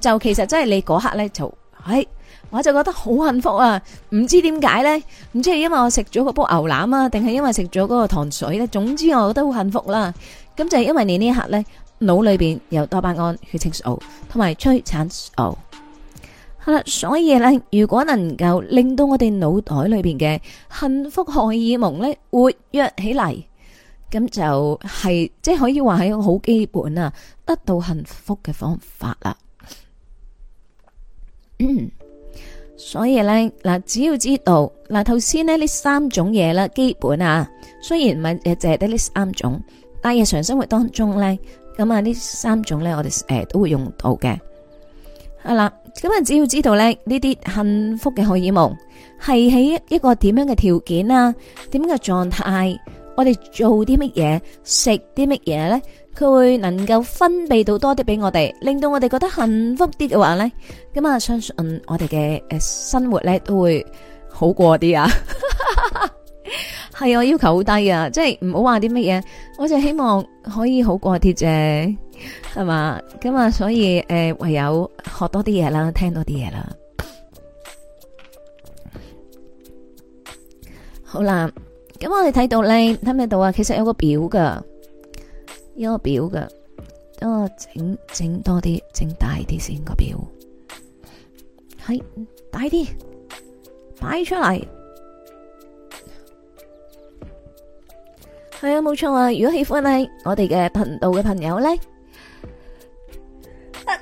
就其實真係你嗰刻呢，就，唉，我就覺得好幸福啊！唔知點解呢？唔知係因為我食咗嗰煲牛腩啊，定係因為食咗嗰個糖水呢？總之我覺得好幸福啦。咁就係因為你呢一刻呢，腦裏邊有多巴胺、血清素同埋催產素。所以咧，如果能夠令到我哋腦袋裏邊嘅幸福荷爾蒙咧活躍起嚟，咁就係即係可以話係一個好基本啊，得到幸福嘅方法啦。所以咧嗱，只要知道嗱，頭先咧呢三種嘢咧，基本啊，雖然唔係誒，淨係得呢三種，但係日常生活當中咧，咁啊呢三種咧，我哋誒都會用到嘅。好啦。咁啊，只要知道咧呢啲幸福嘅荷爾蒙係喺一個點樣嘅條件啊，點嘅狀態，我哋做啲乜嘢，食啲乜嘢咧，佢會能夠分泌到多啲俾我哋，令到我哋覺得幸福啲嘅話咧，咁啊，相信我哋嘅誒生活咧都會好過啲啊。係我要求好低啊，即係唔好話啲乜嘢，我就希望可以好過啲啫。係嘛？咁啊，所以誒、呃，唯有學多啲嘢啦，聽多啲嘢啦。好啦，咁我哋睇到咧，睇唔睇到啊？其實有個表噶，有個表噶，等我整整多啲，整大啲先個表。係大啲，擺出嚟。係啊，冇錯啊！如果喜歡呢，我哋嘅頻道嘅朋友咧。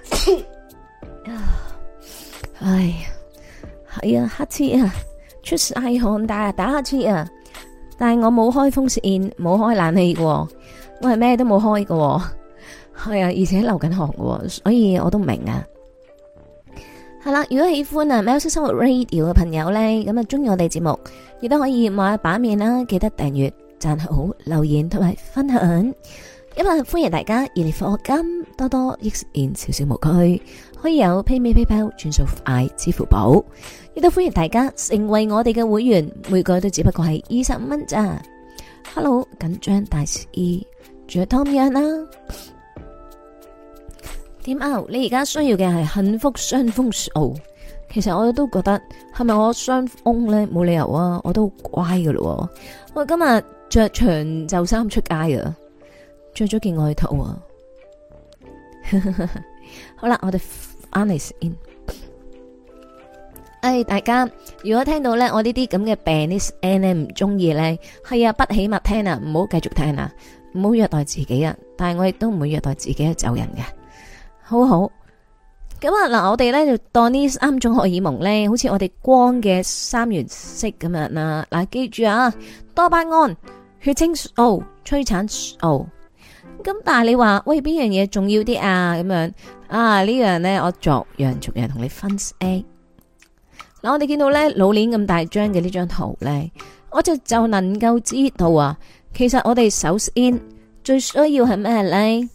熱哎呀，係 啊，熱氣啊，出晒汗，寒打打熱氣啊。但係我冇開風扇，冇開冷氣嘅，我係咩都冇開嘅。係啊，而且流緊汗嘅，所以我都唔明啊。係啦，如果喜歡啊，m l 喵式生活 Radio 嘅朋友呢，咁啊中意我哋節目，亦都可以望下版面啦，記得訂閱、讚好、留言同埋分享。今日，嗯、歡迎大家熱烈課金，多多益善，少少無區，可以有 PayMe, PayPal，轉數快，支付寶亦都歡迎大家成為我哋嘅會員，每個月都只不過係二十五蚊咋。Hello，緊張大師，着湯藥啦？點啊？你而家需要嘅係幸福雙豐收。其實我都覺得係咪我雙翁呢？冇理由啊！我都好乖嘅咯。我今日着長袖衫出街啊！着咗件外套啊！ 好啦，我哋 Annis in、哎。誒，大家如果聽到咧，我呢啲咁嘅病啲 n 咧唔中意呢？係啊，不喜勿聽啊，唔好繼續聽啊，唔好虐待自己啊。但係我亦都唔會虐待自己去、啊、走人嘅，好好咁啊。嗱，我哋呢就當呢三種荷爾蒙呢，好似我哋光嘅三原色咁啊。嗱，嗱，記住啊，多巴胺、血清素、o，催產素。O, 咁但係你話，喂，邊樣嘢重要啲啊？咁樣啊，呢樣咧，我逐樣逐樣同你分析。嗱、啊、我哋見到咧老年，咁大張嘅呢張圖咧，我就就能夠知道啊，其實我哋首先最需要係咩咧？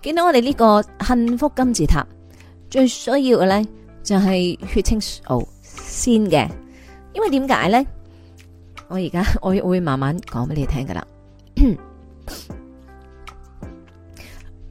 見到我哋呢個幸福金字塔最需要嘅咧就係、是、血清素先嘅。因為點解咧，我而家我會慢慢講俾你聽噶啦。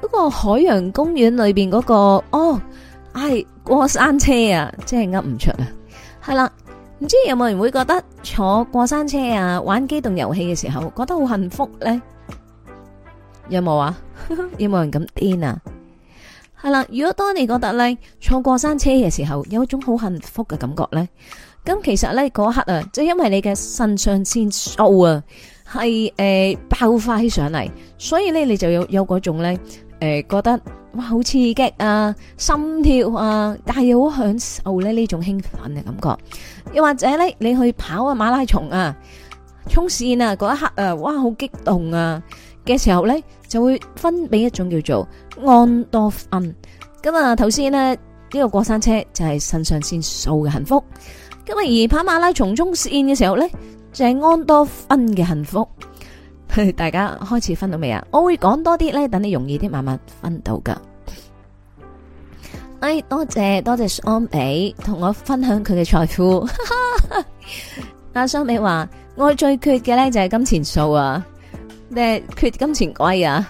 嗰個海洋公園裏邊嗰個哦，唉，過山車啊，真係噏唔出啊！係啦，唔知有冇人會覺得坐過山車啊、玩機動遊戲嘅時候覺得好幸福呢？有冇啊？有冇人咁癲啊？係啦，如果當你覺得呢坐過山車嘅時候有一種好幸福嘅感覺呢，咁其實呢嗰刻啊，就因為你嘅腎上腺素啊係誒爆發起上嚟，所以呢你就有有嗰種呢。誒，覺得哇好刺激啊，心跳啊，但係又好享受咧呢種興奮嘅感覺。又或者咧，你去跑啊馬拉松啊，衝線啊嗰一刻，誒，哇好激動啊嘅時候咧，就會分泌一種叫做安多芬。咁啊，頭先咧呢個過山車就係腎上腺素嘅幸福。咁啊，而跑馬拉松衝線嘅時候咧，就係安多芬嘅幸福。 大家開始分到未啊？我會講多啲咧，等你容易啲慢慢分到噶。哎，多謝多謝桑美同我分享佢嘅財富。阿桑美話：我最缺嘅咧就係金錢數啊，誒，缺金錢龜啊。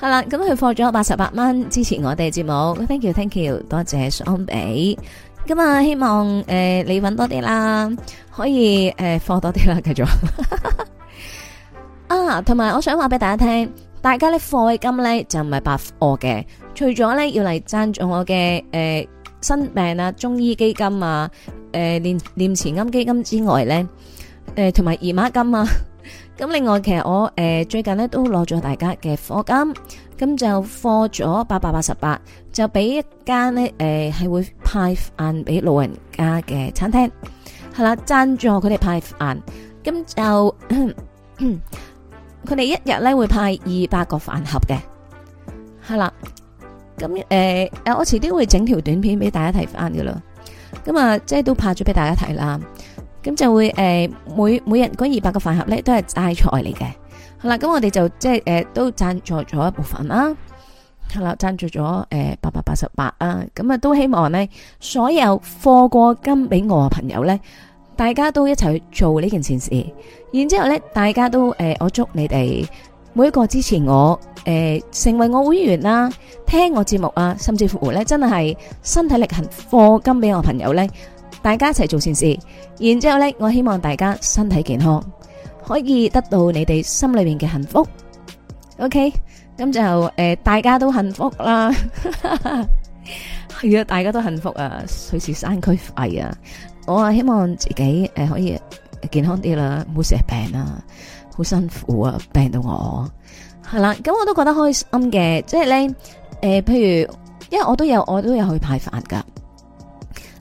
係啦，咁佢放咗八十八蚊支持我哋節目，thank you，thank you，多謝桑美。咁啊、嗯，希望誒、呃、你揾多啲啦，可以誒放、呃、多啲啦，繼續。 啊，同埋我想話俾大家聽，大家咧課金咧就唔係白我嘅，除咗咧要嚟贊助我嘅誒新病啊中醫基金啊誒念念慈庵基金之外咧，誒同埋姨媽金啊，咁另外其實我誒最近咧都攞咗大家嘅課金，咁就課咗八百八十八，就俾一間咧誒係會派飯俾老人家嘅餐廳，係啦，贊助佢哋派飯，咁就。佢哋一日咧會派二百個飯盒嘅，係啦，咁誒、呃，我遲啲會整條短片俾大家睇翻嘅啦，咁、呃呃、啊，即係都拍咗俾大家睇啦，咁就會誒每每日嗰二百個飯盒咧都係齋菜嚟嘅，係、呃、啦，咁我哋就即係誒都贊助咗一部分啦，係啦，贊助咗誒八百八十八啊，咁啊都希望咧所有貨過金俾我嘅朋友咧。大家都一齊去做呢件善事，然之後咧，大家都誒，我祝你哋每一個支持我誒，成為我會員啦，聽我節目啊，甚至乎咧，真係身體力行，課金俾我朋友咧，大家一齊做善事。然之後咧，我希望大家身體健康，可以得到你哋心裏面嘅幸福。OK，咁就誒，大家都幸福啦。如果大家都幸福啊，雖是山區危啊。我啊希望自己誒可以健康啲啦，唔好成日病啦、啊，好辛苦啊，病到我係啦，咁、嗯、我都覺得開心嘅。即係呢，誒、呃，譬如，因為我都有我都有去派飯噶，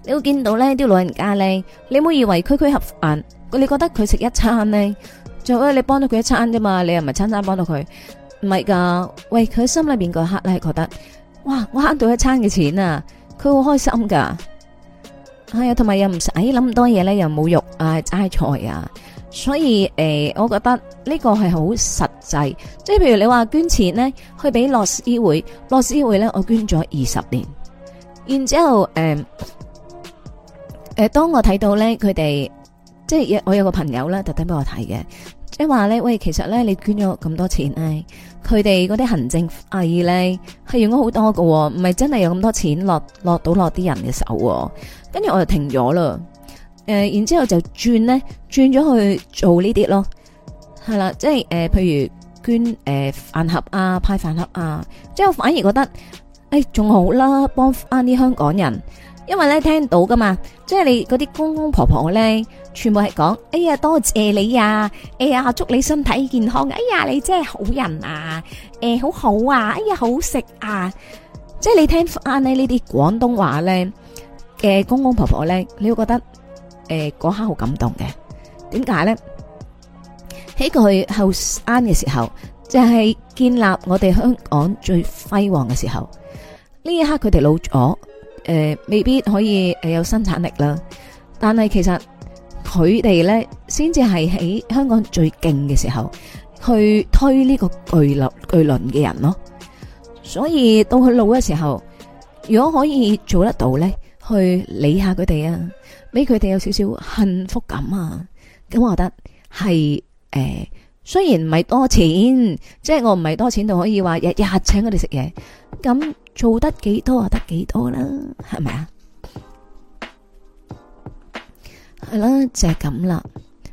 你會見到咧啲老人家咧，你冇以為區區盒飯，你覺得佢食一餐咧，最好你幫到佢一餐啫嘛，你又唔係餐餐幫到佢，唔係噶，喂佢心裏邊嗰刻咧覺得，哇，我慳到一餐嘅錢啊，佢好開心噶。係啊，同埋又唔使諗咁多嘢咧，又冇肉啊，齋菜啊，所以誒、呃，我覺得呢個係好實際。即係譬如你話捐錢咧，去俾樂施會，樂施會咧，我捐咗二十年。然之後誒誒、呃呃，當我睇到咧，佢哋即係我有個朋友咧，特登俾我睇嘅，即係話咧，喂，其實咧，你捐咗咁多錢咧，佢哋嗰啲行政阿姨咧，係用咗好多噶、哦，唔係真係有咁多錢落落到落啲人嘅手、哦。跟住我就停咗咯，誒，然之後就轉咧，轉咗去做呢啲咯，係啦，即係誒，譬如捐誒飯盒啊，派飯盒啊，即係我反而覺得，誒仲好啦，幫翻啲香港人，因為咧聽到噶嘛，即係你嗰啲公公婆婆咧，全部係講，哎呀多謝你啊，哎呀祝你身體健康，哎呀你真係好人啊，誒好好啊，哎呀好食啊，即係你聽翻咧呢啲廣東話咧，嘅公公婆婆咧，你會覺得誒嗰刻好感動嘅。點解咧？喺佢後生嘅時候，即係建立我哋香港最輝煌嘅時候。呢一刻佢哋老咗，誒未必可以誒有生產力啦。但係其實佢哋咧，先至係喺香港最勁嘅時候去推呢個巨流巨輪嘅人咯。所以到佢老嘅時候，如果可以做得到咧。去理下佢哋啊，俾佢哋有少少幸福感啊，咁我覺得係誒、欸，雖然唔係多錢，即係我唔係多錢，就可以話日日請佢哋食嘢，咁做得幾多就得幾多啦，係咪啊？係啦，就係咁啦。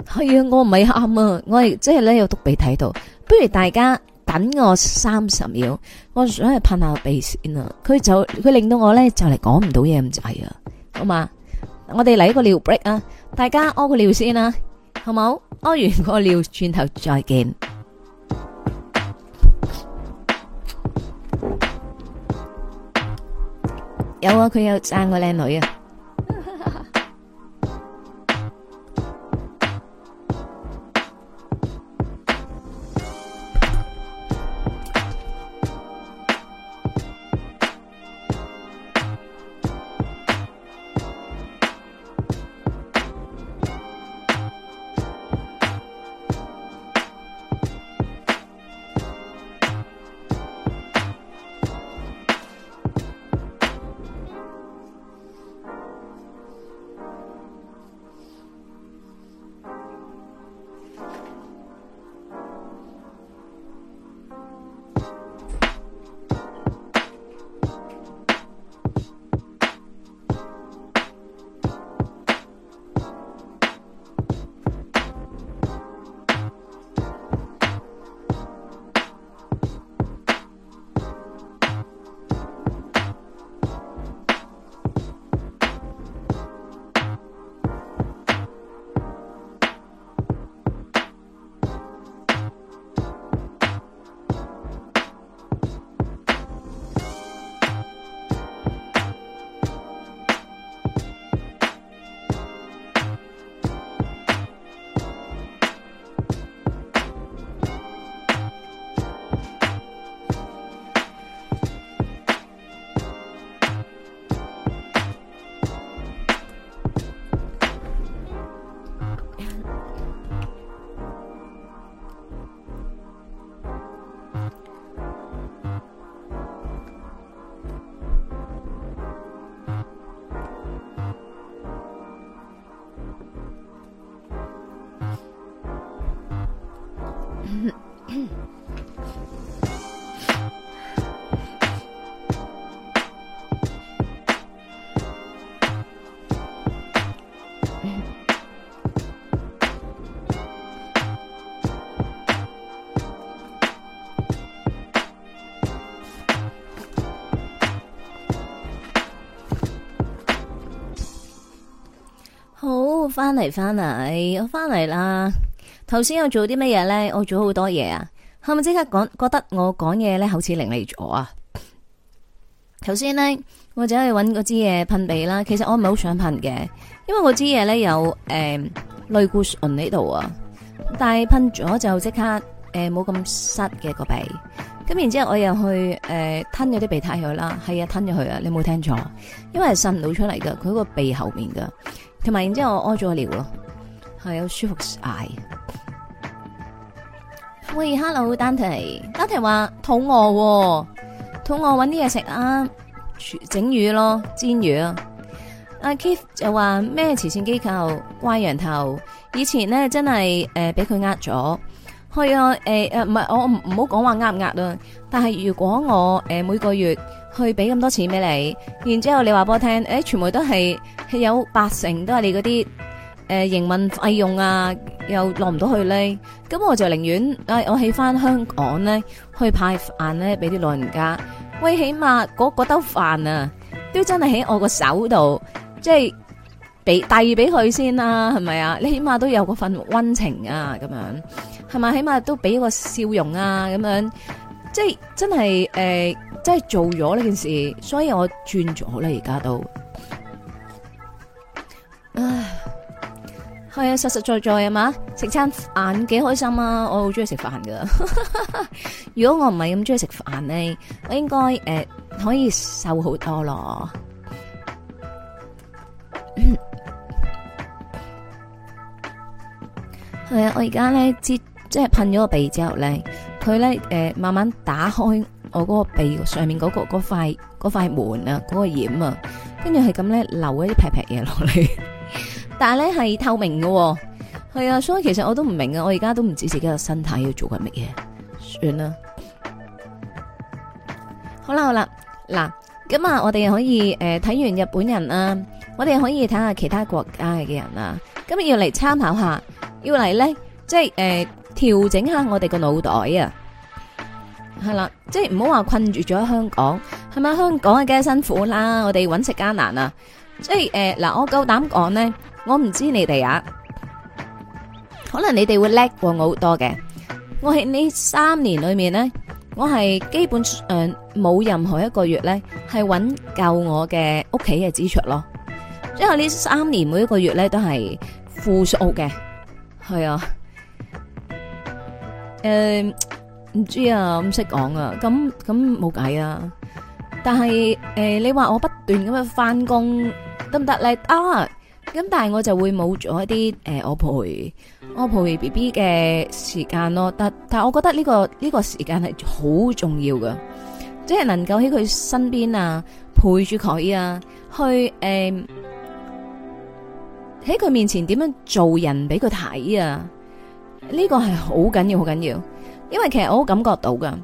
係、哎、啊，我唔係喊啊，我係即係咧有督鼻睇到，不如大家。等我三十秒，我想去噴下鼻先啦。佢就佢令到我咧就嚟講唔到嘢咁就係啊，好嘛？我哋嚟一個尿 break 啊，大家屙個尿先啊，好冇？屙完個尿轉頭再見。有啊，佢有讚個靚女啊。翻嚟翻嚟，我翻嚟啦！頭先我做啲乜嘢咧？我做好多嘢啊！係咪即刻講，覺得我講嘢咧好似伶俐咗啊！頭先咧，我走去搵嗰支嘢噴鼻啦。其實我唔係好想噴嘅，因為嗰支嘢咧有誒類、呃、固醇喺度啊。但係噴咗就即刻誒冇咁塞嘅個鼻。咁然之後我又去誒吞咗啲鼻涕去啦。係、呃、啊，吞咗佢啊，你冇聽錯，因為係滲到出嚟噶，佢個鼻後面噶。同埋，然之後我屙咗尿咯，係我舒服曬。喂，Hello，丹提，丹提話肚餓，肚餓揾啲嘢食啊，整魚咯，煎魚啊。阿 K 就話咩慈善機構歪羊頭，以前咧真係誒俾佢呃咗。去啊，誒誒唔係我唔好講話呃唔呃啦，但係如果我誒、呃、每個月，去俾咁多錢俾你，然之後你話俾我聽，誒全部都係有八成都係你嗰啲誒營運費用啊，又落唔到去咧。咁我就寧願啊，我起翻香港咧，去派飯咧俾啲老人家。喂，起碼嗰嗰兜飯啊，都真係喺我個手度，即係俾遞俾佢先啦，係咪啊？你起碼都有個份溫情啊，咁樣係咪？起碼都俾個笑容啊，咁樣即係真係誒。真係做咗呢件事，所以我轉咗啦，而家都，唉，係啊，實實在在吖嘛，食餐飯幾開心啊，我好中意食飯㗎。 如果我唔係咁中意食飯呢，我應該誒、呃、可以瘦好多咯。係啊， 我而家呢，即即係噴咗個鼻之後呢，佢、呃、呢，誒慢慢打開。我嗰個鼻上面嗰、嗰個嗰塊塊門啊，嗰、嗰個染啊，跟住係咁咧流一啲皮皮嘢落嚟，但係咧係透明嘅、啊，係啊，所以其實我都唔明啊，我而家都唔知自己個身體要做緊乜嘢，算 啦。好啦好啦，嗱咁啊，我哋可以誒睇、呃、完日本人啊，我哋可以睇下其他國家嘅人啊，今日要嚟參考下，要嚟咧即係誒調整下我哋個腦袋啊。係啦，即係唔好話困住咗香港，係咪香港啊？梗係辛苦啦，我哋揾食艱難啊！即係誒，嗱，我夠膽講咧，我唔知你哋啊，可能你哋會叻過我好多嘅。我喺呢三年裏面咧，我係基本誒冇任何一個月咧係揾夠我嘅屋企嘅支出咯。因為呢三年每一個月咧都係負數嘅，係啊，誒。唔知啊，唔識講啊，咁咁冇計啊。但係誒，你話我不斷咁樣返工得唔得咧？啊，咁但係我就會冇咗一啲誒，我陪我陪 BB 嘅時間咯。但但係我覺得呢個呢個時間係好重要噶，即係能夠喺佢身邊啊，陪住佢啊，去誒喺佢面前點樣做人俾佢睇啊，呢個係好緊要，好緊要。因為其實我都感覺到噶，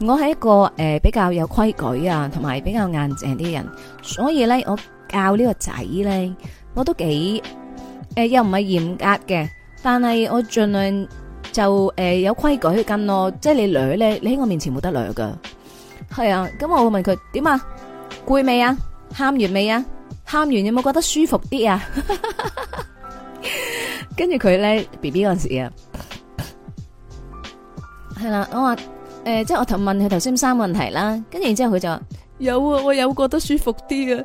我係一個誒比較有規矩啊，同埋比較硬淨啲人，所以咧，我教呢個仔咧，我都幾誒又唔係嚴格嘅，但係我盡量就誒有規矩咁跟咯。即係你掠咧，你喺我面前冇得掠噶。係啊，咁我會問佢點啊？攰未啊？喊完未啊？喊完有冇覺得舒服啲啊？跟住佢咧，B B 嗰時啊。係啦，我話誒、呃，即係我頭問佢頭先三個問題啦，跟住然之後佢就話有啊，我有覺得舒服啲啊，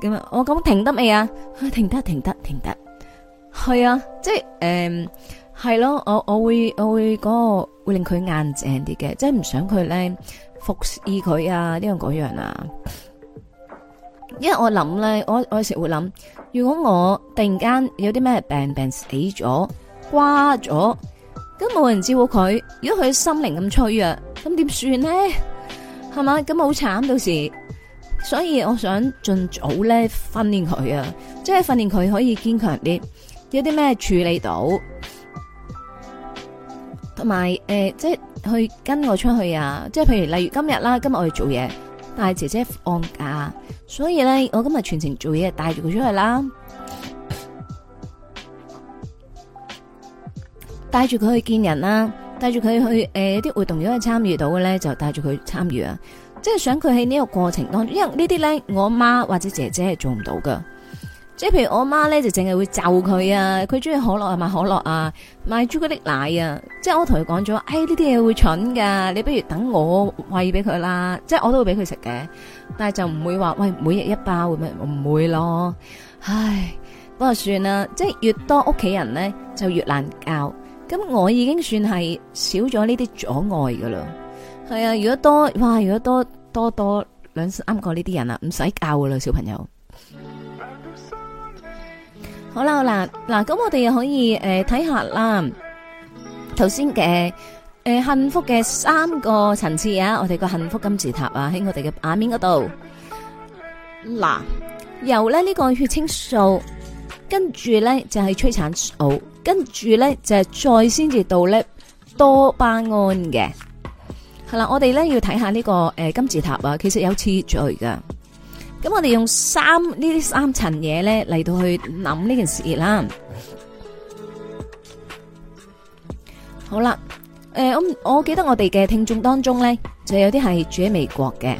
咁 啊，我講停得未啊？停得停得停得，係、呃那個、啊，即係誒，係咯，我我會我會嗰個會令佢硬淨啲嘅，即係唔想佢咧服侍佢啊呢樣嗰樣啊，因為我諗咧，我我有時會諗，如果我突然間有啲咩病病死咗，瓜咗。都冇人照顧佢，如果佢心靈咁脆弱，咁點算呢？係嘛，咁好慘，到時，所以我想盡早咧訓練佢啊，即係訓練佢可以堅強啲，有啲咩處理到，同埋誒，即係去跟我出去啊，即係譬如例如今日啦，今日我去做嘢，但係姐姐放假，所以咧我今日全程做嘢帶住佢出去啦。帶住佢去見人啦，帶住佢去誒啲、呃、活動如果係參與到嘅咧，就帶住佢參與啊！即係想佢喺呢個過程當中，因為呢啲咧我媽或者姐姐係做唔到噶。即係譬如我媽咧就淨係會就佢啊，佢中意可樂啊買可樂啊，買朱古力奶啊。即係我同佢講咗，誒呢啲嘢會蠢噶，你不如等我餵俾佢啦。即係我都會俾佢食嘅，但係就唔會話餵每日一包咁樣，我唔會咯。唉，不過算啦。即係越多屋企人咧，就越難教。咁我已經算係少咗呢啲阻礙噶啦，係啊！如果多哇，如果多多多兩三個呢啲人啊，唔使教噶啦，小朋友。So、happy，好啦，好啦，嗱，咁我哋又可以誒睇下啦，頭先嘅誒幸福嘅三個層次啊，我哋個幸福金字塔啊喺我哋嘅畫面嗰度。嗱，由呢、這個血清素，跟住咧就係、是、催產素。跟住咧就係再先至到咧多巴胺嘅係啦，我哋咧要睇下呢個誒金字塔啊，其實有次序噶。咁我哋用三呢啲三層嘢咧嚟到去諗呢件事啦。好啦，誒，我我記得我哋嘅聽眾當中咧，就有啲係住喺美國嘅。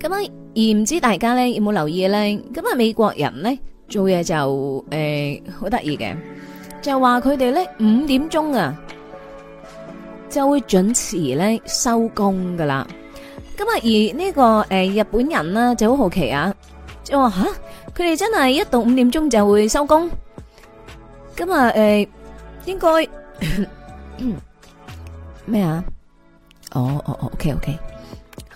咁啊，而唔知大家咧有冇留意咧？咁啊，美國人咧做嘢就誒好得意嘅，就話佢哋咧五點鐘啊，就會準時咧收工㗎喇。咁啊，而呢個誒日本人咧就好好奇啊，就話吓，佢哋真係一到五點鐘就會收工。咁啊誒，應該咩啊？哦哦哦，OK OK。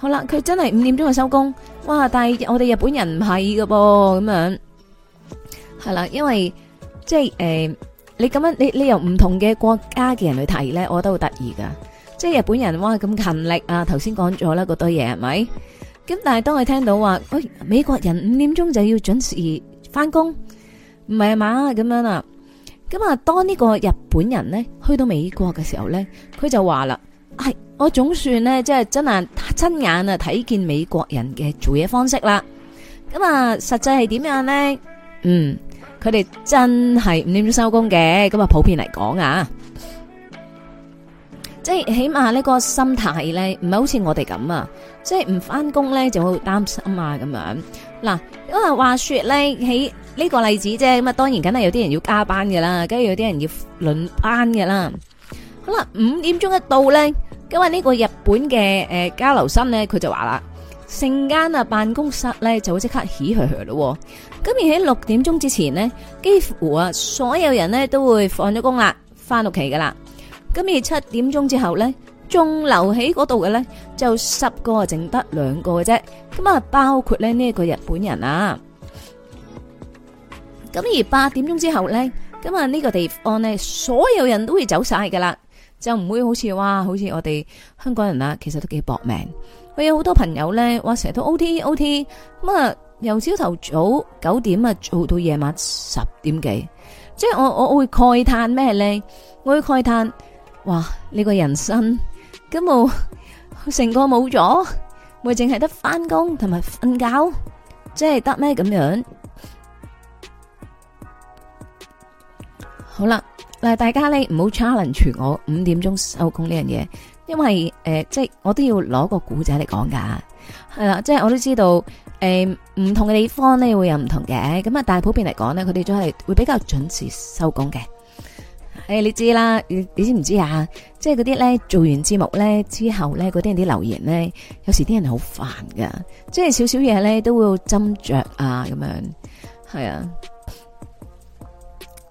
好啦，佢真係五點鐘就收工，哇！但係我哋日本人唔係噶噃，咁樣係啦，因為即係誒、呃，你咁樣，你你由唔同嘅國家嘅人去提咧，我覺得好得意噶。即係日本人哇咁勤力啊，頭先講咗啦，嗰堆嘢係咪？咁但係當佢聽到話，誒、哎，美國人五點鐘就要準時翻工，唔係啊嘛咁樣啊，咁啊，當呢個日本人咧去到美國嘅時候咧，佢就話啦，係、哎。我總算呢，即係真係親眼啊睇見美國人嘅做嘢方式啦。咁啊，實際係點樣呢？嗯，佢哋真係五點鐘收工嘅。咁啊，普遍嚟講啊，即係起碼呢個心態咧，唔係好似我哋咁啊，即係唔翻工咧就好擔心啊咁樣。嗱，咁啊話說咧，喺呢個例子啫，咁啊，當然梗係有啲人要加班噶啦，梗係有啲人要輪班噶啦。好啦，五點鐘一到咧，咁啊呢個日本嘅誒交流生呢，佢就話啦，成間啊辦公室咧就會即刻起起起啦。咁而喺六點鐘之前呢，幾乎啊所有人呢都會放咗工啦，翻屋企噶啦。咁而七點鐘之後呢，仲留喺嗰度嘅呢，就十個啊，淨得兩個嘅啫。咁啊，包括呢呢個日本人啊。咁而八點鐘之後呢，咁啊呢個地方呢，所有人都會走晒噶啦。就唔會好似哇，好似我哋香港人啊，其實都幾搏命。我有好多朋友咧，哇，成日都 O T O T，咁啊，由朝頭早九點啊做到夜晚十點幾。即係我我會慨嘆咩咧？我會慨嘆，哇，呢個人生咁我成個冇咗，咪淨係得返工同埋瞓覺，即係得咩咁樣？好啦。大家咧唔好 challenge 全我五點鐘收工呢樣嘢，因為誒、呃，即係我都要攞個故仔嚟講噶，係啦，即係我都知道，誒、呃，唔同嘅地方咧會有唔同嘅，咁啊，但係普遍嚟講咧，佢哋都係會比較準時收工嘅。誒、哎，你知道啦，你，你知唔知啊？即係嗰啲咧做完節目咧之後咧，嗰啲人啲留言咧，有時啲人好煩噶，即係少少嘢咧都會斟酌啊，咁樣係啊。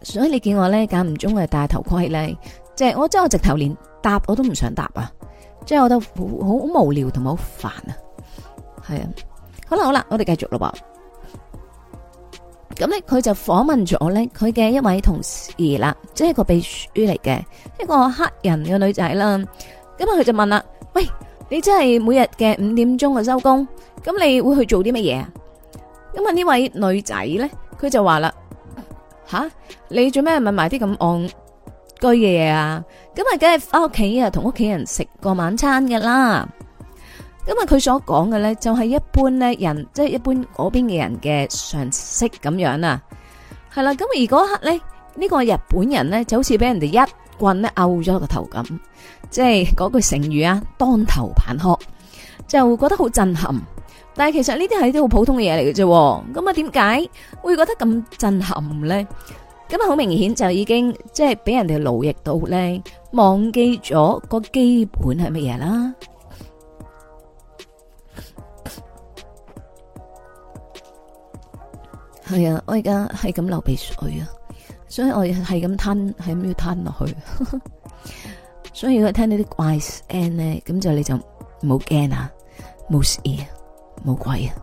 所以你見我咧，間唔中嘅戴頭盔咧，即係我真係我直頭連答我都唔想答啊！即係我都好好無聊同埋好煩啊，係啊。好啦好啦，我哋繼續咯噃。咁咧，佢就訪問咗咧佢嘅一位同事啦，即係一個秘書嚟嘅，一個黑人嘅女仔啦。咁啊，佢就問啦：喂，你真係每日嘅五點鐘嘅收工，咁你會去做啲乜嘢啊？咁啊，呢位女仔咧，佢就話啦。吓，你做咩買埋啲咁戇居嘅嘢啊？咁啊，梗係返屋企啊，同屋企人食個晚餐㗎啦。咁啊，佢所講嘅咧，就係、是、一般咧人，即、就、係、是、一般嗰邊嘅人嘅常識咁樣啊。係啦，咁而嗰刻咧，呢、這個日本人咧就好似俾人哋一棍咧毆咗個頭咁，即係嗰句成語啊，當頭棒喝，就覺得好震撼。但係其實呢啲係啲好普通嘅嘢嚟嘅啫，咁啊點解會覺得咁震撼咧？咁啊好明顯就已經即係俾人哋勞役到咧，忘記咗個基本係乜嘢啦。係啊，我而家係咁流鼻水啊，所以我係咁吞，係咁要吞落去。所以如果聽到呢啲怪聲咧，咁就你就冇驚啊，冇事。冇鬼啊！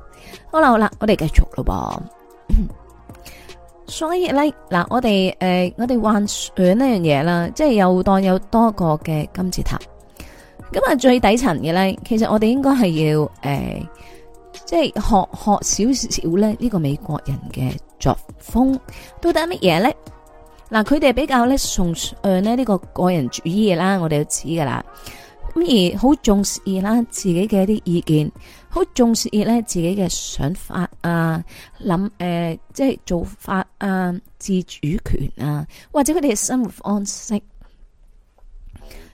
好啦，好啦，我哋繼續咯噃。 所以咧，嗱，我哋誒、呃，我哋幻想呢樣嘢啦，即係又當有多個嘅金字塔。咁啊，最底層嘅咧，其實我哋應該係要誒、呃，即係學學少少咧呢、這個美國人嘅作風，到底係乜嘢咧？嗱，佢哋比較咧崇誒咧呢個個人主義嘅啦，我哋都知噶啦。咁而好重視啦自己嘅一啲意見。好重視咧自己嘅想法啊，諗誒、呃，即係做法啊，自主權啊，或者佢哋嘅生活方式。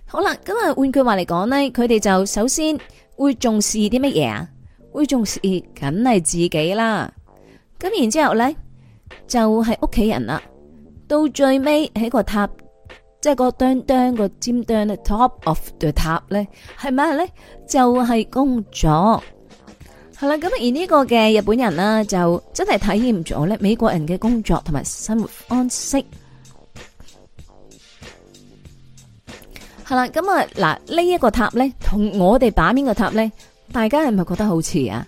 好啦，咁啊，換句話嚟講咧，佢哋就首先會重視啲乜嘢啊？會重視梗係自己啦。咁然之後咧，就係屋企人啦。到最尾喺個塔，即係個端端個尖端咧，top of the 塔咧，係咪咧？就係、是、工作。係啦，咁而呢個嘅日本人咧，就真係體驗咗咧美國人嘅工作同埋生活安息。係啦，咁啊嗱，呢一個塔咧，同我哋把面個塔咧，大家係咪覺得好似啊？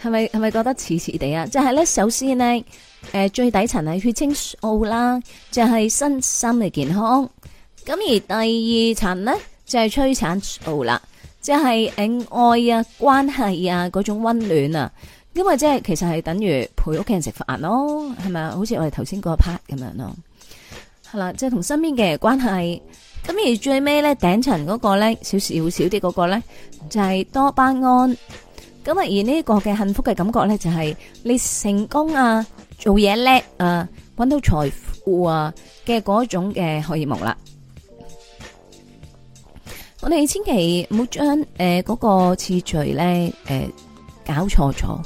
係咪係咪覺得似似地啊？就係咧，首先咧，誒，最底層係血清素啦，就係身心嘅健康。咁而第二層咧，就係催產素啦。即係誒愛啊，關係啊，嗰種温暖啊，因為即係其實係等於陪屋企人食飯咯，係咪啊？好似我哋頭先個 part 咁樣咯，係啦，即係同身邊嘅關係。咁而最尾咧，頂層嗰個咧，少少少啲嗰個咧，就係、是、多巴胺。咁啊，而呢個嘅幸福嘅感覺咧，就係、是、你成功啊，做嘢叻啊，搵到財富啊嘅嗰種嘅荷爾蒙啦。我哋千祈唔好將誒嗰個次序咧誒搞錯咗，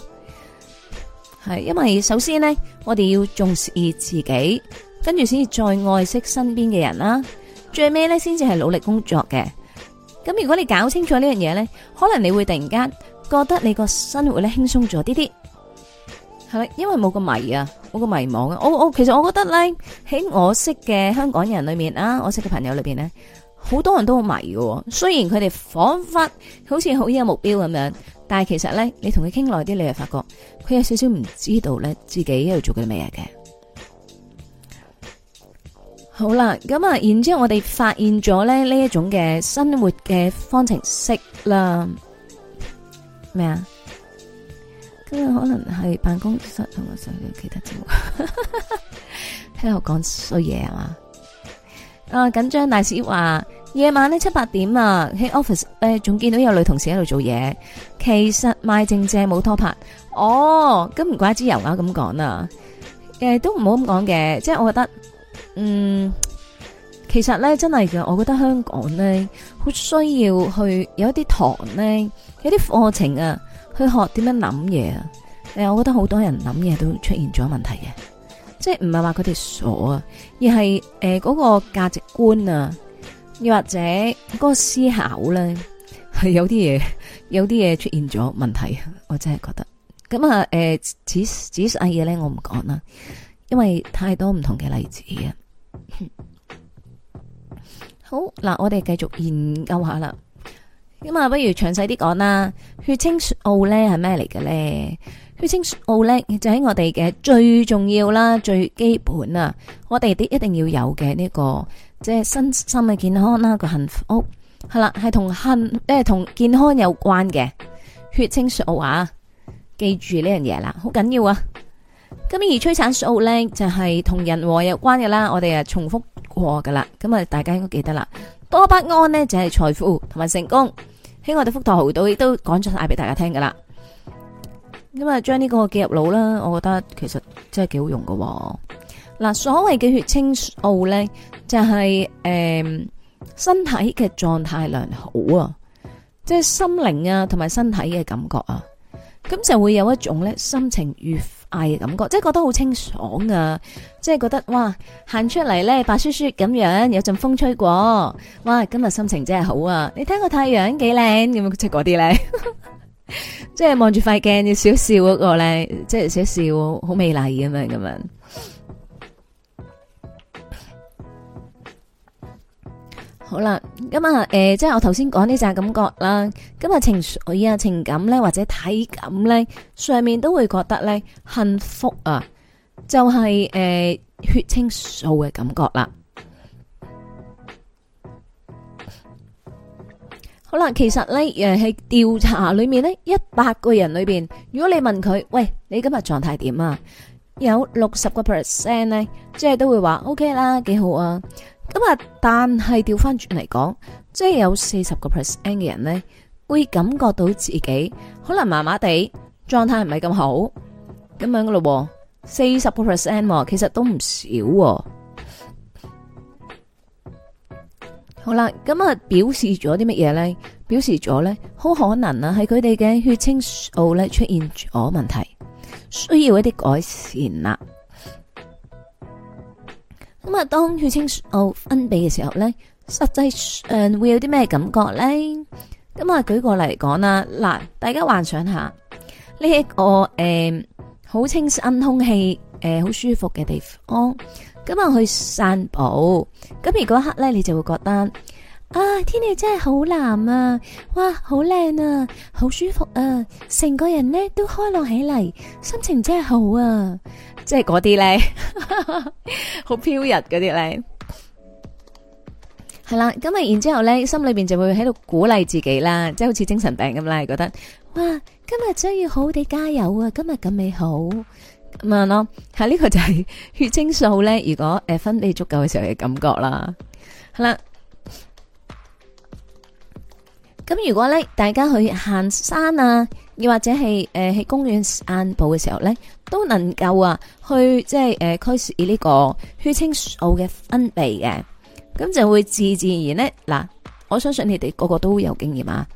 係因為首先咧，我哋要重視自己，跟住先至再愛惜身邊嘅人啦。最尾咧，先至係努力工作嘅。咁如果你搞清楚呢樣嘢咧，可能你會突然間覺得你個生活咧輕鬆咗啲啲，係咪？因為冇咁迷啊，冇咁迷茫啊。我我其實我覺得咧，喺我識嘅香港人裏面啦，我識嘅朋友裏邊咧。好多人都好迷嘅。雖然佢哋仿佛好似好有目標咁樣，但係其實咧，你同佢傾耐啲，你又發覺佢有少少唔知道咧自己喺度做緊咩嘢嘅。好啦，咁啊，然之後我哋發現咗咧呢一種嘅生活嘅方程式啦，咩啊？跟住可能係辦公室同我上嘅其他節目，聽 我講衰嘢啊。嘛？啊，緊張大師話夜晚呢，七八點啊喺 office 誒，仲見到有女同事喺度做嘢，其實賣正正冇拖拍哦，咁唔怪之油啦，咁講啦，誒，都唔好咁講嘅。即係我覺得嗯，其實咧真係嘅，我覺得香港咧好需要去有一啲堂咧有啲課程啊，課程啊去學點樣諗嘢啊誒、呃、我覺得好多人諗嘢都出現咗問題嘅。即係唔係話佢哋傻啊，而係誒嗰個價值觀啊，又或者嗰個思考咧，係有啲嘢，有啲嘢出現咗問題啊！我真係覺得。咁啊誒，仔仔細嘢咧，我唔講啦，因為太多唔同嘅例子啊。 好嗱，我哋繼續研究一下啦。咁啊，不如詳細啲講啦。血清素呢係咩嚟嘅咧？血清素咧就喺、是、我哋嘅最重要啦、最基本啊，我哋啲一定要有嘅呢、這個即係、就是、身心嘅健康啦、啊，個幸福係啦，係、哦、同幸同、呃、健康有關嘅血清素啊，記住呢樣嘢啦，好緊要啊！咁而催產素咧就係、是、同人和有關嘅啦，我哋啊重複過噶啦，咁啊大家應該記得啦。多巴胺呢，就係、是、財富同埋成功，喺我哋福台號度亦都講咗晒俾大家聽噶啦。咁啊，將呢個記入腦啦，我覺得其實真係幾好用噶。嗱，所謂嘅血清素咧，就係誒身體嘅狀態良好啊，即係心靈啊同埋身體嘅感覺啊，咁就會有一種咧心情愉快嘅感覺，即係覺得好清爽啊，即係覺得哇，行出嚟咧白雪雪咁樣，有陣風吹過，哇，今日心情真係好啊！你睇個太陽幾靚，咁樣出嗰啲咧。 即係望住塊鏡要小笑嗰個咧，即係笑笑好美麗啊嘛咁樣。好啦，咁啊誒，即係我頭先講呢啲感覺啦。咁啊情緒啊情感咧或者體感咧上面都會覺得咧幸福啊，就係、是、誒、呃、血清素嘅感覺啦。好啦，其實咧，誒，喺調查裏面咧，一百個人裏邊，如果你問佢，喂，你今日狀態點啊？有六十個 percent 咧，即係都會話 OK 啦，幾好啊。咁啊，但係調翻轉嚟講，即係有四十個 percent 嘅人咧，會感覺到自己可能麻麻地，狀態唔係咁好，咁樣噶咯，四十個 percent，其實都唔少喎、啊。好啦，咁啊表示咗啲乜嘢咧？表示咗咧，好可能啊，係佢哋嘅血清素咧出現咗問題，需要一啲改善啦。咁啊，當血清素分泌嘅時候咧，實際上會有啲咩感覺咧？咁啊，舉個例講啦，嗱，大家幻想一下呢一個誒，好、呃、清新空氣誒，好、呃、舒服嘅地方。今日去散步，咁而嗰刻呢，你就會覺得啊，天氣真係好藍啊，哇，好靚啊，好舒服啊，成個人呢都開朗起嚟，心情真係好啊，即係嗰啲呢，好 飄逸嗰啲呢。係啦。今日然之後呢，心裏邊就會喺度鼓勵自己啦，即係好似精神病咁啦，你覺得哇，今日真要好好地加油啊，今日咁美好。咁樣咯，喺呢、嗯，這個就係血清素咧。如果誒分泌足夠嘅時候嘅感覺啦，係、嗯、啦。咁如果咧，大家去行山啊，又或者係誒喺公園散步嘅時候咧，都能夠啊去即係誒驅使呢個血清素嘅分泌嘅，咁就會自自然然咧。嗱，我相信你哋個個都有經驗啊。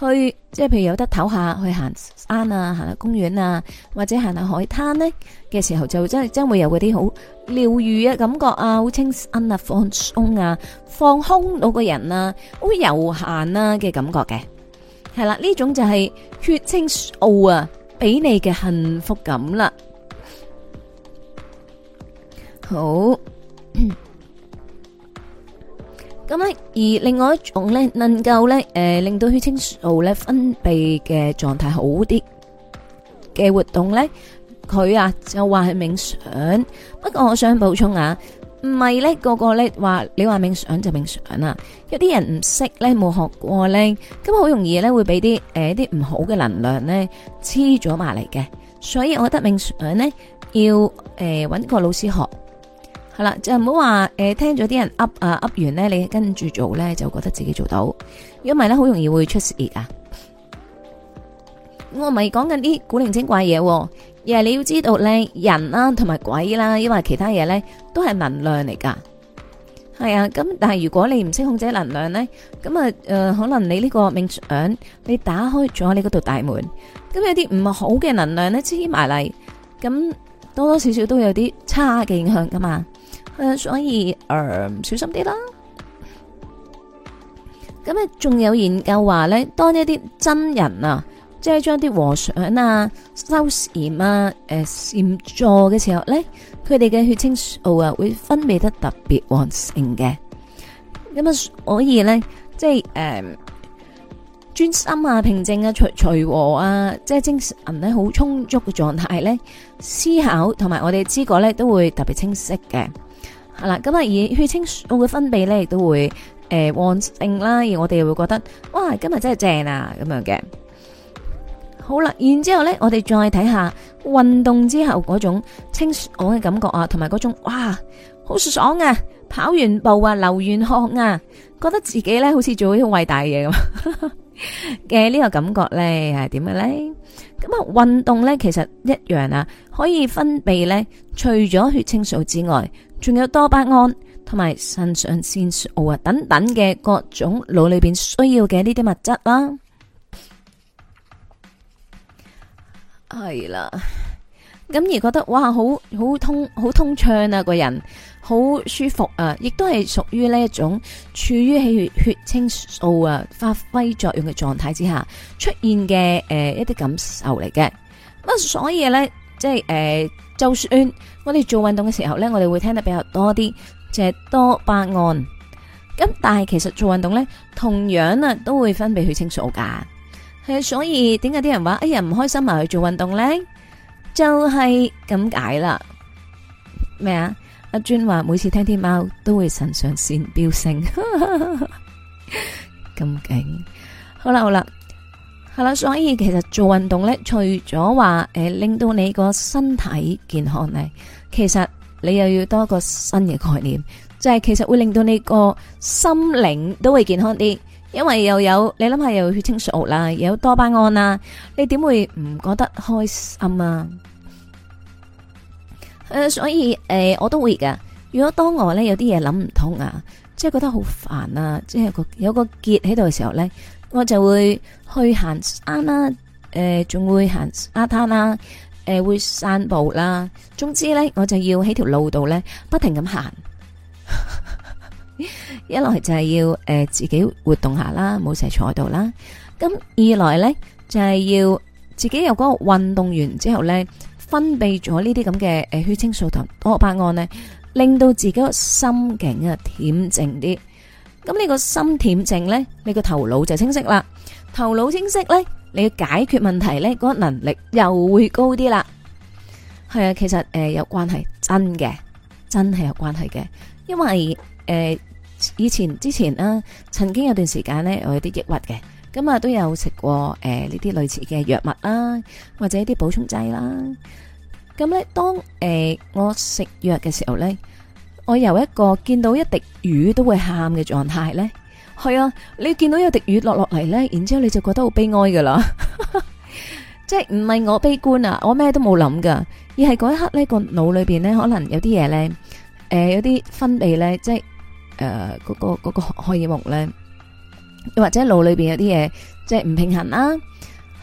去即係譬如有得唞下，去行山啊，行下公園啊，或者行下海灘呢，嘅時候，就真係將會有嗰啲好療癒嘅感覺啊，好清新啊，放鬆啊，放空到個人啊，好悠閒啊嘅感覺嘅，係啦，呢種就係血清素啊，俾你嘅幸福感啦，好。咁咧，而另外一種咧，能夠咧，誒，令到血清素咧分泌嘅狀態好啲嘅活動咧，佢啊就話係冥想。不過我想補充啊，唔係咧個個咧話你話冥想就冥想啦，有啲人唔識咧，冇學過咧，咁好容易咧會俾啲誒啲唔好嘅能量咧黐咗埋嚟嘅，所以我覺得冥想咧要誒揾個老師學。係啦，就唔好話誒，聽咗啲人 up 啊 up 完咧，你跟住做呢，就覺得自己做到，如果唔係咧，好容易會出事嘅啊！我唔係講緊啲古靈精怪嘢，而係你要知道呢，人啦同埋鬼啦、啊，因為其他嘢呢，都係能量嚟噶。係啊，咁但係如果你唔識控制能量呢，咁啊誒，可能你呢個冥想，你打開咗你嗰度大門，咁有啲唔好嘅能量呢，黐埋嚟，咁多多少少都有啲差嘅影響噶嘛。誒、呃，所以誒、呃，小心啲啦。咁咧，仲有研究話咧，當一啲真人啊，即係將啲和尚啊、修禪啊、誒、呃、禪坐嘅時候咧，佢哋嘅血清素啊會分泌得特別旺盛嘅。咁啊，所以咧，即係誒專心啊、平靜啊、隨隨和啊，即係精神咧、啊、好充足嘅狀態咧，思考同埋我哋嘅知覺咧都會特別清晰嘅。係啦，咁啊，而血清素嘅分泌咧，亦都會誒旺盛啦，而我哋又會覺得哇，今日真係正啊，咁樣嘅。好啦，然之後咧，我哋再睇下運動之後嗰種清爽嘅感覺啊，同埋嗰種哇，好爽啊，跑完步啊，流完汗啊，覺得自己咧好似做咗啲好偉大嘢咁。 嘅呢 個感覺呢係點嘅呢？咁啊，運動呢其實一樣啊，可以分泌呢除咗血清素之外，仲有多巴胺同埋腎上腺素啊等等嘅各種腦裏邊需要嘅呢啲物質啊啦。係啦。咁而覺得哇，好好通好通暢啊！個人好舒服啊，亦都係屬於呢一種處於氣血血清素啊發揮作用嘅狀態之下出現嘅誒一啲感受嚟嘅。咁啊，所以咧即係誒，就算我哋做運動嘅時候咧，我哋會聽得比較多啲就係多巴胺。咁但係其實做運動咧，同樣啊都會分泌血清素噶。係所以點解啲人話誒呀，唔開心咪去做運動咧？就係咁解啦。咩啊？阿尊話每次聽天貓都會腎上腺飆升，咁勁！好啦，好啦，係啦。所以其實做運動咧，除咗話誒令到你個身體健康咧，其實你又要多個新嘅概念，就係其實會令到你個心靈都會健康啲。因為又有你諗下，又有血清素啦，又有多巴胺啦，你點會唔覺得開心啊？誒、呃，所以誒、呃，我都會㗎。如果當我咧有啲嘢諗唔通啊，即係覺得好煩啊，即係個有個結喺度嘅時候咧，我就會去行山啦，誒、呃，仲會行沙灘啦，誒、呃，會散步啦。總之咧，我就要喺條路度咧，不停咁行。一來就係要誒自己活動下啦，冇成日坐喺度啦。咁二來咧就係要自己有嗰個運動完之後咧分泌咗呢啲咁嘅誒血清素同多巴胺咧，令到自己個心境啊恬靜啲。咁呢個心恬靜咧，你個頭腦就清晰啦。頭腦清晰咧，你嘅解決問題咧嗰個能力又會高啲啦。係啊，其實誒有關係，真嘅真係有關係嘅，因為誒。以前之前啊，曾經有段時間咧，我有啲抑鬱嘅，咁啊都有食過誒呢啲類似嘅藥物啦，或者啲補充劑啦。咁咧，當誒我食藥嘅時候咧，我由一個見到一滴雨都會喊嘅狀態咧，係啊，你見到一滴雨落落嚟，咧，然之後你就覺得好悲哀噶啦，即係唔係我悲觀啊，我咩都冇諗噶，而係嗰一刻咧個腦裏邊咧可能有啲嘢咧，誒有啲分泌咧即係。誒，嗰個嗰個荷爾蒙咧，又或者腦裏邊有啲嘢即係唔平衡啦，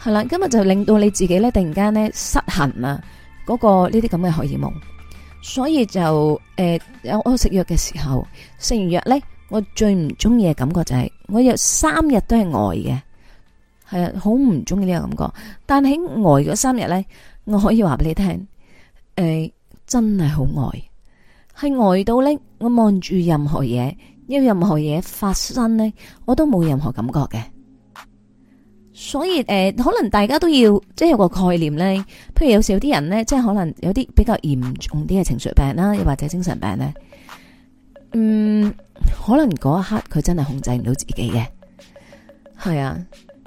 係啦，今日就令到你自己咧突然間咧失衡啦，嗰個呢啲咁嘅荷爾蒙，所以就誒有我食藥嘅時候，食完藥咧，我最唔中意嘅感覺就係我有三日都係呆嘅，係啊，好唔中意呢個感覺。但喺呆嗰三日咧，我可以話俾你聽，誒，真係好呆，係呆到咧。我望住任何嘢，因為任何嘢發生呢，我都冇任何感覺嘅。所以誒、呃，可能大家都要即係有個概念呢，譬如有時有啲人呢，即係可能有啲比較嚴重啲嘅情緒病啦，又或者精神病呢。嗯，可能嗰一刻佢真係控制唔到自己嘅。係啊，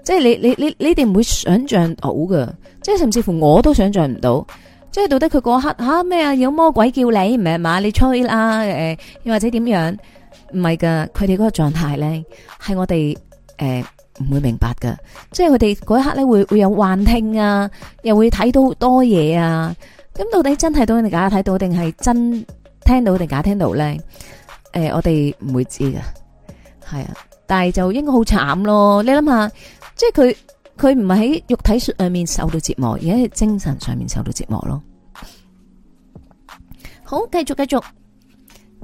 即係你你你你哋唔會想象到噶，即係甚至乎我都想象唔到。即係到底佢嗰刻吓咩啊？有魔鬼叫你唔係嘛？你吹啦誒，又、呃、或者點樣？唔係噶，佢哋嗰個狀態咧，係我哋誒唔會明白噶。即係佢哋嗰一刻咧，會會有幻聽啊，又會睇到好多嘢啊。咁到底真睇到定假睇到，定係真聽到定假聽到咧？誒、呃，我哋唔會知噶，係啊。但係就應該好慘咯。你諗下，即係佢。佢唔係喺肉體上面受到折磨，而係精神上面受到折磨咯。好，繼續繼續。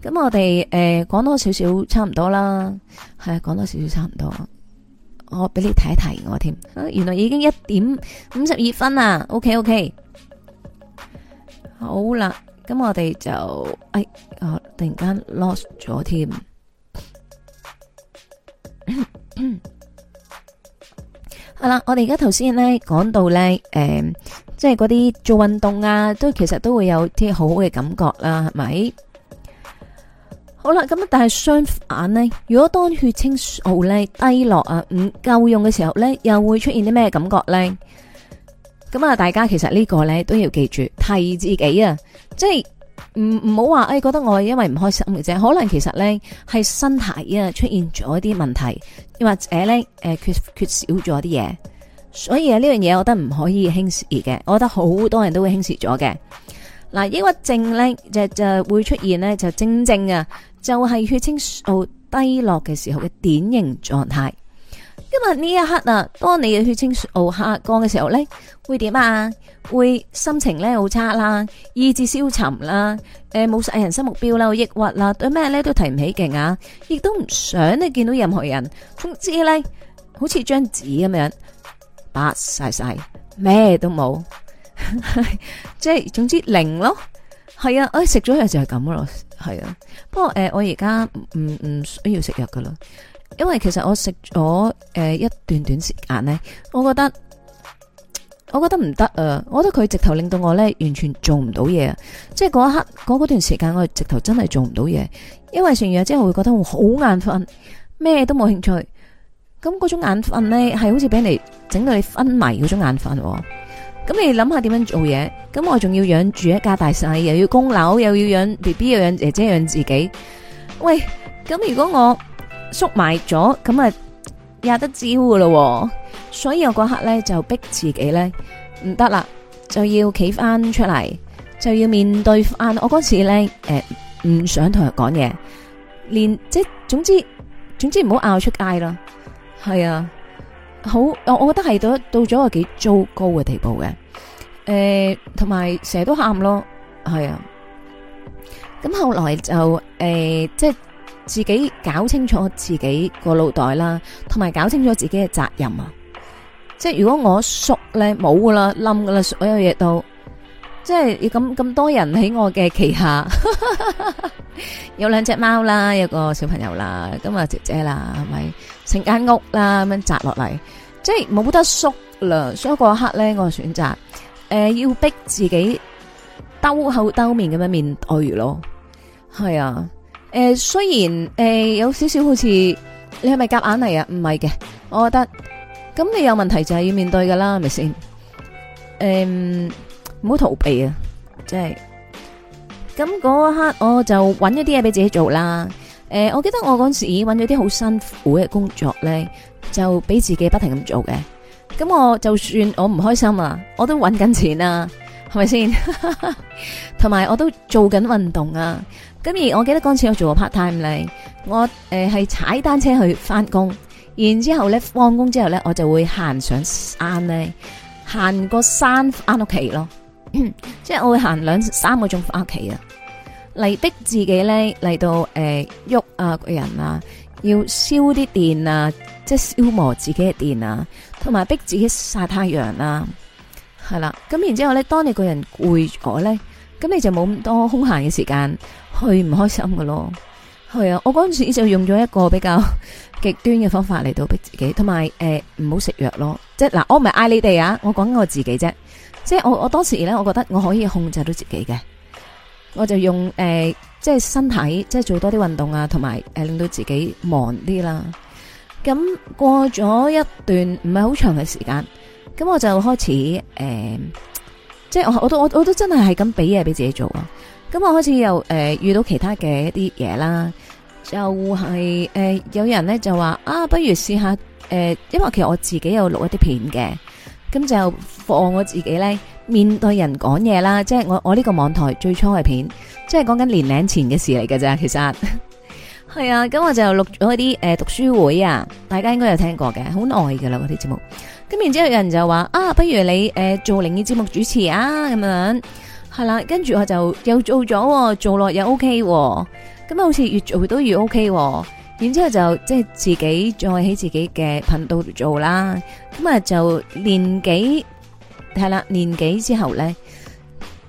咁我哋誒講多少少，差唔多啦。係啊，講多少少，差唔多。我俾你睇一睇我添。啊，原來已經一點五十二分啦。OK，OK okay, okay。好啦，咁我哋就誒，哎，我突然間 lost 咗添。 好啦，我哋而家頭先呢講到呢，誒、呃，即係嗰啲做運動啊，都其實都會有啲好好嘅感覺啦，係咪？好啦，咁但係相反呢，如果當血清素呢低落啊唔、嗯、夠用嘅時候呢，又會出現啲咩感覺呢？咁啊，大家其實呢個呢，都要記住，替自己啊，即係。唔唔好話，誒，覺得我因為唔開心嘅啫，可能其實呢係身體啊出現咗一啲問題，或者呢誒缺，缺少咗啲嘢，所以啊呢樣嘢，我覺得唔可以輕視嘅，我覺得好多人都會輕視咗嘅。嗱，抑鬱症呢就就會出現呢，就正正啊，就係血清素低落嘅時候嘅典型狀態。今日呢一刻啊，當你嘅血清素下降嘅時候咧，會點啊？會心情咧好差啦，意志消沉啦，誒、呃，冇晒人生目標啦，抑鬱啦，對咩咧都提唔起勁啊，亦都唔想你見到任何人，總之咧，好似張紙咁樣白晒晒，咩都冇，即 係總之零咯。係啊，誒食咗藥就係咁咯。係啊，不過誒、呃，我而家唔唔唔需要食藥噶啦。因為其實我食咗誒一段段時間呢，我覺得我覺得唔得啊！我覺得佢直頭令到我呢完全做唔到嘢，即係嗰一刻嗰段時間，我直頭真係做唔到嘢。因為成日之後會覺得好眼瞓，咩都冇興趣。咁嗰種眼瞓呢，係好似俾你整到你昏迷嗰種眼瞓。咁你諗下點樣做嘢？咁我仲要養住一家大細，又要供樓，又要養 B B，又要養姐姐，養自己。喂，咁如果我？縮埋咗，咁啊，也得招呼咯。所以我嗰刻咧，就逼自己咧，唔得啦，就要企翻出嚟，就要面對翻。我嗰次咧，誒，唔想同佢講嘢，連即係總之總之唔好拗出街啦。係啊，好，我我覺得係到到咗個幾糟糕嘅地步嘅。誒，同埋成日都喊咯，係啊。咁後來就誒，即係。自己搞清楚自己個腦袋啦，同埋搞清楚自己嘅責任啊！即係如果我縮咧冇噶啦，冧噶啦，所有嘢都，即係咁咁多人喺我嘅旗下， 有兩隻貓啦，有個小朋友啦，咁啊姐姐啦，係咪成間屋啦咁樣摘落嚟，即係冇得縮啦！所以嗰一刻咧，我就選擇誒、呃、要逼自己兜口兜面咁樣面對咯，係啊。誒、呃，雖然誒、呃、有少少好似你係咪夾硬嚟啊？唔係嘅，我覺得咁你有問題就係要面對噶啦，係咪先？誒、呃，唔好逃避啊！即係咁嗰一刻，我就揾咗啲嘢俾自己做啦。誒、呃，我記得我嗰時揾咗啲好辛苦嘅工作咧，就俾自己不停咁做嘅。咁我就算我唔開心啊，我都揾緊錢啊，係咪先？同 埋我都做緊運動啊！咁而我記得嗰次我做過 part time 咧，我誒係、呃、踩單車去翻工，然後呢之後咧放工之後咧，我就會行上山咧，行個山翻屋企咯，即係我會行兩三個鐘翻屋企啊，嚟逼自己咧嚟到，誒喐、呃、啊個人啊，要燒啲電啊，即係消磨自己嘅電啊，同埋逼自己晒太陽啊，係啦，咁然之後咧，當你個人攰咗咧，咁你就冇咁多空閒嘅時間。去唔開心㗎咯，係啊，我嗰陣時就用咗一個比較極端嘅方法嚟到逼自己，同埋誒唔好食藥咯。即係嗱，我唔係嗌你哋啊，我講緊我自己啫。即係我我當時咧，我覺得我可以控制到自己嘅，我就用誒、呃、即係身體，即係做多啲運動啊，同埋誒令到自己忙啲啦。咁過咗一段唔係好長嘅時間，咁我就開始誒、呃，即係我我都我我都真係係咁俾嘢俾自己做啊。咁我開始又誒、呃、遇到其他嘅一啲嘢啦，就係、是、誒、呃、有人咧就話啊，不如試下誒，因為其實我自己有錄一啲片嘅，咁就放我自己咧面對人講嘢啦，即係我我呢個網台最初嘅片，即係講緊年零前嘅事嚟㗎。咋，其實係 啊，咁我就錄咗一啲誒、呃、讀書會啊，大家應該有聽過嘅，好耐噶啦嗰啲節目，咁然之後有人就話啊，不如你誒、呃、做靈異節目主持啊，咁樣。係啦，跟住我就又做咗，做落又 OK，咁、哦、啊好似越做越都越 OK，哦、然之後就即係自己再喺自己嘅頻道度做啦，咁啊就年幾係啦，年幾之後咧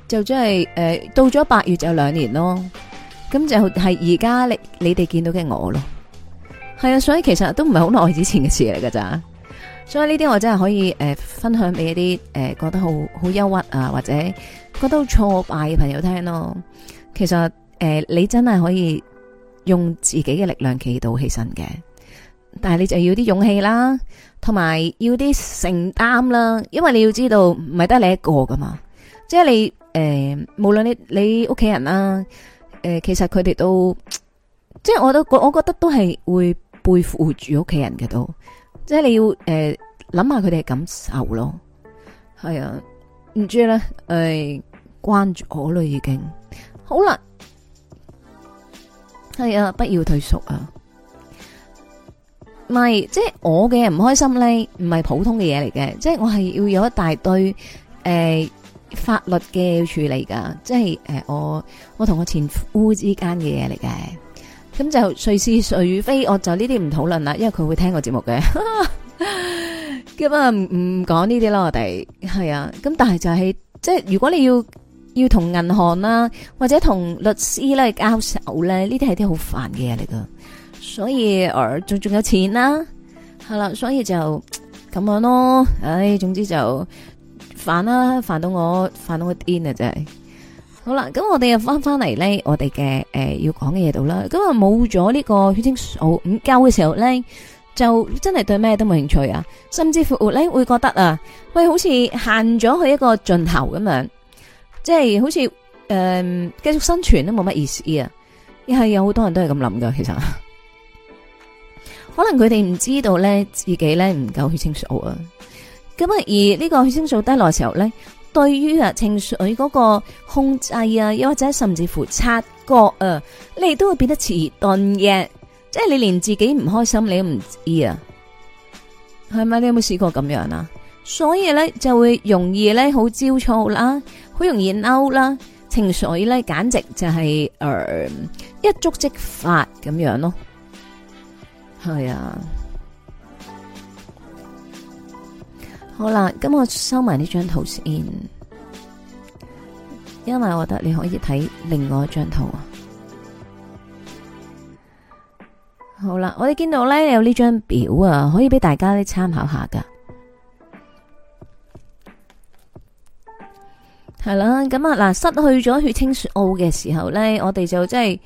就真係誒到咗八月就兩年咯，咁就係而家你你哋見到嘅我咯，係啊，所以其實都唔係好耐之前嘅事嚟噶咋。所以呢啲我真係可以誒、呃、分享俾一啲誒、呃、覺得好好憂鬱啊，或者覺得好挫敗嘅朋友聽咯。其實誒、呃、你真係可以用自己嘅力量企到起身嘅，但係你就要啲勇氣啦，同埋要啲承擔啦。因為你要知道唔係得你一個㗎嘛，即、就、係、是、你誒、呃、無論你你屋企人啦、啊、誒、呃、其實佢哋都即係、就是、我都我我覺得都係會背負住屋企人嘅都。即係你要誒諗下佢哋嘅感受咯，係啊，唔知咧誒關注我啦已經，好啦，係啊，不要退縮啊，唔係即係我嘅唔開心咧，唔係普通嘅嘢嚟嘅，即係我係要有一大堆誒法律嘅要處理噶，即係誒我我同我前夫之間嘅嘢嚟嘅。咁就誰是誰非，我就呢啲唔討論啦，因為佢會聽我節目嘅。咁啊，唔講呢啲啦，我哋係啊。咁但係就係、是，即係如果你要要同銀行啦，或者同律師咧交手咧，呢啲係啲好煩嘅嘢嚟噶。所以而仲仲有錢啦，係啦，所以就咁樣咯。唉、哎，總之就煩啦，煩到我煩到我癲啊！真係。好啦，咁我哋又翻翻嚟咧，我哋嘅誒要講嘅嘢度啦。咁啊，冇咗呢個血清素唔夠嘅時候咧，就真係對咩都冇興趣啊，甚至乎咧會覺得啊，喂，好似行咗去一個盡頭咁樣，即係好似誒繼續生存都冇乜意思啊。因係有好多人都係咁諗噶，其實可能佢哋唔知道咧，自己咧唔夠血清素啊。咁啊，而呢個血清素低落嘅時候咧。對於啊情緒嗰個控制啊，又或者甚至乎察覺啊，你都會變得遲鈍嘅，即係你連自己唔開心你都唔知啊，係咪？你有冇試過咁樣啊？所以咧就會容易咧好焦躁啦，好容易嬲啦，情緒咧簡直就係、是、誒、呃、一觸即發咁樣咯，係啊。好啦，咁我先收埋呢張圖先，因為我覺得你可以睇另外一張圖啊。好啦，我哋見到咧有呢張表啊，可以俾大家咧參考一下噶。係啦，咁啊嗱，失去咗血清素嘅時候咧，我哋就即係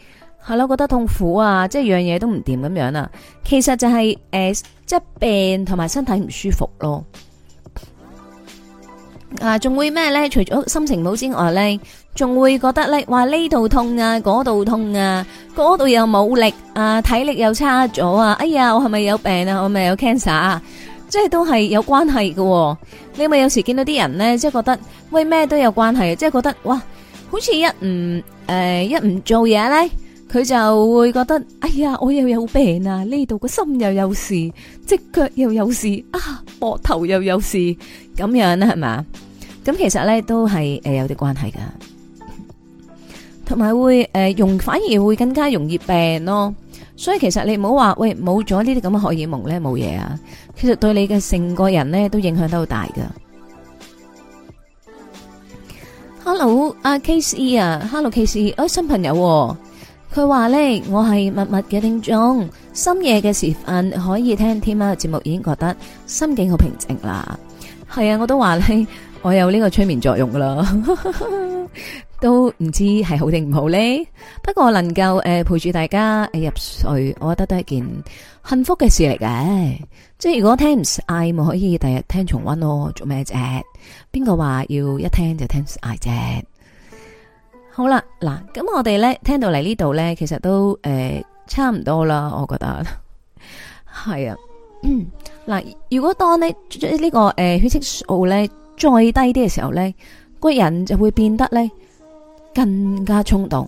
係咯，覺得痛苦啊，即係樣嘢都唔掂咁樣啦。其實就係誒，即係病同埋身體唔舒服咯。嗱，仲、啊、會咩咧？除咗心情唔好之外咧，仲會覺得咧，哇呢度痛啊，嗰度痛啊，嗰度又冇力啊，體力又差咗啊！哎呀，我係咪有病啊？我咪有 cancer 啊？即係都係有關係嘅、啊。你咪有，有，有時見到啲人咧，即係覺得喂咩都有關係、啊、即係覺得哇，好似一唔誒、呃、一唔做嘢咧。佢就會覺得，哎呀，我又有病啊！呢度個心又有事，隻腳又有事，啊，膊頭又有事，咁樣係係嘛？咁其實咧都係誒、呃、有啲關係噶，同埋會誒容、呃、反而會更加容易病咯。所以其實你唔好話喂冇咗呢啲咁嘅荷爾蒙咧冇嘢啊，其實對你嘅成個人咧都影響都好大噶、uh, 啊。Hello，阿 Casey 啊，Hello，Casey，哦，新朋友、啊。佢話咧,我係默默嘅聽眾，深夜嘅時分可以聽天喵嘅節目，已經覺得心境好平靜啦。係啊，我都話咧，我有呢個催眠作用噶喇， 都唔知係好定唔好咧。不過能夠誒、呃、陪住大家誒入睡，我覺得都係件幸福嘅事嚟嘅。即係如果聽唔嗌，咪可以第日聽重溫咯。做咩啫？邊個話要一聽就聽嗌啫？好啦，嗱，咁我哋咧聽到嚟呢度咧，其實都誒、呃、差唔多啦，我覺得係 啊。嗱、嗯，如果當呢，呢、呢個誒、呃、血清素咧再低啲嘅時候咧，個人就會變得咧更加衝動。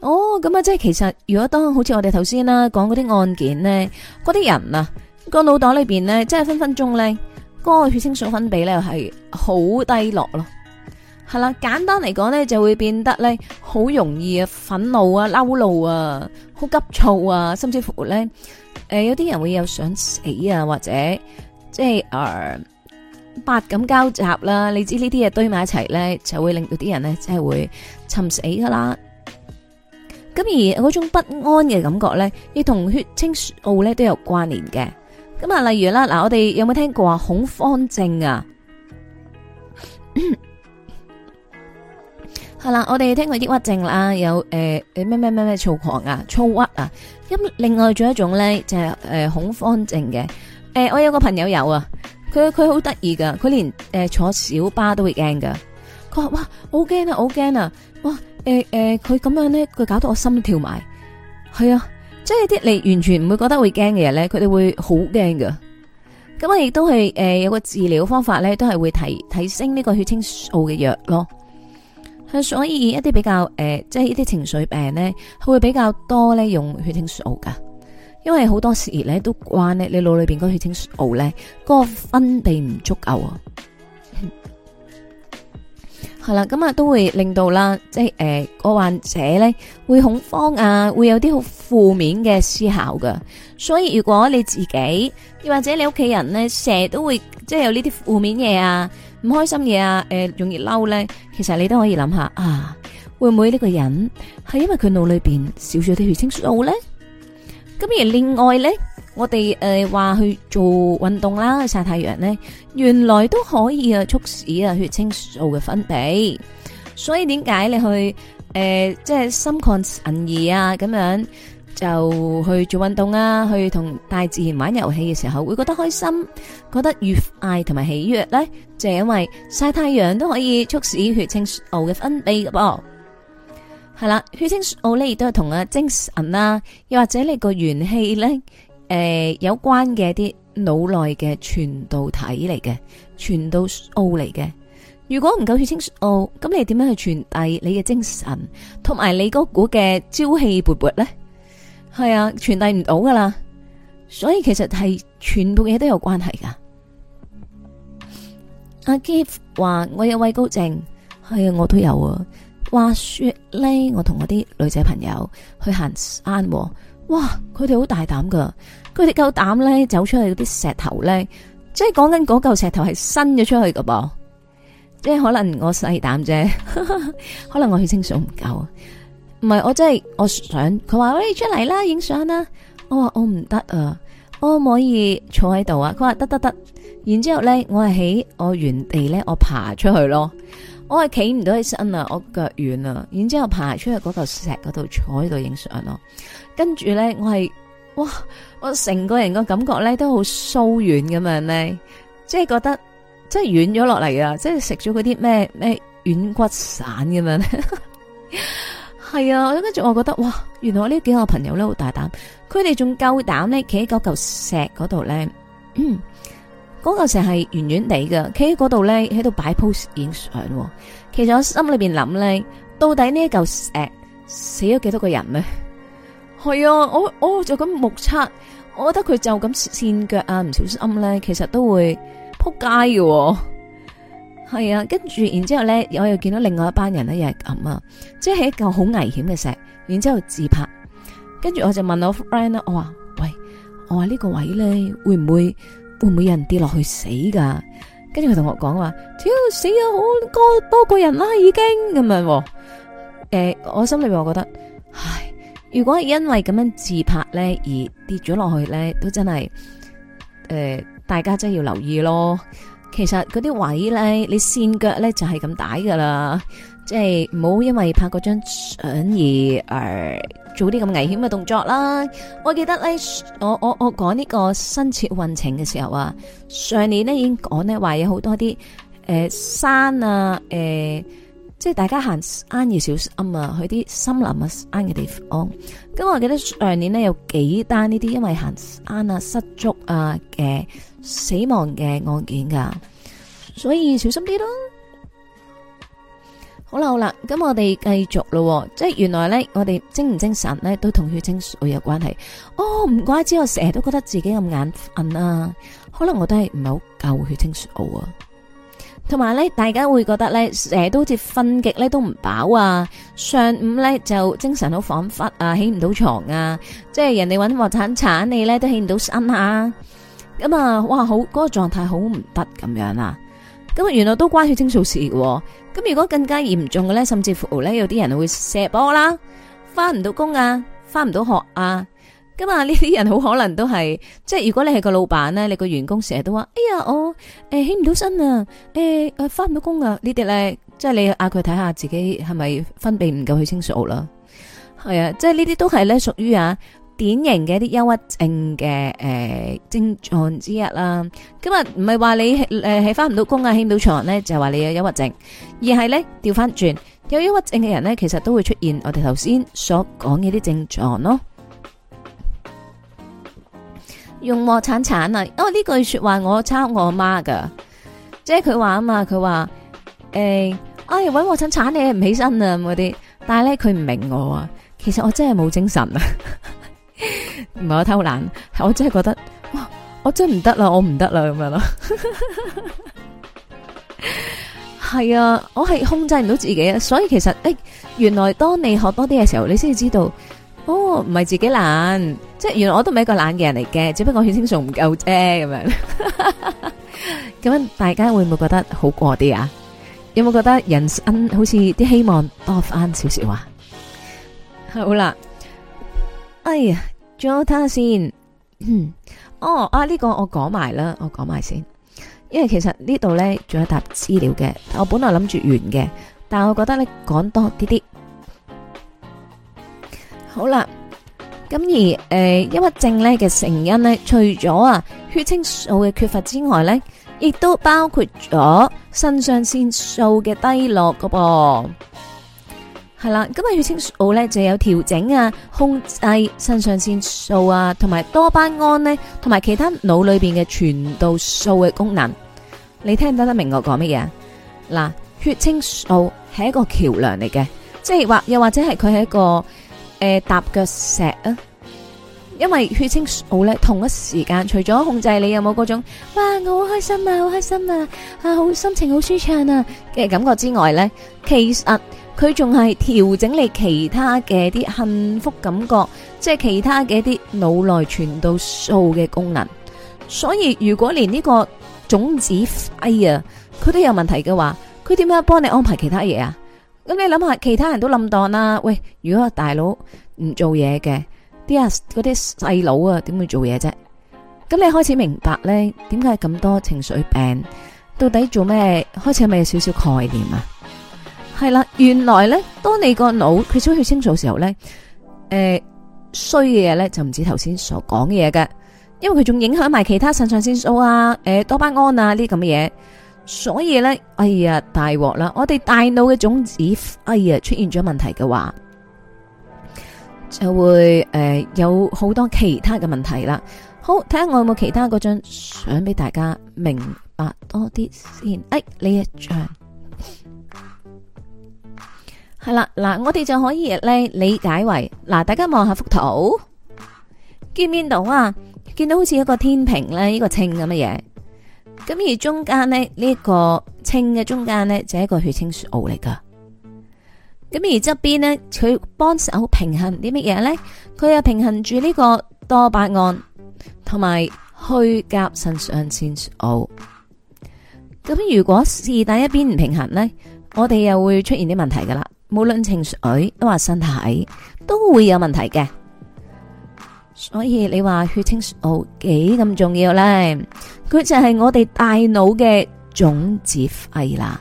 哦，咁啊，即係其實如果當好似我哋頭先啦講嗰啲案件咧，嗰啲人啊、個腦袋裏邊咧，即係分分鐘咧，嗰個血清素分泌呢，咧係好低落咯。係啦，簡單嚟講咧，就會變得咧好容易啊，憤怒啊，嬲怒啊，好急躁啊，甚至乎咧，誒、呃，有啲人會有想死啊，或者即係誒、呃，百感交集啦。你知呢啲嘢堆埋一齊咧，就會令到啲人咧即係會尋死噶啦。咁而嗰種不安嘅感覺咧，亦同血清素咧都有關聯嘅。咁啊，例如啦，嗱，我哋有冇聽過啊，恐慌症啊？ 係啦，我哋聽過抑鬱症啦，有誒誒咩咩咩咩躁狂啊、躁鬱啊。咁另外仲有一種咧，就係、是、誒、呃、恐慌症嘅。誒、呃，我有個朋友有啊，佢佢好得意噶，佢連誒、呃、坐小巴都會驚噶。佢話：哇，好驚啊，好驚啊！哇，誒、呃、誒，佢、呃、咁樣咧，佢搞到我心跳埋。係啊，即係啲你完全唔會覺得會驚嘅人咧，佢哋會好驚噶。咁我亦都係誒、呃、有個治療方法咧，都係會提提升呢個血清素嘅藥咯。所以一啲比較誒，即、呃、係、就是、呢啲情緒病咧，會比較多咧用血清素噶，因為好多時咧都關咧你腦裏邊嗰個血清素咧嗰、嗰個分泌唔足夠啊。係 啦，咁啊都會令到啦，即係誒個患者咧會恐慌啊，會有啲好負面嘅思考噶。所以如果你自己，又或者你屋企人咧成日都會即係、就是、有呢啲負面嘢啊。唔開心嘢啊，誒，容易嬲咧。其實你都可以諗下啊，會唔會呢個人係因為佢腦裏邊少少啲血清素咧？咁而另外咧，我哋誒話去做運動啦、去曬太陽咧，原來都可以啊，促使啊血清素嘅分泌。所以點解你去誒，即係心曠神怡啊咁樣？就去做運動啊，去同大自然玩遊戲嘅時候，會覺得開心，覺得愉快同埋喜悦咧，就係、是、因為曬太陽都可以促使血清素嘅分泌嘅。噃。係啦，血清素咧亦都係同啊精神啦、啊，又或者你個元氣咧，誒，有關嘅一啲腦內嘅傳導體嚟嘅，傳導素嚟嘅。如果唔夠血清素，咁你點樣去傳遞你嘅精神同埋你嗰股嘅朝氣勃勃咧？係啊，傳遞唔到噶啦，所以其實係全部嘢，都有關係噶。阿 Jeff 話我有畏高症，係啊，我都有啊。話說呢，我同我啲女仔朋友去行山啊，哇，佢哋好大膽噶，佢哋夠膽呢，走出去啲石頭呢，即係講緊嗰嚿石頭係伸咗出去噶噃，即係可能我細膽啫， 可能我血清素唔夠。唔係，我真係我想佢話，喂，出嚟啦，影相啦。我話我唔得啊，我可唔可以坐喺度啊？佢話得得得。然之後咧，我係喺我原地咧，我爬出去咯。我係企唔到起身啊，我腳軟啊。然之後爬出去嗰嚿石嗰度坐喺度影相咯。跟住咧，我係哇，我成個人個感覺咧都好酥軟咁樣咧，即係覺得即係軟咗落嚟啊，即係食咗嗰啲咩咩軟骨散咁樣。呵呵係啊，跟住我覺得哇，原來我呢幾個朋友咧好大膽，佢哋仲夠膽咧，企喺嗰嚿石嗰度咧，嗰嚿石係圓圓地嘅，企喺嗰度咧喺度擺 pose 影相。其實我心裏邊諗咧，到底呢一嚿石死咗幾多個人咧？係啊，我我就咁目測，我覺得佢就咁跣腳啊，唔小心咧，其實都會撲街嘅。係啊，跟住，然之後咧，我又見到另外一班人咧，又係咁啊，即係一嚿好危險嘅石，然之後自拍，跟住我就問我 friend 啦，我話喂，我話呢個位咧會唔會會唔會有人跌落去死噶？跟住佢同我講話，屌死咗好多多個人啦，已經咁樣。誒，我心裏邊我覺得，唉，如果係因為咁樣自拍咧而跌咗落去咧，都真係誒，大家真係要留意咯。其實嗰啲位咧，你跣腳咧就係咁大噶啦，即係唔好因為拍嗰張相而誒、呃、做啲咁危險嘅動作啦。我記得咧，我我我講呢個新切運程嘅時候啊，上年咧已經講咧話有好多啲誒、呃、山啊，誒、呃、即係大家行山要小心啊，去啲森林啊山嘅地方。咁我記得上年咧有幾單呢啲，因為行山啊失足啊嘅。死亡嘅案件噶，所以小心啲咯。好啦好啦，咁我哋繼續咯。即係原來呢，我哋精唔精神呢都同血清素有關係。哦，唔怪之我成日都覺得自己咁眼瞓啊，可能我都係唔係好夠血清素啊。同埋呢，大家會覺得呢，成日都好似瞓極呢都唔飽啊。上午呢就精神好恍惚啊，起唔到床啊。即係人哋搵鑊鏟鏟你呢，都起唔到身啊。咁啊，哇，好嗰、嗰個狀態好唔得咁樣啦。咁啊，原來都關佢血清素事喎、啊。咁如果更加嚴重嘅咧，甚至乎咧，有啲人會射波啦，翻唔到工啊，翻唔到學啊。咁啊，呢啲人好可能都係，即係如果你係個老闆咧，你個員工成日都話，哎呀，我誒、欸、起唔到身啊，誒誒翻唔到工啊。呢啲咧，即係你嗌佢睇下自己係咪分泌唔夠去血清素啦。係啊，即係呢啲都係咧屬於啊。典型嘅一啲憂鬱症嘅誒、呃、症狀之一啦、啊，今日唔係話你誒係返唔到工啊，起唔到床咧，就係話你有憂鬱症，而係咧掉返轉有憂鬱症嘅人咧，其實都會出現我哋頭先所講嘅啲症狀咯。用鑊鏟鏟啊！因為呢句說話我抄我阿媽㗎，即係佢話啊嘛，佢話誒，哎，搵鑊鏟鏟你唔起身啊嗰啲，但係咧佢唔明白我啊，其實我真係冇精神啊。 唔係我偷懶，我真係覺得，我真唔得啦，我唔得啦咁樣咯。係啊，我係控制唔到自己啊，所以其實誒，原來當你學多啲嘅時候，你先至知道，哦，唔係自己懶，即係原來我都唔係一個懶嘅人嚟嘅，只不過血清素唔夠啫，咁樣。咁樣大家會唔會覺得好過啲啊？有冇覺得人生好似啲希望多翻少少啊？好啦，哎呀～仲有睇下先，哦啊呢、這個我講埋啦，我講埋先，因為其實這裏呢度呢仲有一沓資料嘅，我本來諗住完嘅，但係我覺得咧講多啲啲，好啦，咁而誒抑鬱症呢嘅成因呢，除咗啊血清素嘅缺乏之外呢，亦都包括咗腎上腺素嘅低落個噃。係啦，咁啊，血清素咧，就有調整啊，控制腎上腺素啊，同埋多巴胺咧，同埋其他腦裏邊嘅傳導素嘅功能。你聽唔聽得明我講乜嘢？嗱，血清素係一個橋樑嚟,嘅，即係話又或者係佢係一個誒踏腳石啊。因為血清素咧，同一時間除咗控制你有冇嗰種哇，我好開心啊，好開心啊，啊好心情好舒暢啊嘅感覺之外咧，其實。佢仲係調整你其他嘅啲幸福感覺，即係其他嘅啲腦內傳導素嘅功能。所以如果連呢個種子胚啊，佢都有問題嘅話，佢點解幫你安排其他嘢啊？咁你諗下，其他人都冧檔啦。喂，如果大佬唔做嘢嘅，啲啊嗰啲細佬啊點會做嘢啫？咁你開始明白呢，點解咁多情緒病，到底做咩？開始係咪有咪有少少概念啊？係啦，原來咧，當你個腦佢缺少血清素嘅時候咧，誒衰嘅嘢咧就唔止頭先所講嘅嘢嘅，因為佢仲影響埋其他腎上腺素啊、誒、欸、多巴胺啊呢啲咁嘅嘢，所以咧，哎呀大鑊啦！我哋大腦嘅種子，哎呀出現咗問題嘅話，就會誒、呃、有好多其他嘅問題啦。好，睇下我有冇其他嗰張想俾大家明白多啲先。哎、欸，呢一張。係啦，嗱，我哋就可以咧理解為，嗱，大家望下幅圖，見唔見到啊？見到好似一個天平咧，呢個稱咁嘅嘢？咁而中間呢，呢、這個稱嘅中間呢，就係一個血清素嚟噶。咁而側邊呢，佢幫手平衡啲乜嘢呢？佢又平衡住呢個多巴胺同埋去甲腎上腺素。咁如果是但一邊唔平衡呢，我哋又會出現啲問題噶啦。無論情緒都話身體都會有問題嘅，所以你話血清素幾咁重要咧？佢就係我哋大腦嘅種子肺啦。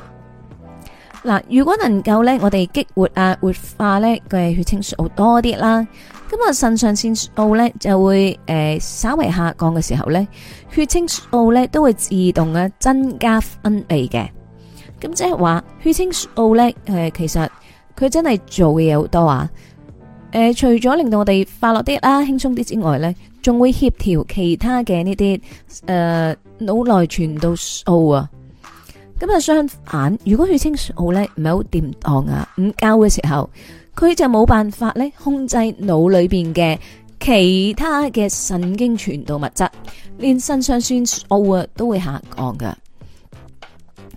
嗱，如果能夠咧，我哋激活啊活化咧佢嘅血清素多啲啦，咁啊腎上腺素咧就會誒稍微下降嘅時候咧，血清素咧都會自動嘅增加分泌嘅。咁即係話血清素咧誒，其實。佢真係做嘅嘢好多啊！誒、呃，除咗令到我哋快樂啲啦，輕鬆啲之外咧，仲會協調其他嘅呢啲誒腦內傳導素啊。咁啊，相反，如果血清素好咧，唔係好掂當啊，唔夠嘅時候，佢就冇辦法咧控制腦裏邊嘅其他嘅神經傳導物質，連腎上腺素啊都會下降噶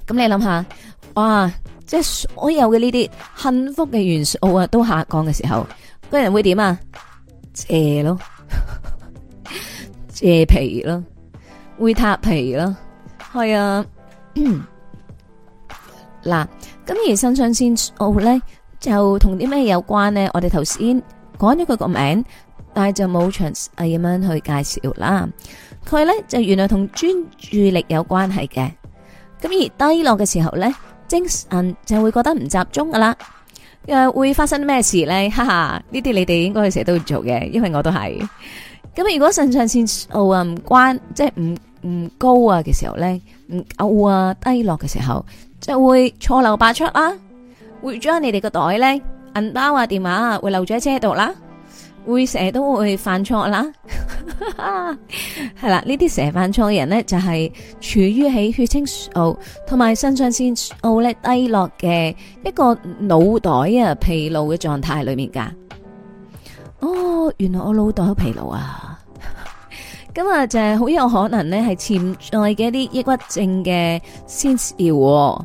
咁你諗下，哇！即係所有嘅呢啲幸福嘅元素啊，都下降嘅時候，個人會點啊？謝咯，謝皮啦，會塌皮啦，係啊。嗱，咁而腎上腺素咧就同啲咩有關咧？我哋頭先講咗佢個名，但係就冇詳細咁樣去介紹啦。佢咧就原來同專注力有關係嘅，咁而低落嘅時候咧。精神就會覺得唔集中噶啦，誒會發生咩事咧？哈哈，呢啲你哋應該成日都會做嘅，因為我都係。咁如果腎上腺素啊唔關，即係唔唔高啊嘅時候咧，唔拗啊低落嘅時候，就會錯漏百出啦，會將你哋個袋咧、銀包啊、電話啊，會漏咗喺車度啦。會成日都會犯錯啦，係 啦，呢啲成日犯錯嘅人呢，就係、是、處於喺血清素同埋腎上腺素咧低落嘅一個腦袋啊疲勞嘅狀態裏面噶。哦，原來我腦袋疲勞啊，咁 啊就係、是、好有可能呢係潛在嘅一啲抑鬱症嘅先兆。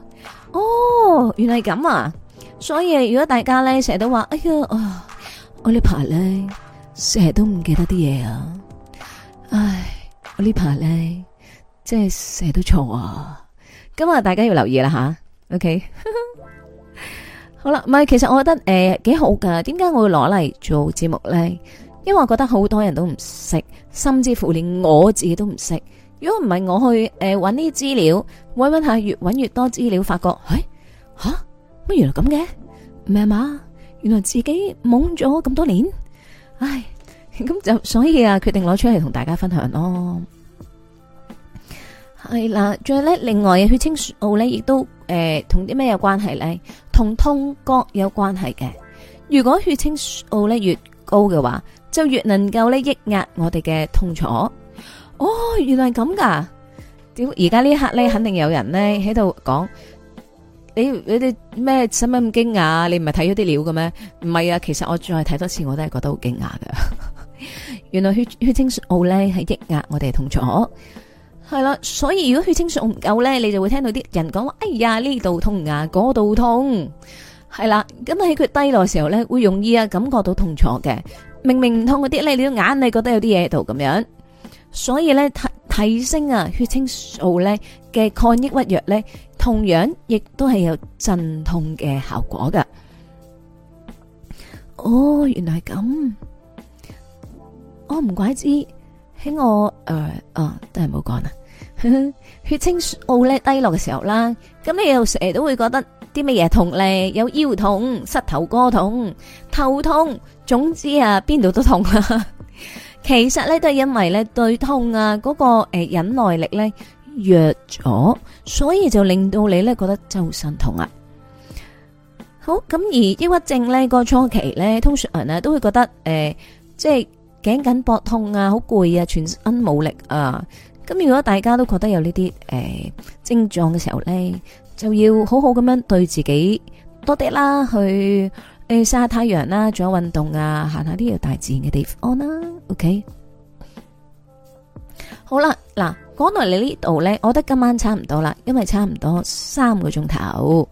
哦，原來咁啊，所以如果大家呢，成日都話，哎呀，哎呀我呢排咧，成日都唔記得啲嘢啊！唉，我呢排咧，即係成日都錯啊！今日大家要留意啦吓、啊、，OK？ 好啦，唔係，其實我覺得誒幾、呃、好噶。點解我會攞嚟做節目咧？因為我覺得好多人都唔識，甚至乎連我自己都唔識。如果唔係我去誒搵啲資料，搵搵下越搵越多資料，發覺，唉、欸，吓、啊、乜原來咁嘅，咩嘛？原來自己懵咗咁多年，唉，咁就所以啊，決定攞出嚟同大家分享咯。係啦，仲有咧，另外嘅血清素咧，亦都誒同啲咩有關係咧？同痛覺有關係嘅。如果血清素咧越高嘅話，就越能夠咧抑壓我哋嘅痛楚。哦，原來咁噶。屌，而家呢一刻咧，肯定有人咧喺度講。你你哋咩使乜咁驚訝？你唔係睇咗啲料嘅咩？唔係啊，其實我再睇多次，我都係覺得好驚訝㗎。原來血血清素咧係抑壓我哋痛楚，係啦。所以如果血清素唔夠咧，你就會聽到啲人講話：哎呀，呢度痛啊，嗰度痛。係啦，咁喺佢低落嘅時候咧，會容易啊感覺到痛楚嘅。明明唔痛嗰啲咧，你都眼你覺得有啲嘢喺度咁樣。所以咧提提升啊血清素咧嘅抗抑鬱藥咧。同樣亦都係有鎮痛嘅效果噶。哦，原來係咁。我唔怪之喺我誒，哦，都係冇講啦。血清素奧叻低落嘅時候啦，咁你又成日都會覺得啲乜嘢痛咧？有腰痛、膝頭哥痛、頭痛，總之啊，邊度都痛啊。其實咧都係因為咧對痛啊嗰個誒忍耐力咧。弱咗，所以就令到你咧覺得周身痛啊。好，咁而抑鬱症呢個初期呢，通常人咧都會覺得誒、呃，即係頸緊膊痛啊，好攰啊，全身冇力啊。咁如果大家都覺得有呢啲誒症狀嘅時候呢，就要好好咁樣對自己多啲啦，去誒、呃、晒下太陽啦，做下運動啊，行下啲有大自然嘅地方啦。OK。好啦，嗱，講到嚟呢度呢，我覺得今晚差唔多啦，因為差唔多三個鐘頭。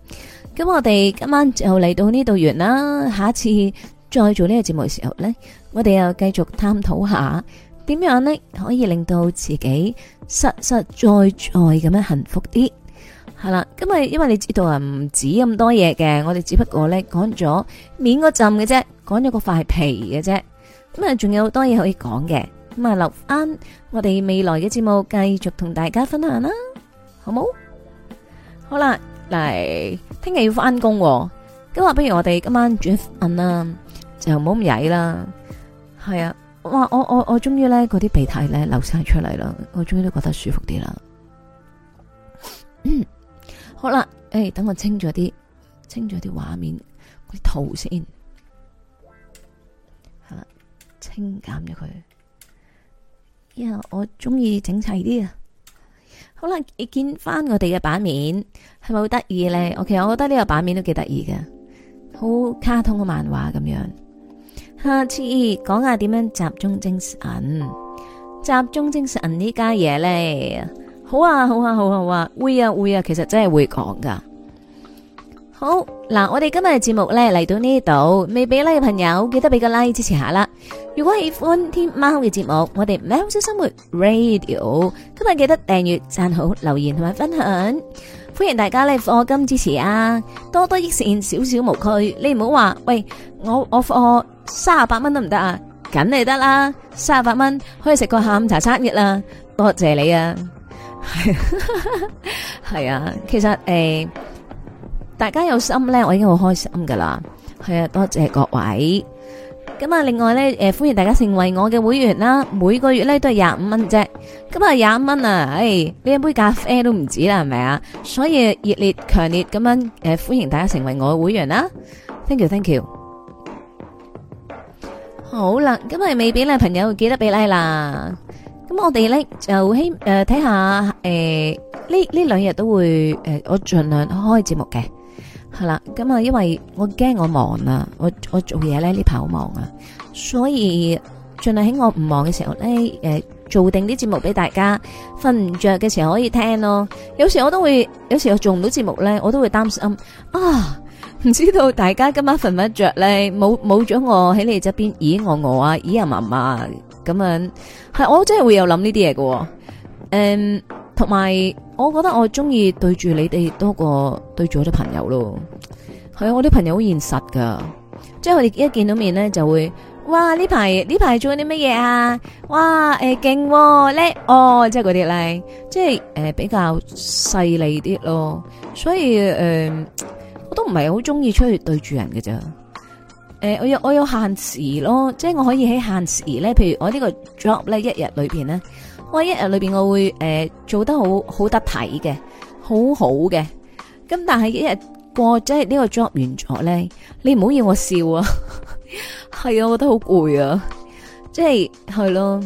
咁我哋今晚就嚟到呢度完啦。下次再做呢個節目嘅時候呢，我哋又繼續探討下點樣呢，可以令到自己實實在在咁樣幸福啲。係啦，咁因為你知道啊，唔止咁多嘢嘅，我哋只不過呢講咗面個陣嘅啫，講咗個塊皮嘅啫，咁啊仲有好多嘢可以講嘅。咁啊，留翻我哋未來嘅節目，繼續同大家分享啦，好冇？好啦，嚟，聽日要翻工，哦，咁話，不如我哋今晚轉瞓啦，就唔好咁曳啦。係啊，哇，我我我終於咧，嗰啲鼻涕咧流晒出嚟啦，我終於都覺得舒服啲啦。 好啦，誒、欸，等我清咗啲，清咗啲畫面，嗰啲圖先，係啦、啊，清減咗佢。Yeah, 我中意整齊啲啊，好啦，你見翻我哋嘅版面係咪好得意咧？OK，我覺得呢個版面都幾得意嘅，好卡通嘅漫畫咁樣。下次講下點樣集中精神，集中精神呢家嘢咧？好啊，好啊，好啊，好啊，會啊，會啊，其實真係會講噶。好嗱，我哋今日嘅節目咧嚟到呢度，未俾 like 嘅朋友記得俾個 like 支持下啦。如果喜歡天喵嘅節目，我哋喵式生活 Radio 今日記得訂閱、讚好、留言同埋分享，歡迎大家嚟課金支持啊！多多益善，少少無拘。你唔好話喂，我我我三十八蚊都唔得啊，梗係得啦，三十八蚊、啊、可以食個下午茶餐嘅啦，多謝你啊！係 啊，其實誒。哎大家有心咧，我已經好開心噶啦。係啊，多謝各位。咁啊，另外咧，誒，歡迎大家成為我嘅會員啦。每個月咧都係廿五蚊啫。咁啊，廿五蚊啊，誒，呢一杯咖啡都唔止啦，係咪啊？所以熱烈、強烈咁樣誒，歡迎大家成為我嘅會員啦。Thank you, thank you。好啦，咁啊，未俾嘅朋友記得俾 like 啦。咁我哋咧就希誒睇下誒呢呢兩日都會誒我盡量開節目嘅。係啦，咁啊、嗯，因為我驚我忙啊，我我做嘢咧，呢排好忙啊，所以盡量喺我唔忙嘅時候咧，誒，做定啲節目俾大家，瞓唔着嘅時候可以聽咯。有時我都會有時我做唔到節目咧，我都會擔心啊，唔知道大家今晚瞓唔着咧，冇冇咗我喺你側邊，咦我我啊，咦阿嫲嫲咁樣，係、嗯、我真係會有諗呢啲嘢嘅，誒、嗯，同埋。我覺得我中意對住你哋多過對住我啲朋友咯，係啊，我啲朋友好現實噶，即係我哋一見到面咧就會，哇呢排呢排做緊啲乜嘢啊，哇誒勁叻哦，即係嗰啲咧，即係誒、呃、比較細膩啲咯，所以誒、呃、我都唔係好中意出去對住人嘅啫，誒、呃、我有我有限時咯，即係我可以喺限時咧，譬如我這個呢個 job 咧一日裏邊咧。我一日裏邊我會誒、呃、做得好好得體嘅，好好嘅。咁但係一日過即係呢個 job 完咗咧，你唔好要我笑啊！係 啊，我覺得好攰啊，即係係咯。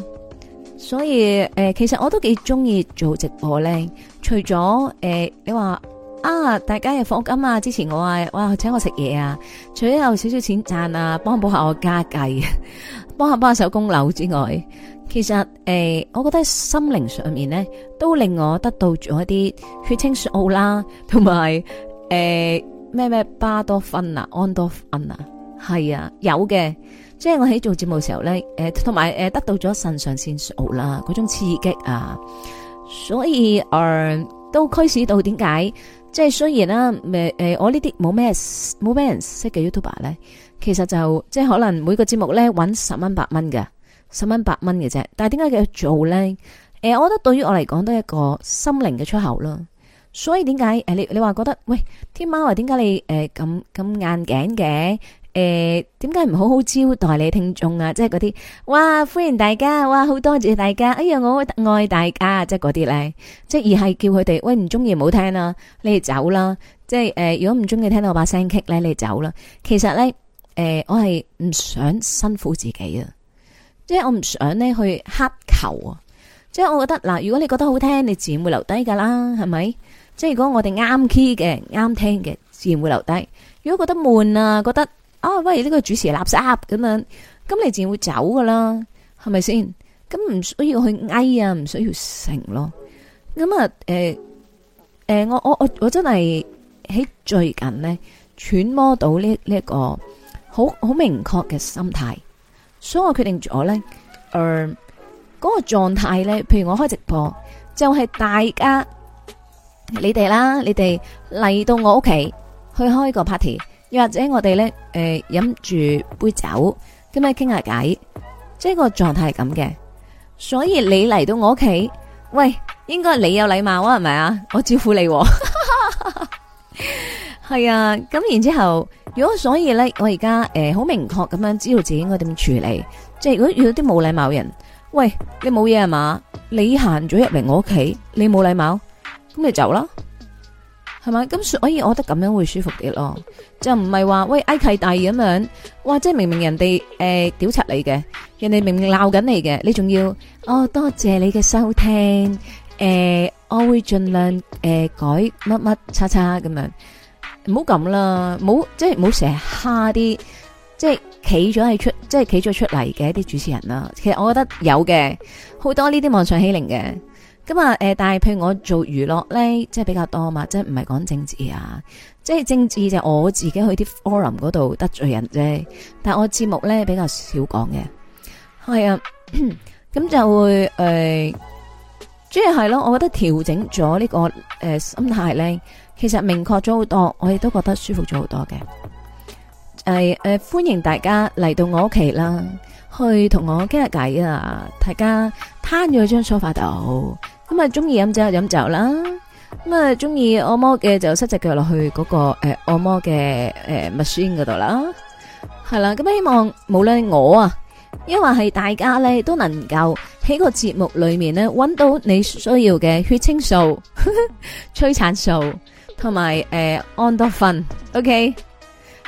所以誒、呃，其實我都幾中意做直播咧。除咗誒、呃，你話啊，大家有課金啊，之前我話、啊、哇，請我食嘢啊，除咗有少少錢賺啊，幫補下我家計，幫下幫下手供樓之外。其實誒、呃，我覺得心靈上面咧，都令我得到咗一啲血清素啦，同埋誒咩咩巴多芬啊、安多芬啊，係啊，有嘅。即係我喺做節目時候咧，誒同埋誒得到咗腎上腺素啦，嗰種刺激啊，所以誒、呃、都驅使到點解，即係雖然啦、啊、誒、呃、誒我呢啲冇咩冇咩人識嘅 YouTuber 咧，其實就即係可能每個節目咧搵十蚊八蚊嘅。十蚊八蚊嘅啫，但係點解叫佢做咧？誒、呃，我覺得對於我嚟講都係一個心靈嘅出口咯。所以點解誒？你你話覺得喂，天喵啊？點解你誒咁咁硬頸嘅？誒、呃，點解唔好好招待你聽眾啊？即係嗰啲哇，歡迎大家哇，好多謝大家。哎呀，我好愛大家，即係嗰啲咧，即、就、係、是就是、而係叫佢哋喂，唔中意唔好聽啦，你哋走啦。即係誒，如果唔中意聽到我把聲 kick 咧，你哋走啦。其實咧，誒、呃，我係唔想辛苦自己啊。即係我唔想呢去乞求啊！即係我覺得嗱，如果你覺得好聽，你自然會留低噶啦，係咪？即係如果我哋啱 key 嘅、啱聽嘅，自然會留低；如果覺得悶啊，覺得啊，喂，如、這、呢個主持垃圾咁樣，咁你自然會走噶啦，係咪先？咁唔需要去哀啊，唔需要成咯。咁啊，誒、呃、誒、呃，我我我我真係喺最近呢，揣摩到呢呢一個好好明確嘅心態。所以我決定咗咧，誒、呃，嗰個狀態咧，譬如我開直播，就係大家你哋啦，你哋嚟到我屋企去開個 party，又或者我哋咧，誒、呃，飲住杯酒，咁咪傾下偈，即係個狀態係咁嘅。所以你嚟到我屋企，喂，應該你有禮貌啊，係咪啊？我招呼你啊。 係啊，咁然之後，如果所以咧，我而家誒好明確咁樣知道自己應該點處理，即係如果遇到啲冇禮貌人，喂，你冇嘢啊嘛？你行咗入嚟我屋企，你冇禮貌，咁你走啦，係咪？咁所以我覺得咁樣會舒服啲咯，就唔係話喂挨契弟咁樣，或者明明人哋誒屌柒你嘅，人哋明明鬧緊你嘅，你仲要哦多謝你嘅收聽，誒我會盡量誒改乜乜叉叉咁樣。唔好咁啦，唔好即係唔好成日蝦啲，即係企咗喺出，即係企咗出嚟嘅一啲主持人啦。其實我覺得有嘅，好多呢啲網上欺凌嘅。咁啊，誒、呃，但係譬如我做娛樂咧，即係比較多啊嘛，即係唔係講政治啊，即係政治就我自己去啲 forum 嗰度得罪人啫。但我節目咧比較少講嘅，係啊，咁就會誒，即係係咯，我覺得調整咗、這個呃、呢個誒心態咧。其實明確咗好多，我亦都覺得舒服咗好多嘅。誒、哎、誒、呃，歡迎大家嚟到我屋企啦，去同我傾下偈啊！大家攤咗喺張梳化度，咁啊中意飲酒就飲酒啦，咁啊中意按摩嘅就塞隻腳落去嗰、那個誒、呃、按摩嘅誒 machine 嗰度啦。係啦，咁、嗯、希望無論我啊，因為係大家咧，都能夠喺個節目裏面咧搵到你需要嘅血清素、催產素。同埋誒安多芬，OK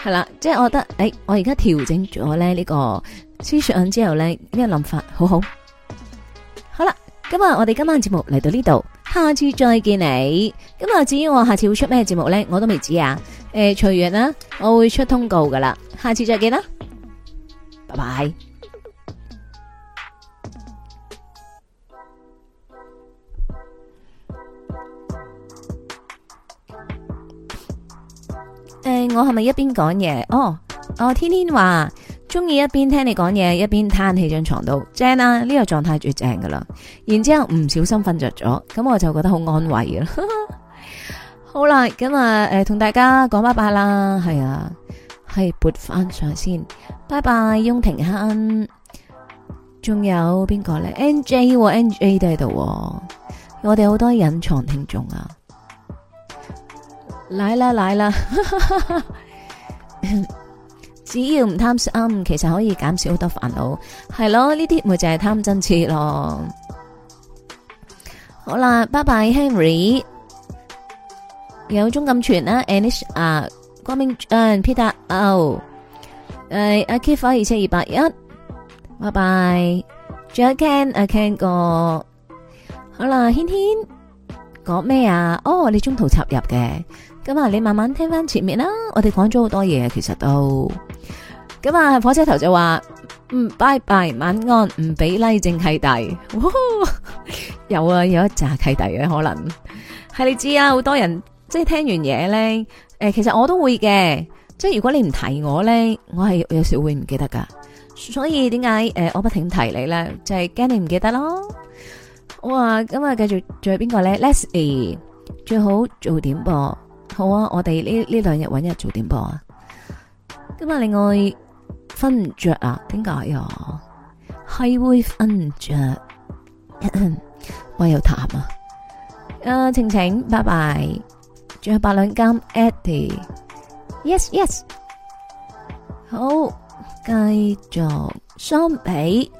係啦，即係我覺得誒、欸，我而家調整咗咧呢個思想之後咧呢、這個諗法好好，好啦，咁、嗯、啊，我哋今晚節目嚟到呢度，下次再見你。咁、嗯、啊，至於我下次會出咩節目咧，我都未知啊。誒、嗯，隨緣啦，我會出通告噶啦，下次再見啦，拜拜。誒、呃，我係咪一邊講嘢？哦，哦，天天話中意一邊聽你講嘢，一邊攤起張床度，正啊！呢、這個狀態最正噶啦。然之後唔小心瞓着咗，咁我就覺得好安慰啊。 好啦，咁啊，誒、呃，同大家講拜拜啦，係啊，係撥翻上先，拜拜，雍廷亨，仲有邊個呢？N J、哦、N J 都喺度，我哋好多隱藏聽眾啊。嚟啦嚟啦，只要唔貪心，其實可以減少好多煩惱。係咯，呢啲咪就係貪真切咯。好啦，拜拜，Henry。有鍾錦全啦，Anish 啊，光明 John Peter，哦，誒，阿 Kifa 二七二八一，拜拜。仲有 Ken，阿 Ken 個，好啦，軒軒，講咩啊？哦，你中途插入嘅。咁啊，你慢慢聽翻前面啦。我哋講咗好多嘢，其實都咁啊。火車頭就話：嗯，拜拜，晚安，唔俾 like，正契弟。哦，有啊，有一紮契弟嘅可能係你知啊。好多人即係聽完嘢咧。誒、呃，其實我都會嘅，即係如果你唔提我咧，我係有時會唔記得噶。所以點解誒，我不停提你咧，就係、是、驚你唔記得咯。哇，咁啊，繼續仲有邊個咧？Leslie 最好做點播。好啊，我哋呢呢兩日揾日做點播啊！今日另外瞓唔着啊，點解啊？係會瞓唔着，哇 有痰啊！啊，晴晴，拜拜！仲有八兩金，Eddie，Yes Yes, yes. 好，繼續雙比。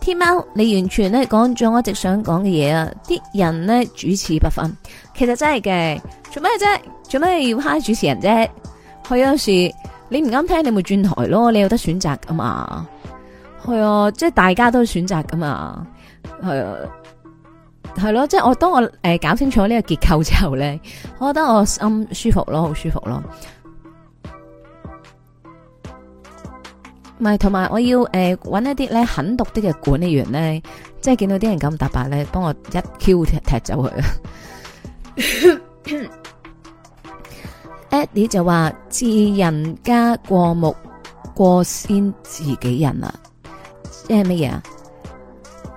天貓，你完全咧，講咗我一直想講嘅嘢啊！啲人咧主持不分。其實真係嘅，做咩啫？做咩要蝦主持人啫？佢有時你唔啱聽，你咪轉台咯。你有得選擇噶嘛？係啊，即係大家都選擇噶嘛？係啊，係咯，即係我當我誒、呃、搞清楚呢個結構之後咧，我覺得我心舒服咯，好舒服咯。唔係，同埋我要誒揾、呃、一啲咧狠毒啲嘅管理員咧，即係見到啲人咁搭白咧，幫我一 Q 踢踢走佢。Eddy 就話：自人家過目過先自己人啊！即係乜嘢啊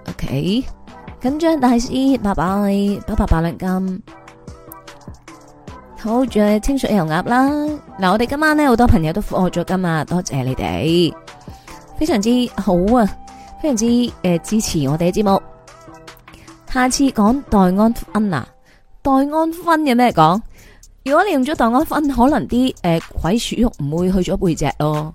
？OK，緊張大師，拜拜，八百八八兩金。好，仲有清水油鴨啦。嗱，我哋今晚咧好多朋友都過咗金啊，多謝你哋。非常之好啊！非常之誒、呃、支持我哋嘅節目。下次講黛安芬啊，黛安芬有咩講？如果你用咗黛安芬，可能啲誒、呃、鬼鼠肉唔會去咗背脊咯、哦。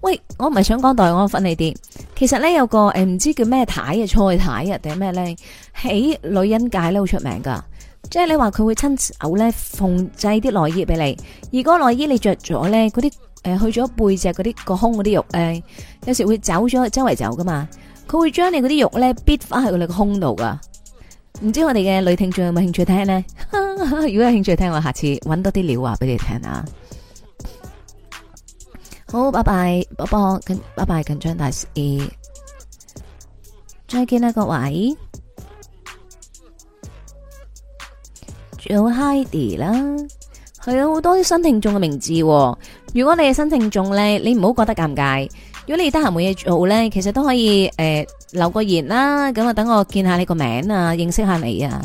喂，我唔係想講黛安芬你啲，其實咧有個誒唔、呃、知叫咩太嘅菜太啊定咩咧，喺女人界咧好出名噶。即係你話佢會親手咧縫製啲內衣俾你，而嗰內衣你着咗咧，嗰啲。誒、呃，去咗背脊嗰啲個胸嗰啲肉，誒、呃，有時會走咗周圍走噶嘛，佢會將你嗰啲肉咧，逼翻喺佢哋個胸度噶。唔知我哋嘅女聽眾有冇興趣聽呢哈哈？如果有興趣聽，我下次搵多啲料話俾你聽啊。好，拜拜，波波，跟拜拜，緊張大師，再見啦，各位，仲有 Hidy 啦，係啊，好多啲新聽眾嘅名字。如果你係新聽眾咧，你唔好覺得尷尬。如果你得閒冇嘢做咧，其實都可以誒、呃、留個言啦，咁啊等我見下你個名啊，認識下你啊。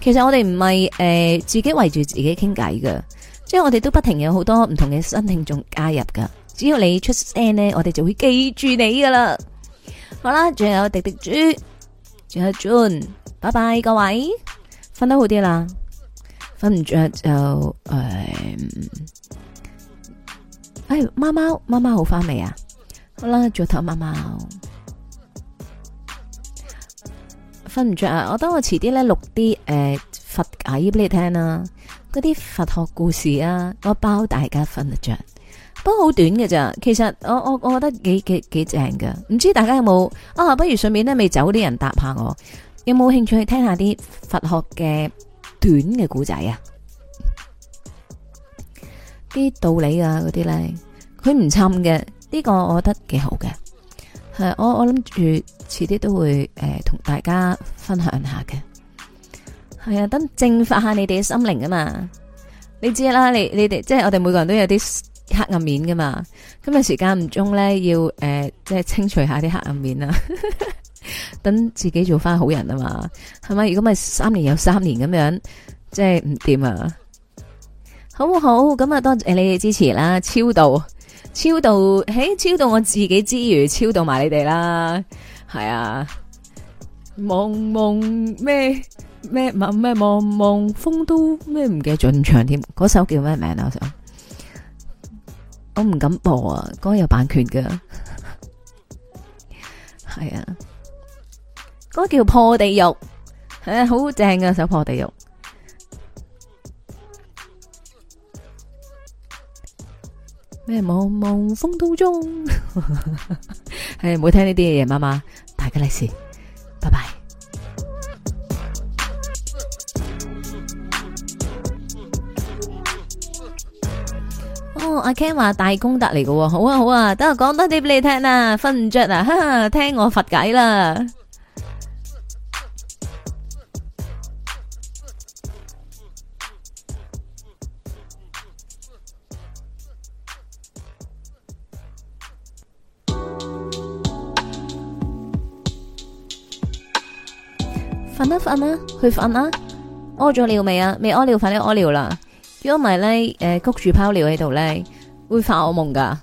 其實我哋唔係誒自己圍住自己傾偈噶，即係我哋都不停有好多唔同嘅新聽眾加入噶。只要你出聲咧，我哋就會記住你噶啦。好啦，仲有滴滴豬，仲有 John，拜拜各位，瞓得好啲啦，瞓唔着就誒。呃誒，貓貓，貓貓好翻未啊？好啦，早唞貓貓，瞓唔着啊！我等我遲啲咧錄啲誒佛偈俾你聽啦、啊，嗰啲佛學故事啊，我包大家瞓得着，不過好短嘅咋。其實我我我覺得幾幾幾正噶，唔知大家有冇啊？不如順便咧未走啲人答下我，有冇興趣去聽下啲佛學嘅短嘅故仔啊？啲道理啊，嗰啲咧，佢唔侵嘅，呢、這個我覺得幾好嘅，係我我諗住，遲啲都會誒、呃、同大家分享下嘅，係啊，等淨化下你哋嘅心靈啊嘛，你知啦，你你哋即係我哋每個人都有啲黑暗面噶嘛，今日時間唔中咧要誒、呃、即係清除下啲黑暗面啊， 等自己做翻好人啊嘛，係咪？如果咪三年有三年咁樣，即係唔掂啊！好好咁啊，多謝你哋支持啦，超度，超度喺、欸、超度我自己之餘，超度埋你哋啦，係啊，望望咩咩望咩望夢風都咩唔記得咗咁長添，嗰首叫咩名啊？我唔敢播啊，嗰個有版權噶，係啊，嗰叫破地獄，啊！好正啊！首《首破地獄。咩茫茫風濤中，係唔好聽呢啲嘢，媽媽，大家利是，拜拜。哦，阿 Ken 話大功德嚟嘅，好啊好啊，等我講多啲俾你聽啦，瞓唔着啊，聽我佛偈啦。瞓啦瞓啦，去瞓啦。屙咗尿未啊？未屙尿，快啲屙尿啦！如果唔係咧，誒，谷住泡尿喺度咧，會發惡夢噶。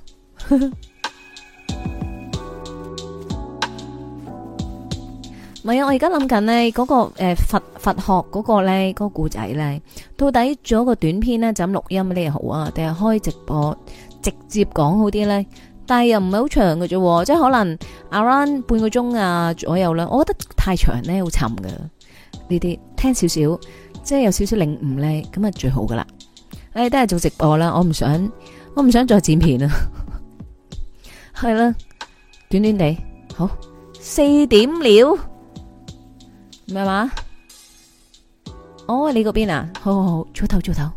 唔係啊，我而家諗緊咧，嗰、那個誒、呃、佛佛學嗰個咧，嗰、那個故仔咧，到底做一個短片咧，就咁錄音呢？好啊，定係開直播直接講好啲咧？但係又唔係好長嘅啫，即係可能 around 半個鐘啊左右啦。我覺得太長咧，好沉噶。呢啲聽少少，即係有少少領悟咧，咁啊最好噶啦。誒、哎，都係做直播啦，我唔想我唔想再剪片 啦。係啦，短短地，好，四點了，唔係嘛？哦、oh，你嗰邊啊，好，好好，早唞早唞。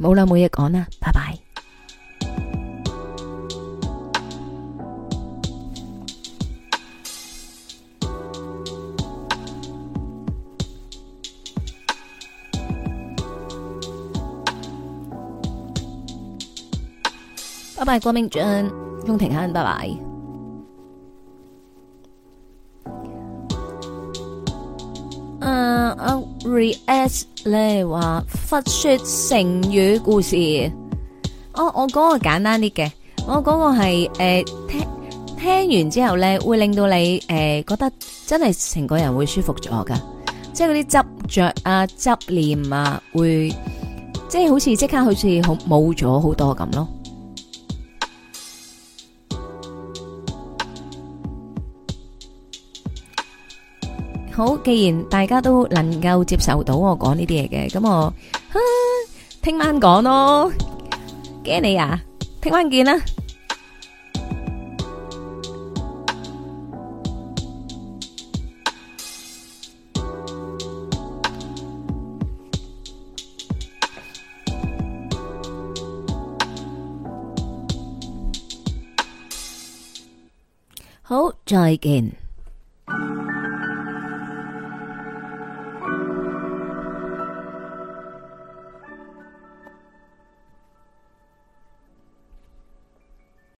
冇啦，冇嘢講啦，拜拜，拜拜郭明俊，鍾庭亨，拜拜。誒，阿 React 咧話佛說成語故事，哦、oh,，我嗰個簡單啲嘅，我嗰個係誒聽聽完之後咧，會令到你誒、呃、覺得真係成個人會舒服咗噶，即係嗰啲執着啊、執念啊，會即係好似即刻好似好冇咗好多咁咯。好，既然大家都能夠接受到我講呢啲嘢嘅，咁我，哼，聽晚講咯，驚你啊，聽晚見啦，好，再見。